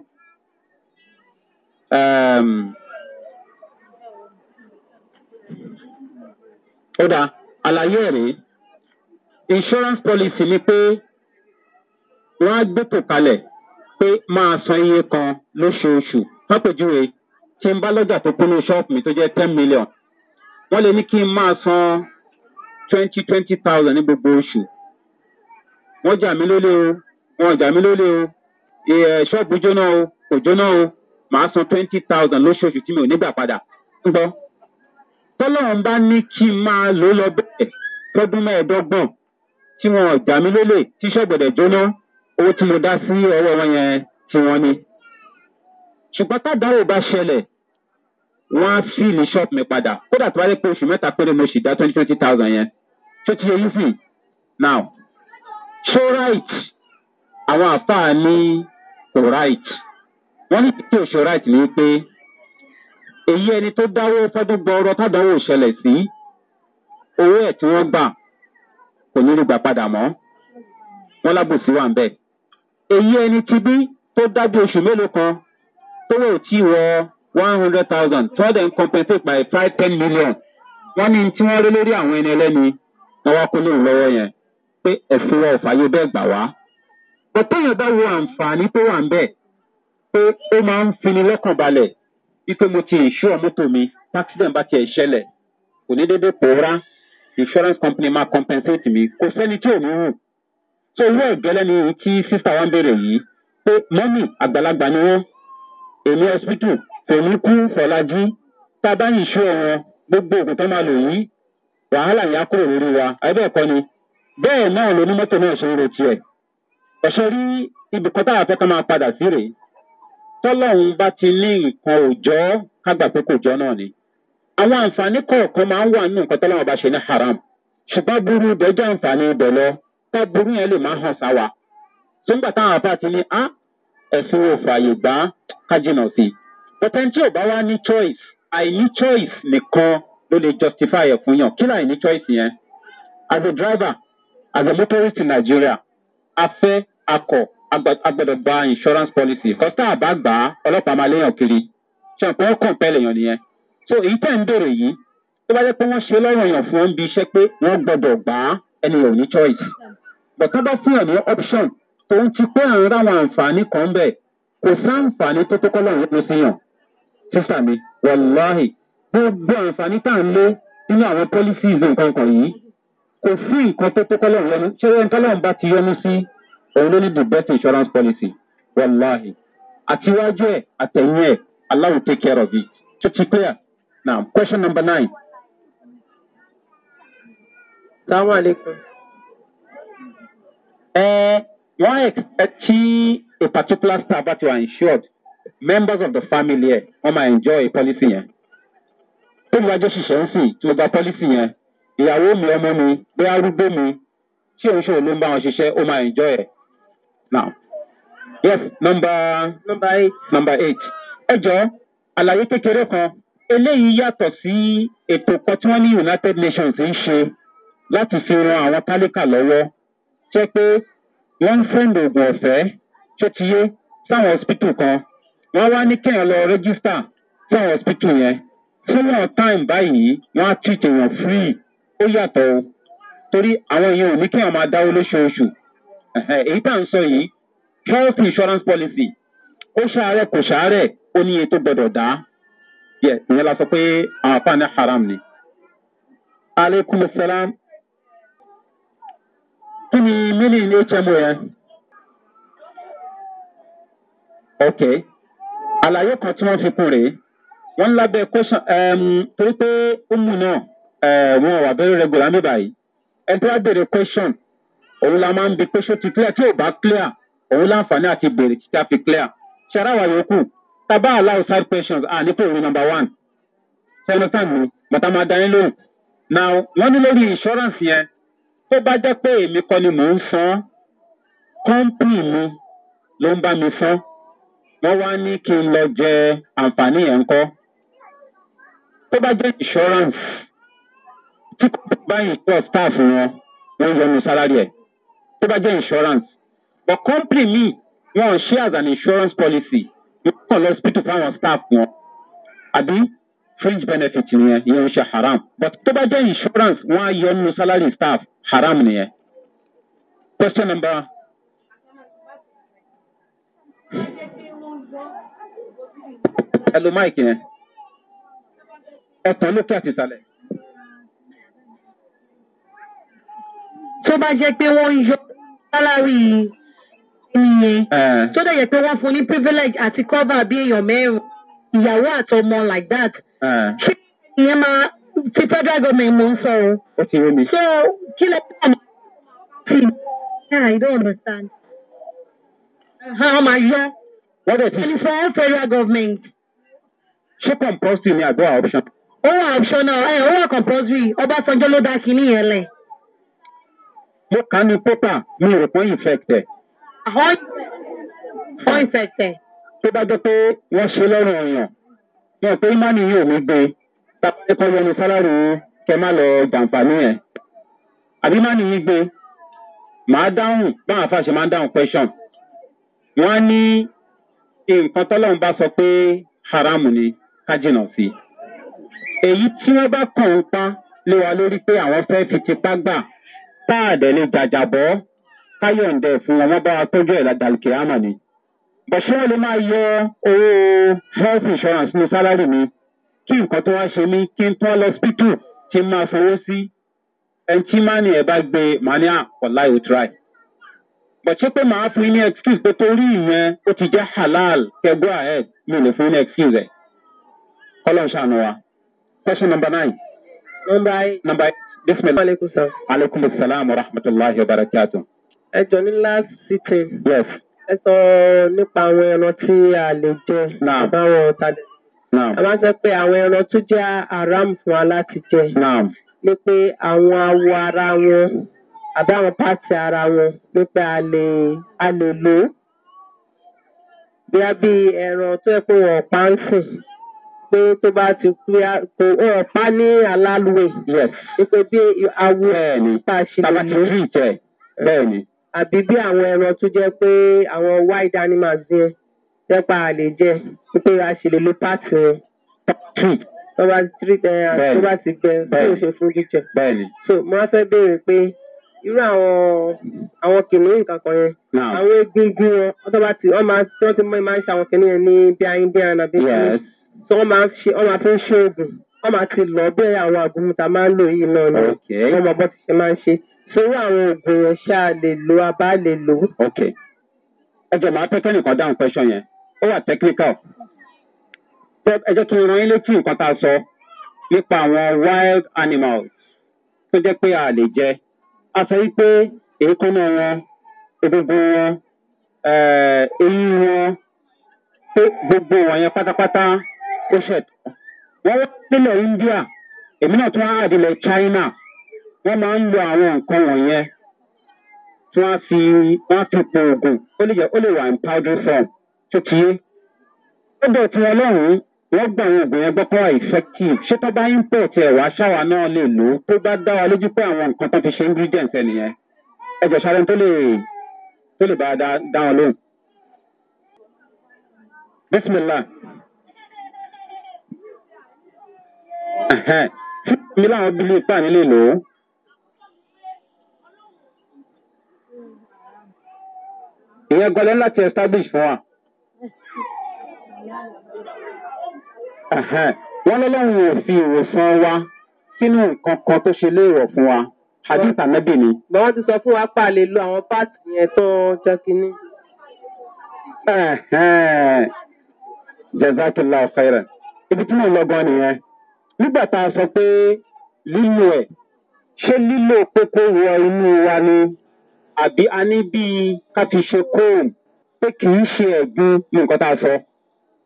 ehm, ó dáa àlàyé rèé insurance policy ni pé wọ́n á gbé tò kalẹ̀ pé máa san iye kan lóṣooṣù pápẹ́júwe tí n bá lọ́jà tó kún ní ṣọ́ọ̀pù mi tó jẹ́ ten million wọ́n lè ní kí n máa san twenty twenty thousand ní gbogbo oṣù wọ́n jà mí lólè o wọn jà mí lólè o ṣọ́ọ̀bù jóná o kò jóná o màá san twenty thousand lóṣooṣù tí mi ò nígbà padà ń gbọ́ tọ́lọ́run bá ní kí n máa lò lọ bẹ́ẹ̀ tọdún mẹ́ẹ̀ẹ́dọ́gbọ̀n tí wọn jà mí lólè tí ṣọ́ọ̀gbẹ̀dẹ̀ jóná owó tí mo dá sí ọwọ́ wọn yẹn tí wọ́n ní. ṣùgbọ́n tádàá wọn á fíìlì ṣọ́ọ̀pù mi padà kódà tó bá dé pé oṣù mẹ́ta péré mo sì dá twenty twenty thousand yẹn tó ti yẹ yín fún yìí now so right àwọn àfáà ní kò right wọn ní kí oṣù right ni pé èyí ẹni tó dáwó fọdún gbọọrọ tádánwò ṣẹlẹ̀ sí owó ẹ̀ tí wọ́n gbà kò ní rí gbà padà mọ́ wọn lábòsí wà ń bẹ̀ èyí ẹni tibí tó dájú oṣù mélòó kan tó wò tí wọ́ọ́ one hundred thousand tí wọ́n dẹ̀ ń compensate by five ten million wọ́n ní tí wọ́n rí lórí àwọn ẹni ẹlẹ́ni wọ́n wá kó lóun lọ́wọ́ yẹn pé ẹ̀fọ́ wa ò fàyè bẹ́ẹ̀ gbà wá. bó téèyàn bá wo àǹfààní tó wà ń bẹ̀ pé ó máa ń fini lọ́kàn balẹ̀ wípé mo ti ìṣúọ̀ mọ́tò mi accident bá tiẹ̀ ṣẹlẹ̀ kò ní déédéé pòórá insurance company máa compensate mi kò sẹ́ni tí ò ní wù. tó owó ìgbẹ́lẹ́ ni tí sísá wa ń béèrè yìí pé mọ́mì àgbàlagbà ni wọ́n èmi hospital kò ní kú fọ̀lájú tá a bá gbogbo òògùn tó máa lò yìí wàhálà yẹn kúrò lórí wa ẹbẹ́ ẹ̀kọ́ ni bẹ́ẹ̀ náà ló ní náà ṣe ń ro ẹ̀. ẹ̀ṣẹ̀ rí ibìkan máa padà sí rèé bá ti ní nǹkan kágbà pé náà ni àwọn àǹfààní kọ̀ọ̀kan máa ń wà ní haram burú but ẹni tí ò bá wá ní choice àìní choice nìkan ló lè justify ẹ̀ fún yàn kí ni àìní choice yẹn as a driver as a motorist in nigeria a fẹ́ akọ agbọ́dọ̀ gba insurance policy kọ́tà àbá gbà á ọlọ́pàá máa léyàn kiri ṣàǹpẹ́ ọkàn pẹ́ẹ́lẹ̀ yàn nìyẹn so èyí tẹ̀ ń bèrè yìí tó bá jẹ́ pé wọ́n ṣe lọ́rùn yàn fún ọ́n bí iṣẹ́ pé wọ́n gbọ́dọ̀ gbà á ẹni ò ní choice but tó bá fún yàn ní option tòun ti pé àwọn ráwọn àǹfààní kan bẹ̀ kò sáǹfààní tó tó kọ́ lọ́rùn ló sí yàn. sísà mi wàláhì gbogbo àǹfààní tá à ń lé nínú àwọn policies nǹkan kan yìí kò sí nǹkan tó tó kọ́lọ̀ yọnu ṣé wọ́n kọ́lọ̀ ń bá ti yọnu sí òun ló ní the best insurance policy wàláhì àtiwájú ẹ̀ àtẹ̀yìn ẹ̀ allah will take care of it tó ti clear now question number nine. Assalamu alaikum. Ẹ eh, wọ́n expect eh, kí a particular star bá ti wà insured members of the family ẹ̀ wọ́n máa enjoy policy yẹn. tó bí wàá jẹ́ ṣiṣẹ́ ń sìn tí mo gba policy yẹn ìyàwó mi ọmọ mi bóyá arúgbó mi tí òun ṣòro ló ń bá wọn ṣiṣẹ́ ó máa enjoy ẹ̀. now yes number number eight number eight ẹ jọ àlàyé kékeré kan eléyìí yàtọ̀ sí ètò kan tí wọ́n ní united nations ń ṣe láti fi ran àwọn tálíkà lọ́wọ́ jẹ́ pé wọ́n ń fẹ́ǹdì oògùn ọ̀fẹ́ tó ti yé sáwọn hospital kan wọ́n wá ní kéèyàn lọ rẹ́gísítà fún hospital yẹn fúnwọ̀n time báyìí wọ́n á treat èèyàn free ó yàtọ̀ o torí àwọn èèyàn ò ní kéèyàn máa dáwó lóṣooṣù èyí tá à ń sọ yìí health insurance policy ó ṣàárẹ̀ kò ṣàárẹ̀ ó ní iye tó gbọdọ̀ dá yẹ ìyẹn la sọ pé àwọn afa ní haram ni. aleykum salam kí ni mílíọ̀nù hmo yẹn. okay àlàyé kan tí wọ́n fi kún rèé wọ́n ń lábẹ́ kóṣàn ehm, torí pé ọmú náà eh, wọn wà bẹ́rẹ̀ regular ní báyìí ẹni tó wá question òun la máa ń bi pé ti clear tí ò bá clear òun láǹfààní àti béèrè títí a fi clear ṣara wà yòókù tábà allow side questions à ní pòrò number one sẹ́nu sáàmù bàtà máa dání lóhùn now wọ́n ní lórí insurance yẹn tó bá jẹ́ pé èmi kọ́ ni mò ń san company mi ló ń bá mi san wọ́n wá ní kí n lọ jẹ àǹfààní yẹn kọ́. tó bá jẹ́ insurance tí kò bá insurance staff wọn wọ́n yọnu salary ẹ̀ tó bá jẹ́ insurance but company mi wọn ò ṣe as an insurance policy yóò kàn lọ hospital fáwọn staff wọn àbí fringe benefit nìyẹn yóò ṣe haram but tó bá jẹ́ insurance wọn á yọnu salary staff haram nìyẹn. question number. ẹ lo máìkì yẹn ẹ̀tàn lókè àti ìsàlẹ̀. tó bá jẹ́ pé wọ́n ń yọ sálárì ìyẹn tó dẹ̀ yẹ pé wọ́n fún ní privilege àti cover bí èèyàn mẹ́rin ìyàwó àtọmọ like that ṣé ìyẹn máa ti federal government mọ̀ sọ o. so kí lè bá ọmọ ti yeah i don't understand. wọ́n máa yọ. wọ́n dẹ̀ and for all federal government ṣé compulsory ni àbọ̀ option. ó wà option náà ẹ ó wà compulsory ọbásanjọ́ ló dá kinní yẹn lẹ̀. mo kà á ní pépà mi ò rò pé infected. àwọn ọ̀ infected. tó bá jẹ́ pé wọ́n ṣe lọ́rùn ọ̀yàn wọn pé imani yóò mi gbé tábàlẹ́ kọ́ yọnu sálárù kẹ má lọ jàǹfààní ẹ̀. àbí imani yìí gbé màá dáhùn báwọn afáṣe máa ń dáhùn question. wọ́n á ní nǹkan tọ́lọ́run bá sọ pé haram ni ká jìnnà sí i. èyí tí wọ́n bá kàn ń pa lé wa lórí pé àwọn fẹ́ fi tipá gbà tá lè jàjàbọ́ káyọ̀ǹdẹ̀ fún wọn wọ́n bá wa tọ́jú ẹ̀ ládàlùkè àmà ni. bọ̀ṣẹ́ wọn lè máa yọ owó health insurance ní sálárì mi kí nǹkan tó wá ṣe mí kí n tán lọ spítù n máa fowó sí ẹni tí má ní ẹ bá gbé mania ọ̀la ìwòtúráì bọ̀tí pé màá fún yín ní excuse pé torí ìyẹn ó ti jẹ́ halal kẹgbọ́ ahead mi ò lè fún yín ní excuse ẹ̀ kọ́lọ́n ṣàánú wa. number nine. number eight. number eight. bisimilah. aleykum wa rahmatulahi wa barakatu. ẹ jọ ní last sitting. yes. ẹ sọ nípa àwọn ẹran tí a lè jẹ. naam àbáwọn ta lè. naam. a máa sọ pé àwọn ẹran tó jẹ́ haram fún wa láti jẹ. ni pé àwọn awọ ara wọn àbí àwọn pàṣẹ ara wọn ni pé a lè a lè lò bí a bí ẹran tó yẹ kó wọ́n pa ń sìn pé tó bá ti pé kò ọ̀pá ní alálùwẹ̀. yes. pé bí awo tá a ṣe lè mú. tàbá ti rí ìtẹ̀ bẹ́ẹ̀ ni. àbí bí àwọn ẹran tó jẹ́ pé àwọn wild animals yẹn tẹ́pà lè jẹ́ pé a ṣe lè lo part yẹn. tó bá ti rí ẹ eh, tó bá ti gbẹ bí o ṣe fún jíjẹ. bẹ́ẹ̀ni. so mo wá fẹ́ béèrè pé irú àwọn àwọn kìnìún nǹkan kan yẹn. àwọn egungun wọn tó bá ti wọ́n máa ń ṣe àwọn kìnìún yẹn ní bí ayé bí ara nàbí so wọ́n máa ṣe wọ́n máa fi ń ṣe oògùn wọ́n máa ti lọ bẹ́ẹ̀ àwọn àgùnmu tá a máa ń lò yìí náà ni wọ́n mọ bọ́ ti ṣe máa ń ṣe sórí àwọn oògùn yẹn ṣáà lè lo abá lè lò. ok ẹ jọ máa pẹ́kẹ́ nìkan dáhùn pẹ́ṣọ yẹn ó wà technical ẹ jẹ́ kí n ran yín létí nǹkan tá a sọ nípa àwọn wild animals tó jẹ́ pé a lè jẹ a sọ wípé èékánná wọn egungun wọn eh, eyín wọn gbogbo wọn yẹn pátápátá ó ṣẹ̀tọ́. wọ́n wá nílẹ̀ india èmi náà tún á àdìlẹ̀ china wọ́n máa ń lo àwọn nǹkan wọ̀nyẹn tí wọ́n á fi wọ́n á fi po oògùn ó lè jẹ́ ó lè wà in powder form tó ti yé. lọ́dọ̀ tí wọ́n lọ́rùn wọ́n gbọ́ àwọn oògùn yẹn gbọ́ pé wọ́n effective ṣé tó bá import ẹ̀ wá ṣáwa náà lè lò ó tó bá dá wa lójú pé àwọn nǹkan tó fi ṣe ingredients ẹ̀ ẹjọ sáré tó lè tó lè bá dá wọn lóhùn. bisimilah. mi láwọn bílí ipá mi lè lò ó. ìyẹn gọlẹ́ láti establish fún wa. wọ́n lọ́lọ́run ò fi ìwòsàn wa sínú nǹkan kan tó ṣe léèwọ̀ fún wa hadith anabi ni. bọ́wọ́ ti sọ fún wa pa lè lo àwọn páàtì yẹn tó jẹ́ kínní. jazakillah khairan ibi tí mo lọ gan nìyẹn. nígbà tá a sọ pé lílo ẹ̀ ṣé lílo pé kó wọ inú wa ni àbí a ní bíi ká fi ṣe kóòm pé kì í ṣe ẹ̀gbin ní nǹkan tá sọ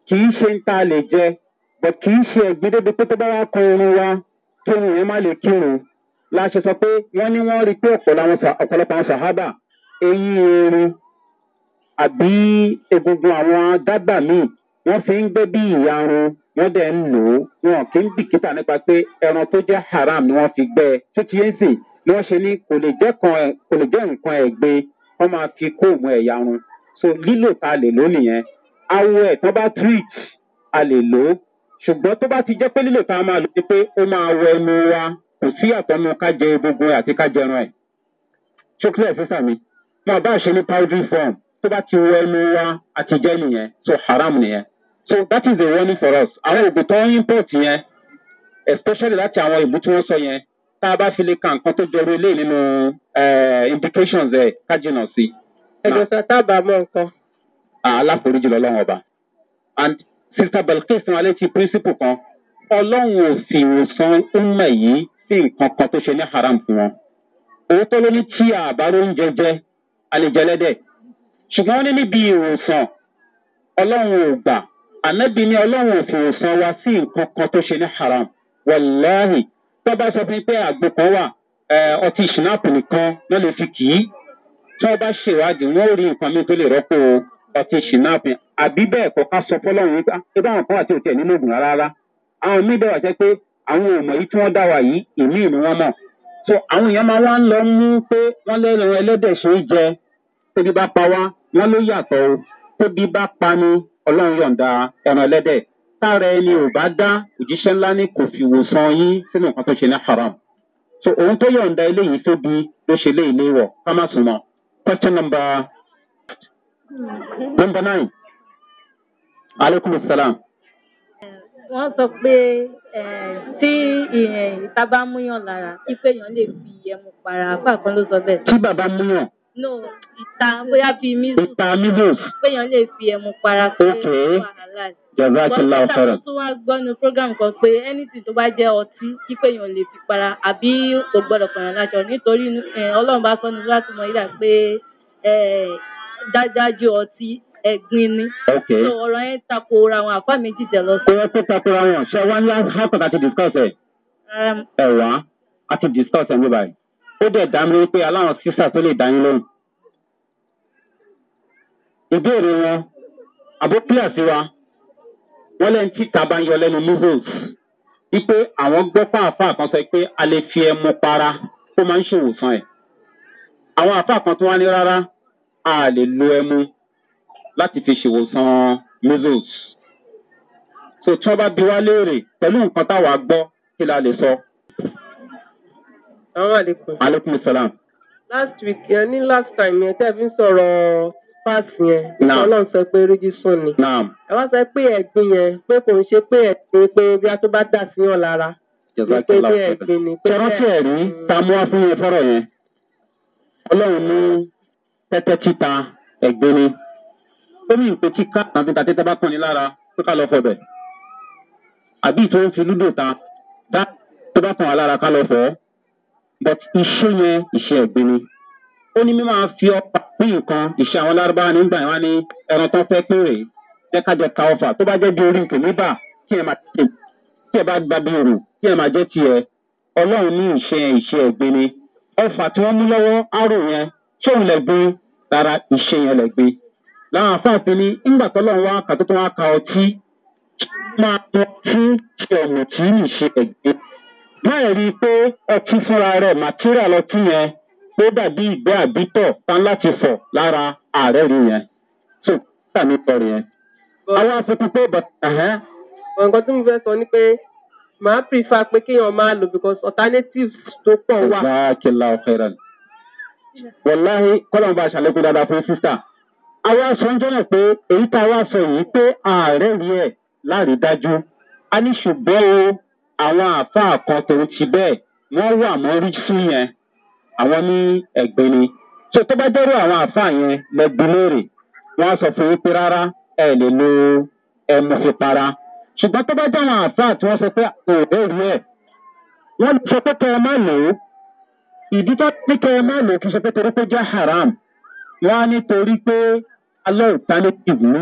kì ṣe ń ta lè jẹ bọ̀ kì ṣe ẹ̀gbin débi pé tó bá wá kan irun wa kí yẹn má lè la ṣe sọ pé wọ́n ní wọ́n rí i pé ọ̀pọ̀lọpọ̀ àwọn sàhábà eyín irun egungun àwọn dábà míì wọ́n fi ń gbé bí wọn dẹ̀ ń lò ó wọn kì í bìkítà nípa pé ẹran tó jẹ́ haram ni wọ́n fi gbẹ́ ẹ tó ti yé sè ni wọ́n ṣe ní kò lè jẹ́ nǹkan ẹ̀gbin wọ́n máa fi kóòmù ẹ̀yà run so lílò ta lè lò nìyẹn awo ẹ̀ tán bá treat a lè lò ó ṣùgbọ́n tó bá ti jẹ́ pé lílò ta máa lò ó pé ó máa wọ ẹnu wa kò sí àtọ́nu ká jẹ egungun àti ká jẹran ẹ̀ chocolate sísà mi máa bá ṣe ní powdery form tó bá ti wọ ẹnu wa àtijẹ́ nìyẹn so haram nìyẹn so that is a warning for us àwọn oògùn tó ń import yẹn especially láti àwọn ìlú tí wọ́n sọ yẹn tá a bá fi lè ka nǹkan tó jọrọ ilé nínú eh, implications ẹ̀ ká jìnnà sí. ẹ̀jọ̀ sọ tábà mọ́ nǹkan. aláforíjì lọ́lọ́run ọba and sister belkis wọn létí principle kan ọlọ́run ò sì wòsàn ọmọ yìí sí nǹkan kan tó ṣe ní haram fún wọn. òótọ́ ló ní tí àbárò ń jẹjẹ alẹ́jẹlẹ́dẹ̀ ṣùgbọ́n ó ní níbi ìwòsàn ọlọ́run ò gbà ànábì ní ọlọ́run òfòòfò wa sí nǹkan kan tó ṣe ní haram wàláhì tó bá sọ fún pé àgbo kan wà ọtí ṣìnáàpù nìkan ló lè fi kì í tó bá ṣèwádìí wọn ò rí nǹkan mi tó lè rọ́pò ọtí ṣìnáàpù àbí bẹ́ẹ̀ kọ́ ká sọ fọlọ́run pé ibà ah, àwọn kan wà tí ò tẹ̀ nínú ògùn rárá àwọn míì bẹ́ẹ̀ wà jẹ́ pé àwọn ò mọ̀ yìí tí wọ́n dá wa yìí ìmí ni wọ́n mọ̀ so àwọn èèyàn máa wá lọ mú pé wọ́n lẹ́nu ẹlẹ́dẹ̀ ṣe é jẹ tóbi bá pa wá wọ́n ló yàtọ̀ tóbi bá pa ni ọlọ́run yọ̀ǹda ẹran ẹlẹ́dẹ̀ tára ẹni ò bá dá òjíṣẹ́ ńlá ní kò fi wòsàn yín sínú nǹkan tó ṣe ní haram so òun tó yọ̀ǹda eléyìí tó bi ló ṣe léyìí léwọ̀ ká má sùn mọ́ question number number nine aleykum salaam. wọ́n sọ pé tí ìta bá múyàn lára pípéyàn lè fi ẹmu para apá kan ló sọ bẹ́ẹ̀. tí bàbá múyàn no ìta bóyá bíi measles ìta measles péyàn lè fi ẹmu para pé ó wà halal jazakila ọtọrọ bọ́sítà tó wá gbọ́nu program kan pé anything tó bá jẹ́ ọtí kí péyàn lè fi para àbí kò gbọ́dọ̀ pààyàn láṣọ nítorí eh, ọlọ́run bá sọ́nu láti mọ ìdá pé eh, dájájú ọtí ẹ̀gbin ni. so ọ̀rọ̀ yẹn tako ra àwọn àfa méjì jẹ lọ sí. ọ̀rọ̀ tako ra wọn ṣé wọ́n ní how come i discuss ẹ̀. Um, ẹ̀wá i discuss ẹ̀ níbàyìí ó dẹ̀ dá mi lórí pé aláwọn sísà tó lè dá yín lóhùn. ìbéèrè wọn àbó clear sí wa wọ́n lẹ́nu tí ta bá ń yọ lẹ́nu measles wípé àwọn gbọ́ fáàfáà kan sọ pé a lè fi ẹmu para ó máa ń ṣòwòsàn ẹ̀. àwọn àfáà kan tó wá ní rárá a lè lo ẹmu láti fi ṣòwòsàn measles. so tí wọ́n bá bi wá léèrè pẹ̀lú nǹkan táwa gbọ́ kí la lè sọ. So. Aleykum. Aleykum salam. Last week yẹn ní last time yẹn tẹ́ fi ń sọ̀rọ̀ pass yẹn. Naam. Ọlọ́run sọ pé Rígísùn ni. Naam. Ẹ wá sọ pé ẹ̀gbin yẹn pé kò ń ṣe pé ẹ̀gbin pé bí a tó bá dà sí yàn lára. Jọ̀sákẹ́lá ọ̀sẹ̀. Tẹ̀rọ tí ẹ̀ rí ta mú wá fún yẹn fọ́rọ̀ yẹn. Ọlọ́run ní tẹ́tẹ́ títa ẹ̀gbin ni. Ó ní ìpè kíká àti tàtẹ́tẹ́ bá kàn ní lára pé ká lọ fọbẹ̀. Àbí ìtọ́ ń fi lúdò ta dá tó bá kàn wá lára ká lọ fọ̀ọ́ but iṣẹ́ yẹn iṣẹ́ ẹ̀gbin ni. ó ní mímọ́ fi ọ̀pá pín nǹkan iṣẹ́ àwọn lárúbáwá nígbà yẹn wá ní ẹran tán fẹ́ pín rèé jẹ́ ká jẹ káwọ́fà tó bá jẹ́ bí orí nkè níbà kí ẹ máa tètè kí ẹ bá gba bí òrò kí ẹ máa jẹ́ tiẹ̀ ọlọ́run ní iṣẹ́ iṣẹ́ ẹ̀gbin ni. ọfà tí wọ́n mú lọ́wọ́ arò yẹn ṣé òun lẹ̀ gbin rárá iṣẹ́ yẹn lẹ̀ gbin. làwọn afáàfin ní ńgbà tọ́lọ́run wá kàtó tó wá ka ọtí máa mọ láì rí i pé ọtí fúnra rẹ̀ material ọtí yẹn pé dàbí ìgbẹ́ àbítọ̀ tán láti fọ̀ lára ààrẹ rí yẹn so tàbí tọrọ yẹn. àwọn afikun pé bọ̀. nǹkan tí mo fẹ́ sọ ni pé màá prefer pé kéèyàn máa lò because alternatives tó pọ̀ wà. ìgbàkìlá ọ̀fẹ́rẹ́ ni. wàláhí kọ́lọ̀ bá aṣàlékún dáadáa fún sísà. àwa sọ ń jọ́nà pé èyí tá a wá sọ yìí pé ààrẹ rí ẹ̀ láàrídájú. a ní ṣùgbọ́n o àwọn àáfàá kan tòun ti bẹ́ẹ̀ wọ́n wà mọ́rí fún yẹn àwọn ní ẹ̀gbin ni so tó bá dẹ́rù àwọn àáfàá yẹn lẹ́gbin wọ́n á sọ fún yín pé rárá ẹ lè lo ẹmu fi para ṣùgbọ́n tó bá dáwọn àáfàá tí wọ́n sọ pé kò ẹ̀ wọ́n haram wọ́n á ní torí pé alẹ́ ní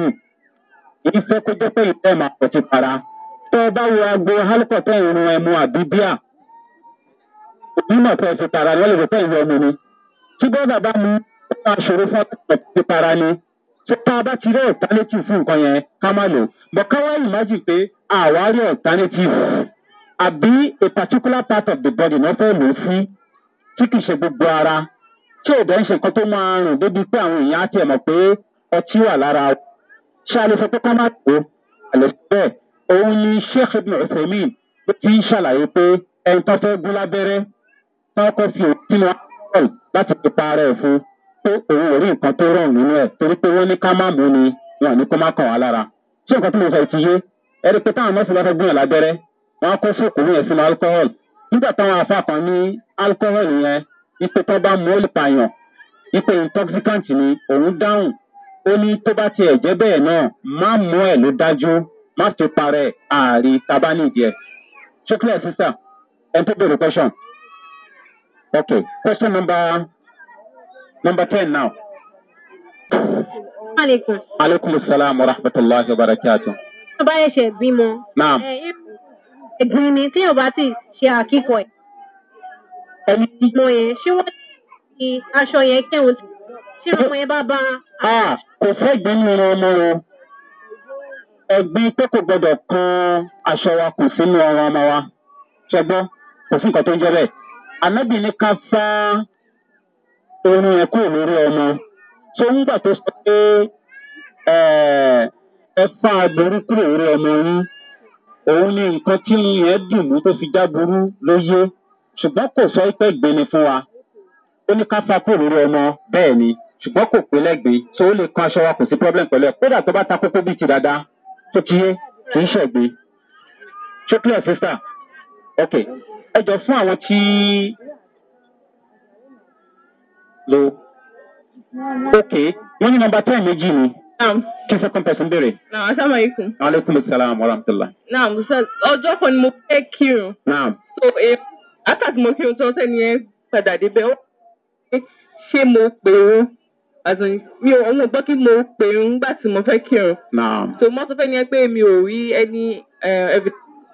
ìfẹ́ kó jẹ́ pé tó o bá wo aago hálùkọ̀ tó ń ẹmu àbí onímọ̀ tó o ti para ni wọ́n lè fi tẹ̀yìn ọmọ ni tí bọ́dà bá mu ó máa ṣòro fún ọ̀tọ̀ tó ti para ni tó tá a bá ti rí alternative fún nǹkan yẹn ká má lò but ká wá ìmájì pé àwárí alternative àbí a particular part of the body náà fẹ́ lò ó fún tí kì í ṣe gbogbo ara tí ò dẹ́ ń ṣe nǹkan tó máa rùn débi pé àwọn èèyàn á tiẹ̀ mọ̀ pé ọtí wà lára ṣé a lè sọ pé ká má tó àlè bẹ́ẹ̀ òun ni sheikh ibn ọ̀sẹ̀mìn ti ń ṣàlàyé pé ẹni tó fẹ́ gún lábẹ́rẹ́ tó kọ́ fi òfin wọn rọrùn láti fi parẹ́ fún pé òun ò rí nǹkan tó rọrùn nínú ẹ̀ torí pé wọ́n ní ká má mú ni wọn ò ní kó má kàn wá lára ṣé nǹkan tí mo sọ ti yé ẹni pé táwọn nọ́ọ̀sì bá fẹ́ gún yàn lábẹ́rẹ́ wọn á kó fóòkùn yẹn sínú alcohol nígbà táwọn afa kan ní alcohol yẹn ipe tó bá mú ó lè pààyàn ipe intoxicant ni òun dáhùn ó ní tó bá tiẹ̀ jẹ́ bẹ́ẹ̀ náà má mú ẹ̀ ló dájú má fi parẹ́ ààrí tábà nìdíẹ̀. ṣé clear sister ẹ tó bèrè question. ok question number number ten now. aleykum. aleykum salaam wa rahmatulahi wa barakatu. tó bá yẹ ṣe bímọ. naam. ẹ̀gbìn ni tí yóò bá ti ṣe àkíkọ̀ ẹ̀. ẹni tí. mo yẹn ṣé wọ́n ti aṣọ yẹn kẹ́hùn tí. ṣé ọmọ yẹn bá bá. Ah, kò fẹ́ gbẹ́nu ọmọ o. ẹ̀gbin pé kò gbọdọ̀ kan aṣọ wa kò sínú ọrùn ọmọ wa ṣẹgbọ́ kò sí nǹkan tó ń jẹ́ bẹ́ẹ̀ ànábì ní ká fá irun ọmọ tó ń gbà tó sọ pé ẹ fá aburú ọmọ yín òun ni nǹkan tí yẹn dùn mú tó fi já sọ pé fún wa ó ní ká ọmọ bẹ́ẹ̀ ni ṣùgbọ́n kò so lè kan aṣọ problem pẹ̀lú ẹ̀ kódà tó bá ta kókó tó ti yé kì í ṣẹ̀gbé ṣé clear sister ok ẹ jọ fún àwọn tí lo ok wọn ní nọmba ten méjì ni. kí second person béèrè. naam asalaamualeykum. aleykum salaam wa rahmatulah. naam sir ọjọ́ kan ni mo fẹ́ kírun. naam. so e after mo kírun tán sẹ́ni yẹn padà débẹ̀ ó ṣé mo pè ó. As in mi ò òun ò gbọ́ kí mo pè ń gbà tí mo fẹ́ kírun. tó mọ́ tó fẹ́ ni ẹ pé mi ò rí ẹni eh,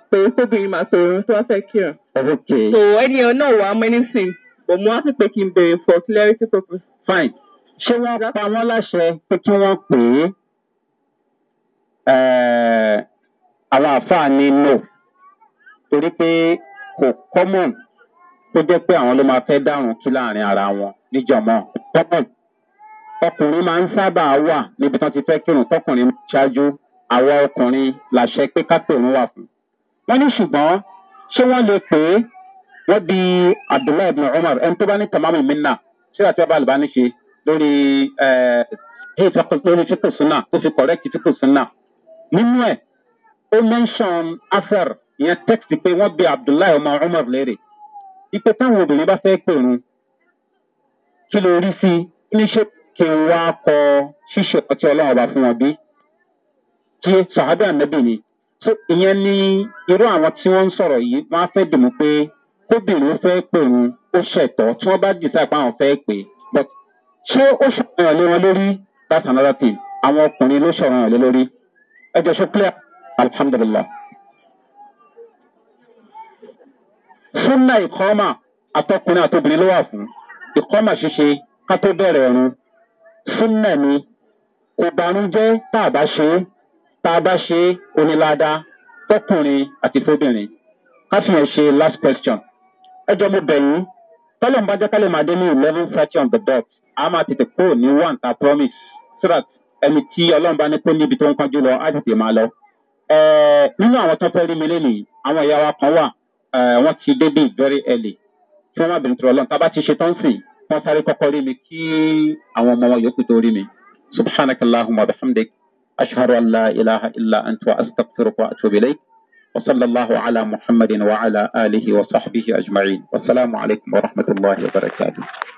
pè ń kóbìnrin màá pè ń tó wá fẹ́ kírun. so ẹni ẹ náà wà á mẹ́ni sí i bò mo wá sì pé kí n béèrè for clarity purpose. fine ṣé wọ́n pa wọ́n láṣẹ pé kí wọ́n pè é eh, àwọn àáfàá ni no torí pé kò common tó jẹ́ pé àwọn ló máa fẹ́ dárun kí láàrin ara wọn níjọ̀mọ́ common ọkùnrin máa ń sábà wà níbi tí wọ́n ti fẹ́ kírun tọkùnrin ṣáájú àwa ọkùnrin làṣẹ pé kápẹ̀rún wà fún. wọ́n ní ṣùgbọ́n ṣé wọ́n lè pè é wọ́n bi abdullahi ibn umar ẹni tó bá ní tamamu minna ṣé àti ọba àlùbá ní ṣe lórí eh, eh, lórí fíkù sunna tó fi kọ̀rẹ́kì fíkù sunna nínú ẹ̀ ó mẹ́ńsàn afẹ́r ìyẹn tẹ́kìtì pé wọ́n bi abdullahi ọmọ umar léèrè ipe táwọn obìnrin bá fẹ́ pèrún kí ló rí sí i kí n wá kọ ṣíṣe ọtí ọlọ́run ọba fún wọn bí kí sàhábà nàbì ni tó ìyẹn ní irú àwọn tí wọ́n ń sọ̀rọ̀ yìí wọ́n á fẹ́ dìmú pé kóbìnrin fẹ́ pè wọn ó ṣẹ̀tọ́ tí wọ́n bá dìtà pé àwọn fẹ́ pè but ṣé ó ṣọ̀ràn lé wọn lórí that's another thing àwọn ọkùnrin ló ṣọ̀ràn lé lórí ẹ jọ ṣe clear alhamdulilah. súnà ìkọ́mà àtọkùnrin àtobìnrin ló wà fún ìkọ́mà ṣíṣe ká tó bẹ̀rẹ̀ ọ̀run súnà ni kò banújẹ́ tá a bá ṣe é tá a bá ṣe é onílàdá fọkùnrin àti fóbìnrin ká fi hàn ṣe last question ẹ jọ mo bẹ̀ yín tọ́lọ̀ ń bá jẹ́ máa dé ní eleven thirty on the dot a máa tètè kúrò ní one ta promise so that ẹni tí ọlọ́run bá ní pé níbi tó ń kánjú lọ á tètè máa lọ. nínú àwọn tó fẹ́ rí mi lénìí àwọn ìyá wa kan wà wọ́n ti débì very early tí wọ́n má bìnrin lọ́n tá a bá ti ṣe tán sìn wọ́n sáré kọ́kọ́ rí mi kí àwọn ọmọ wọn yòókù tó rí mi subhanaka allahumma bihamdik ashhadu an la ilaha illa anta astaghfiruka wa atubu ilayk wa sallallahu ala muhammadin wa ala alihi wa sahbihi ajma'in wasalaamu alaykum wa rahmatulahi wa barakatuh.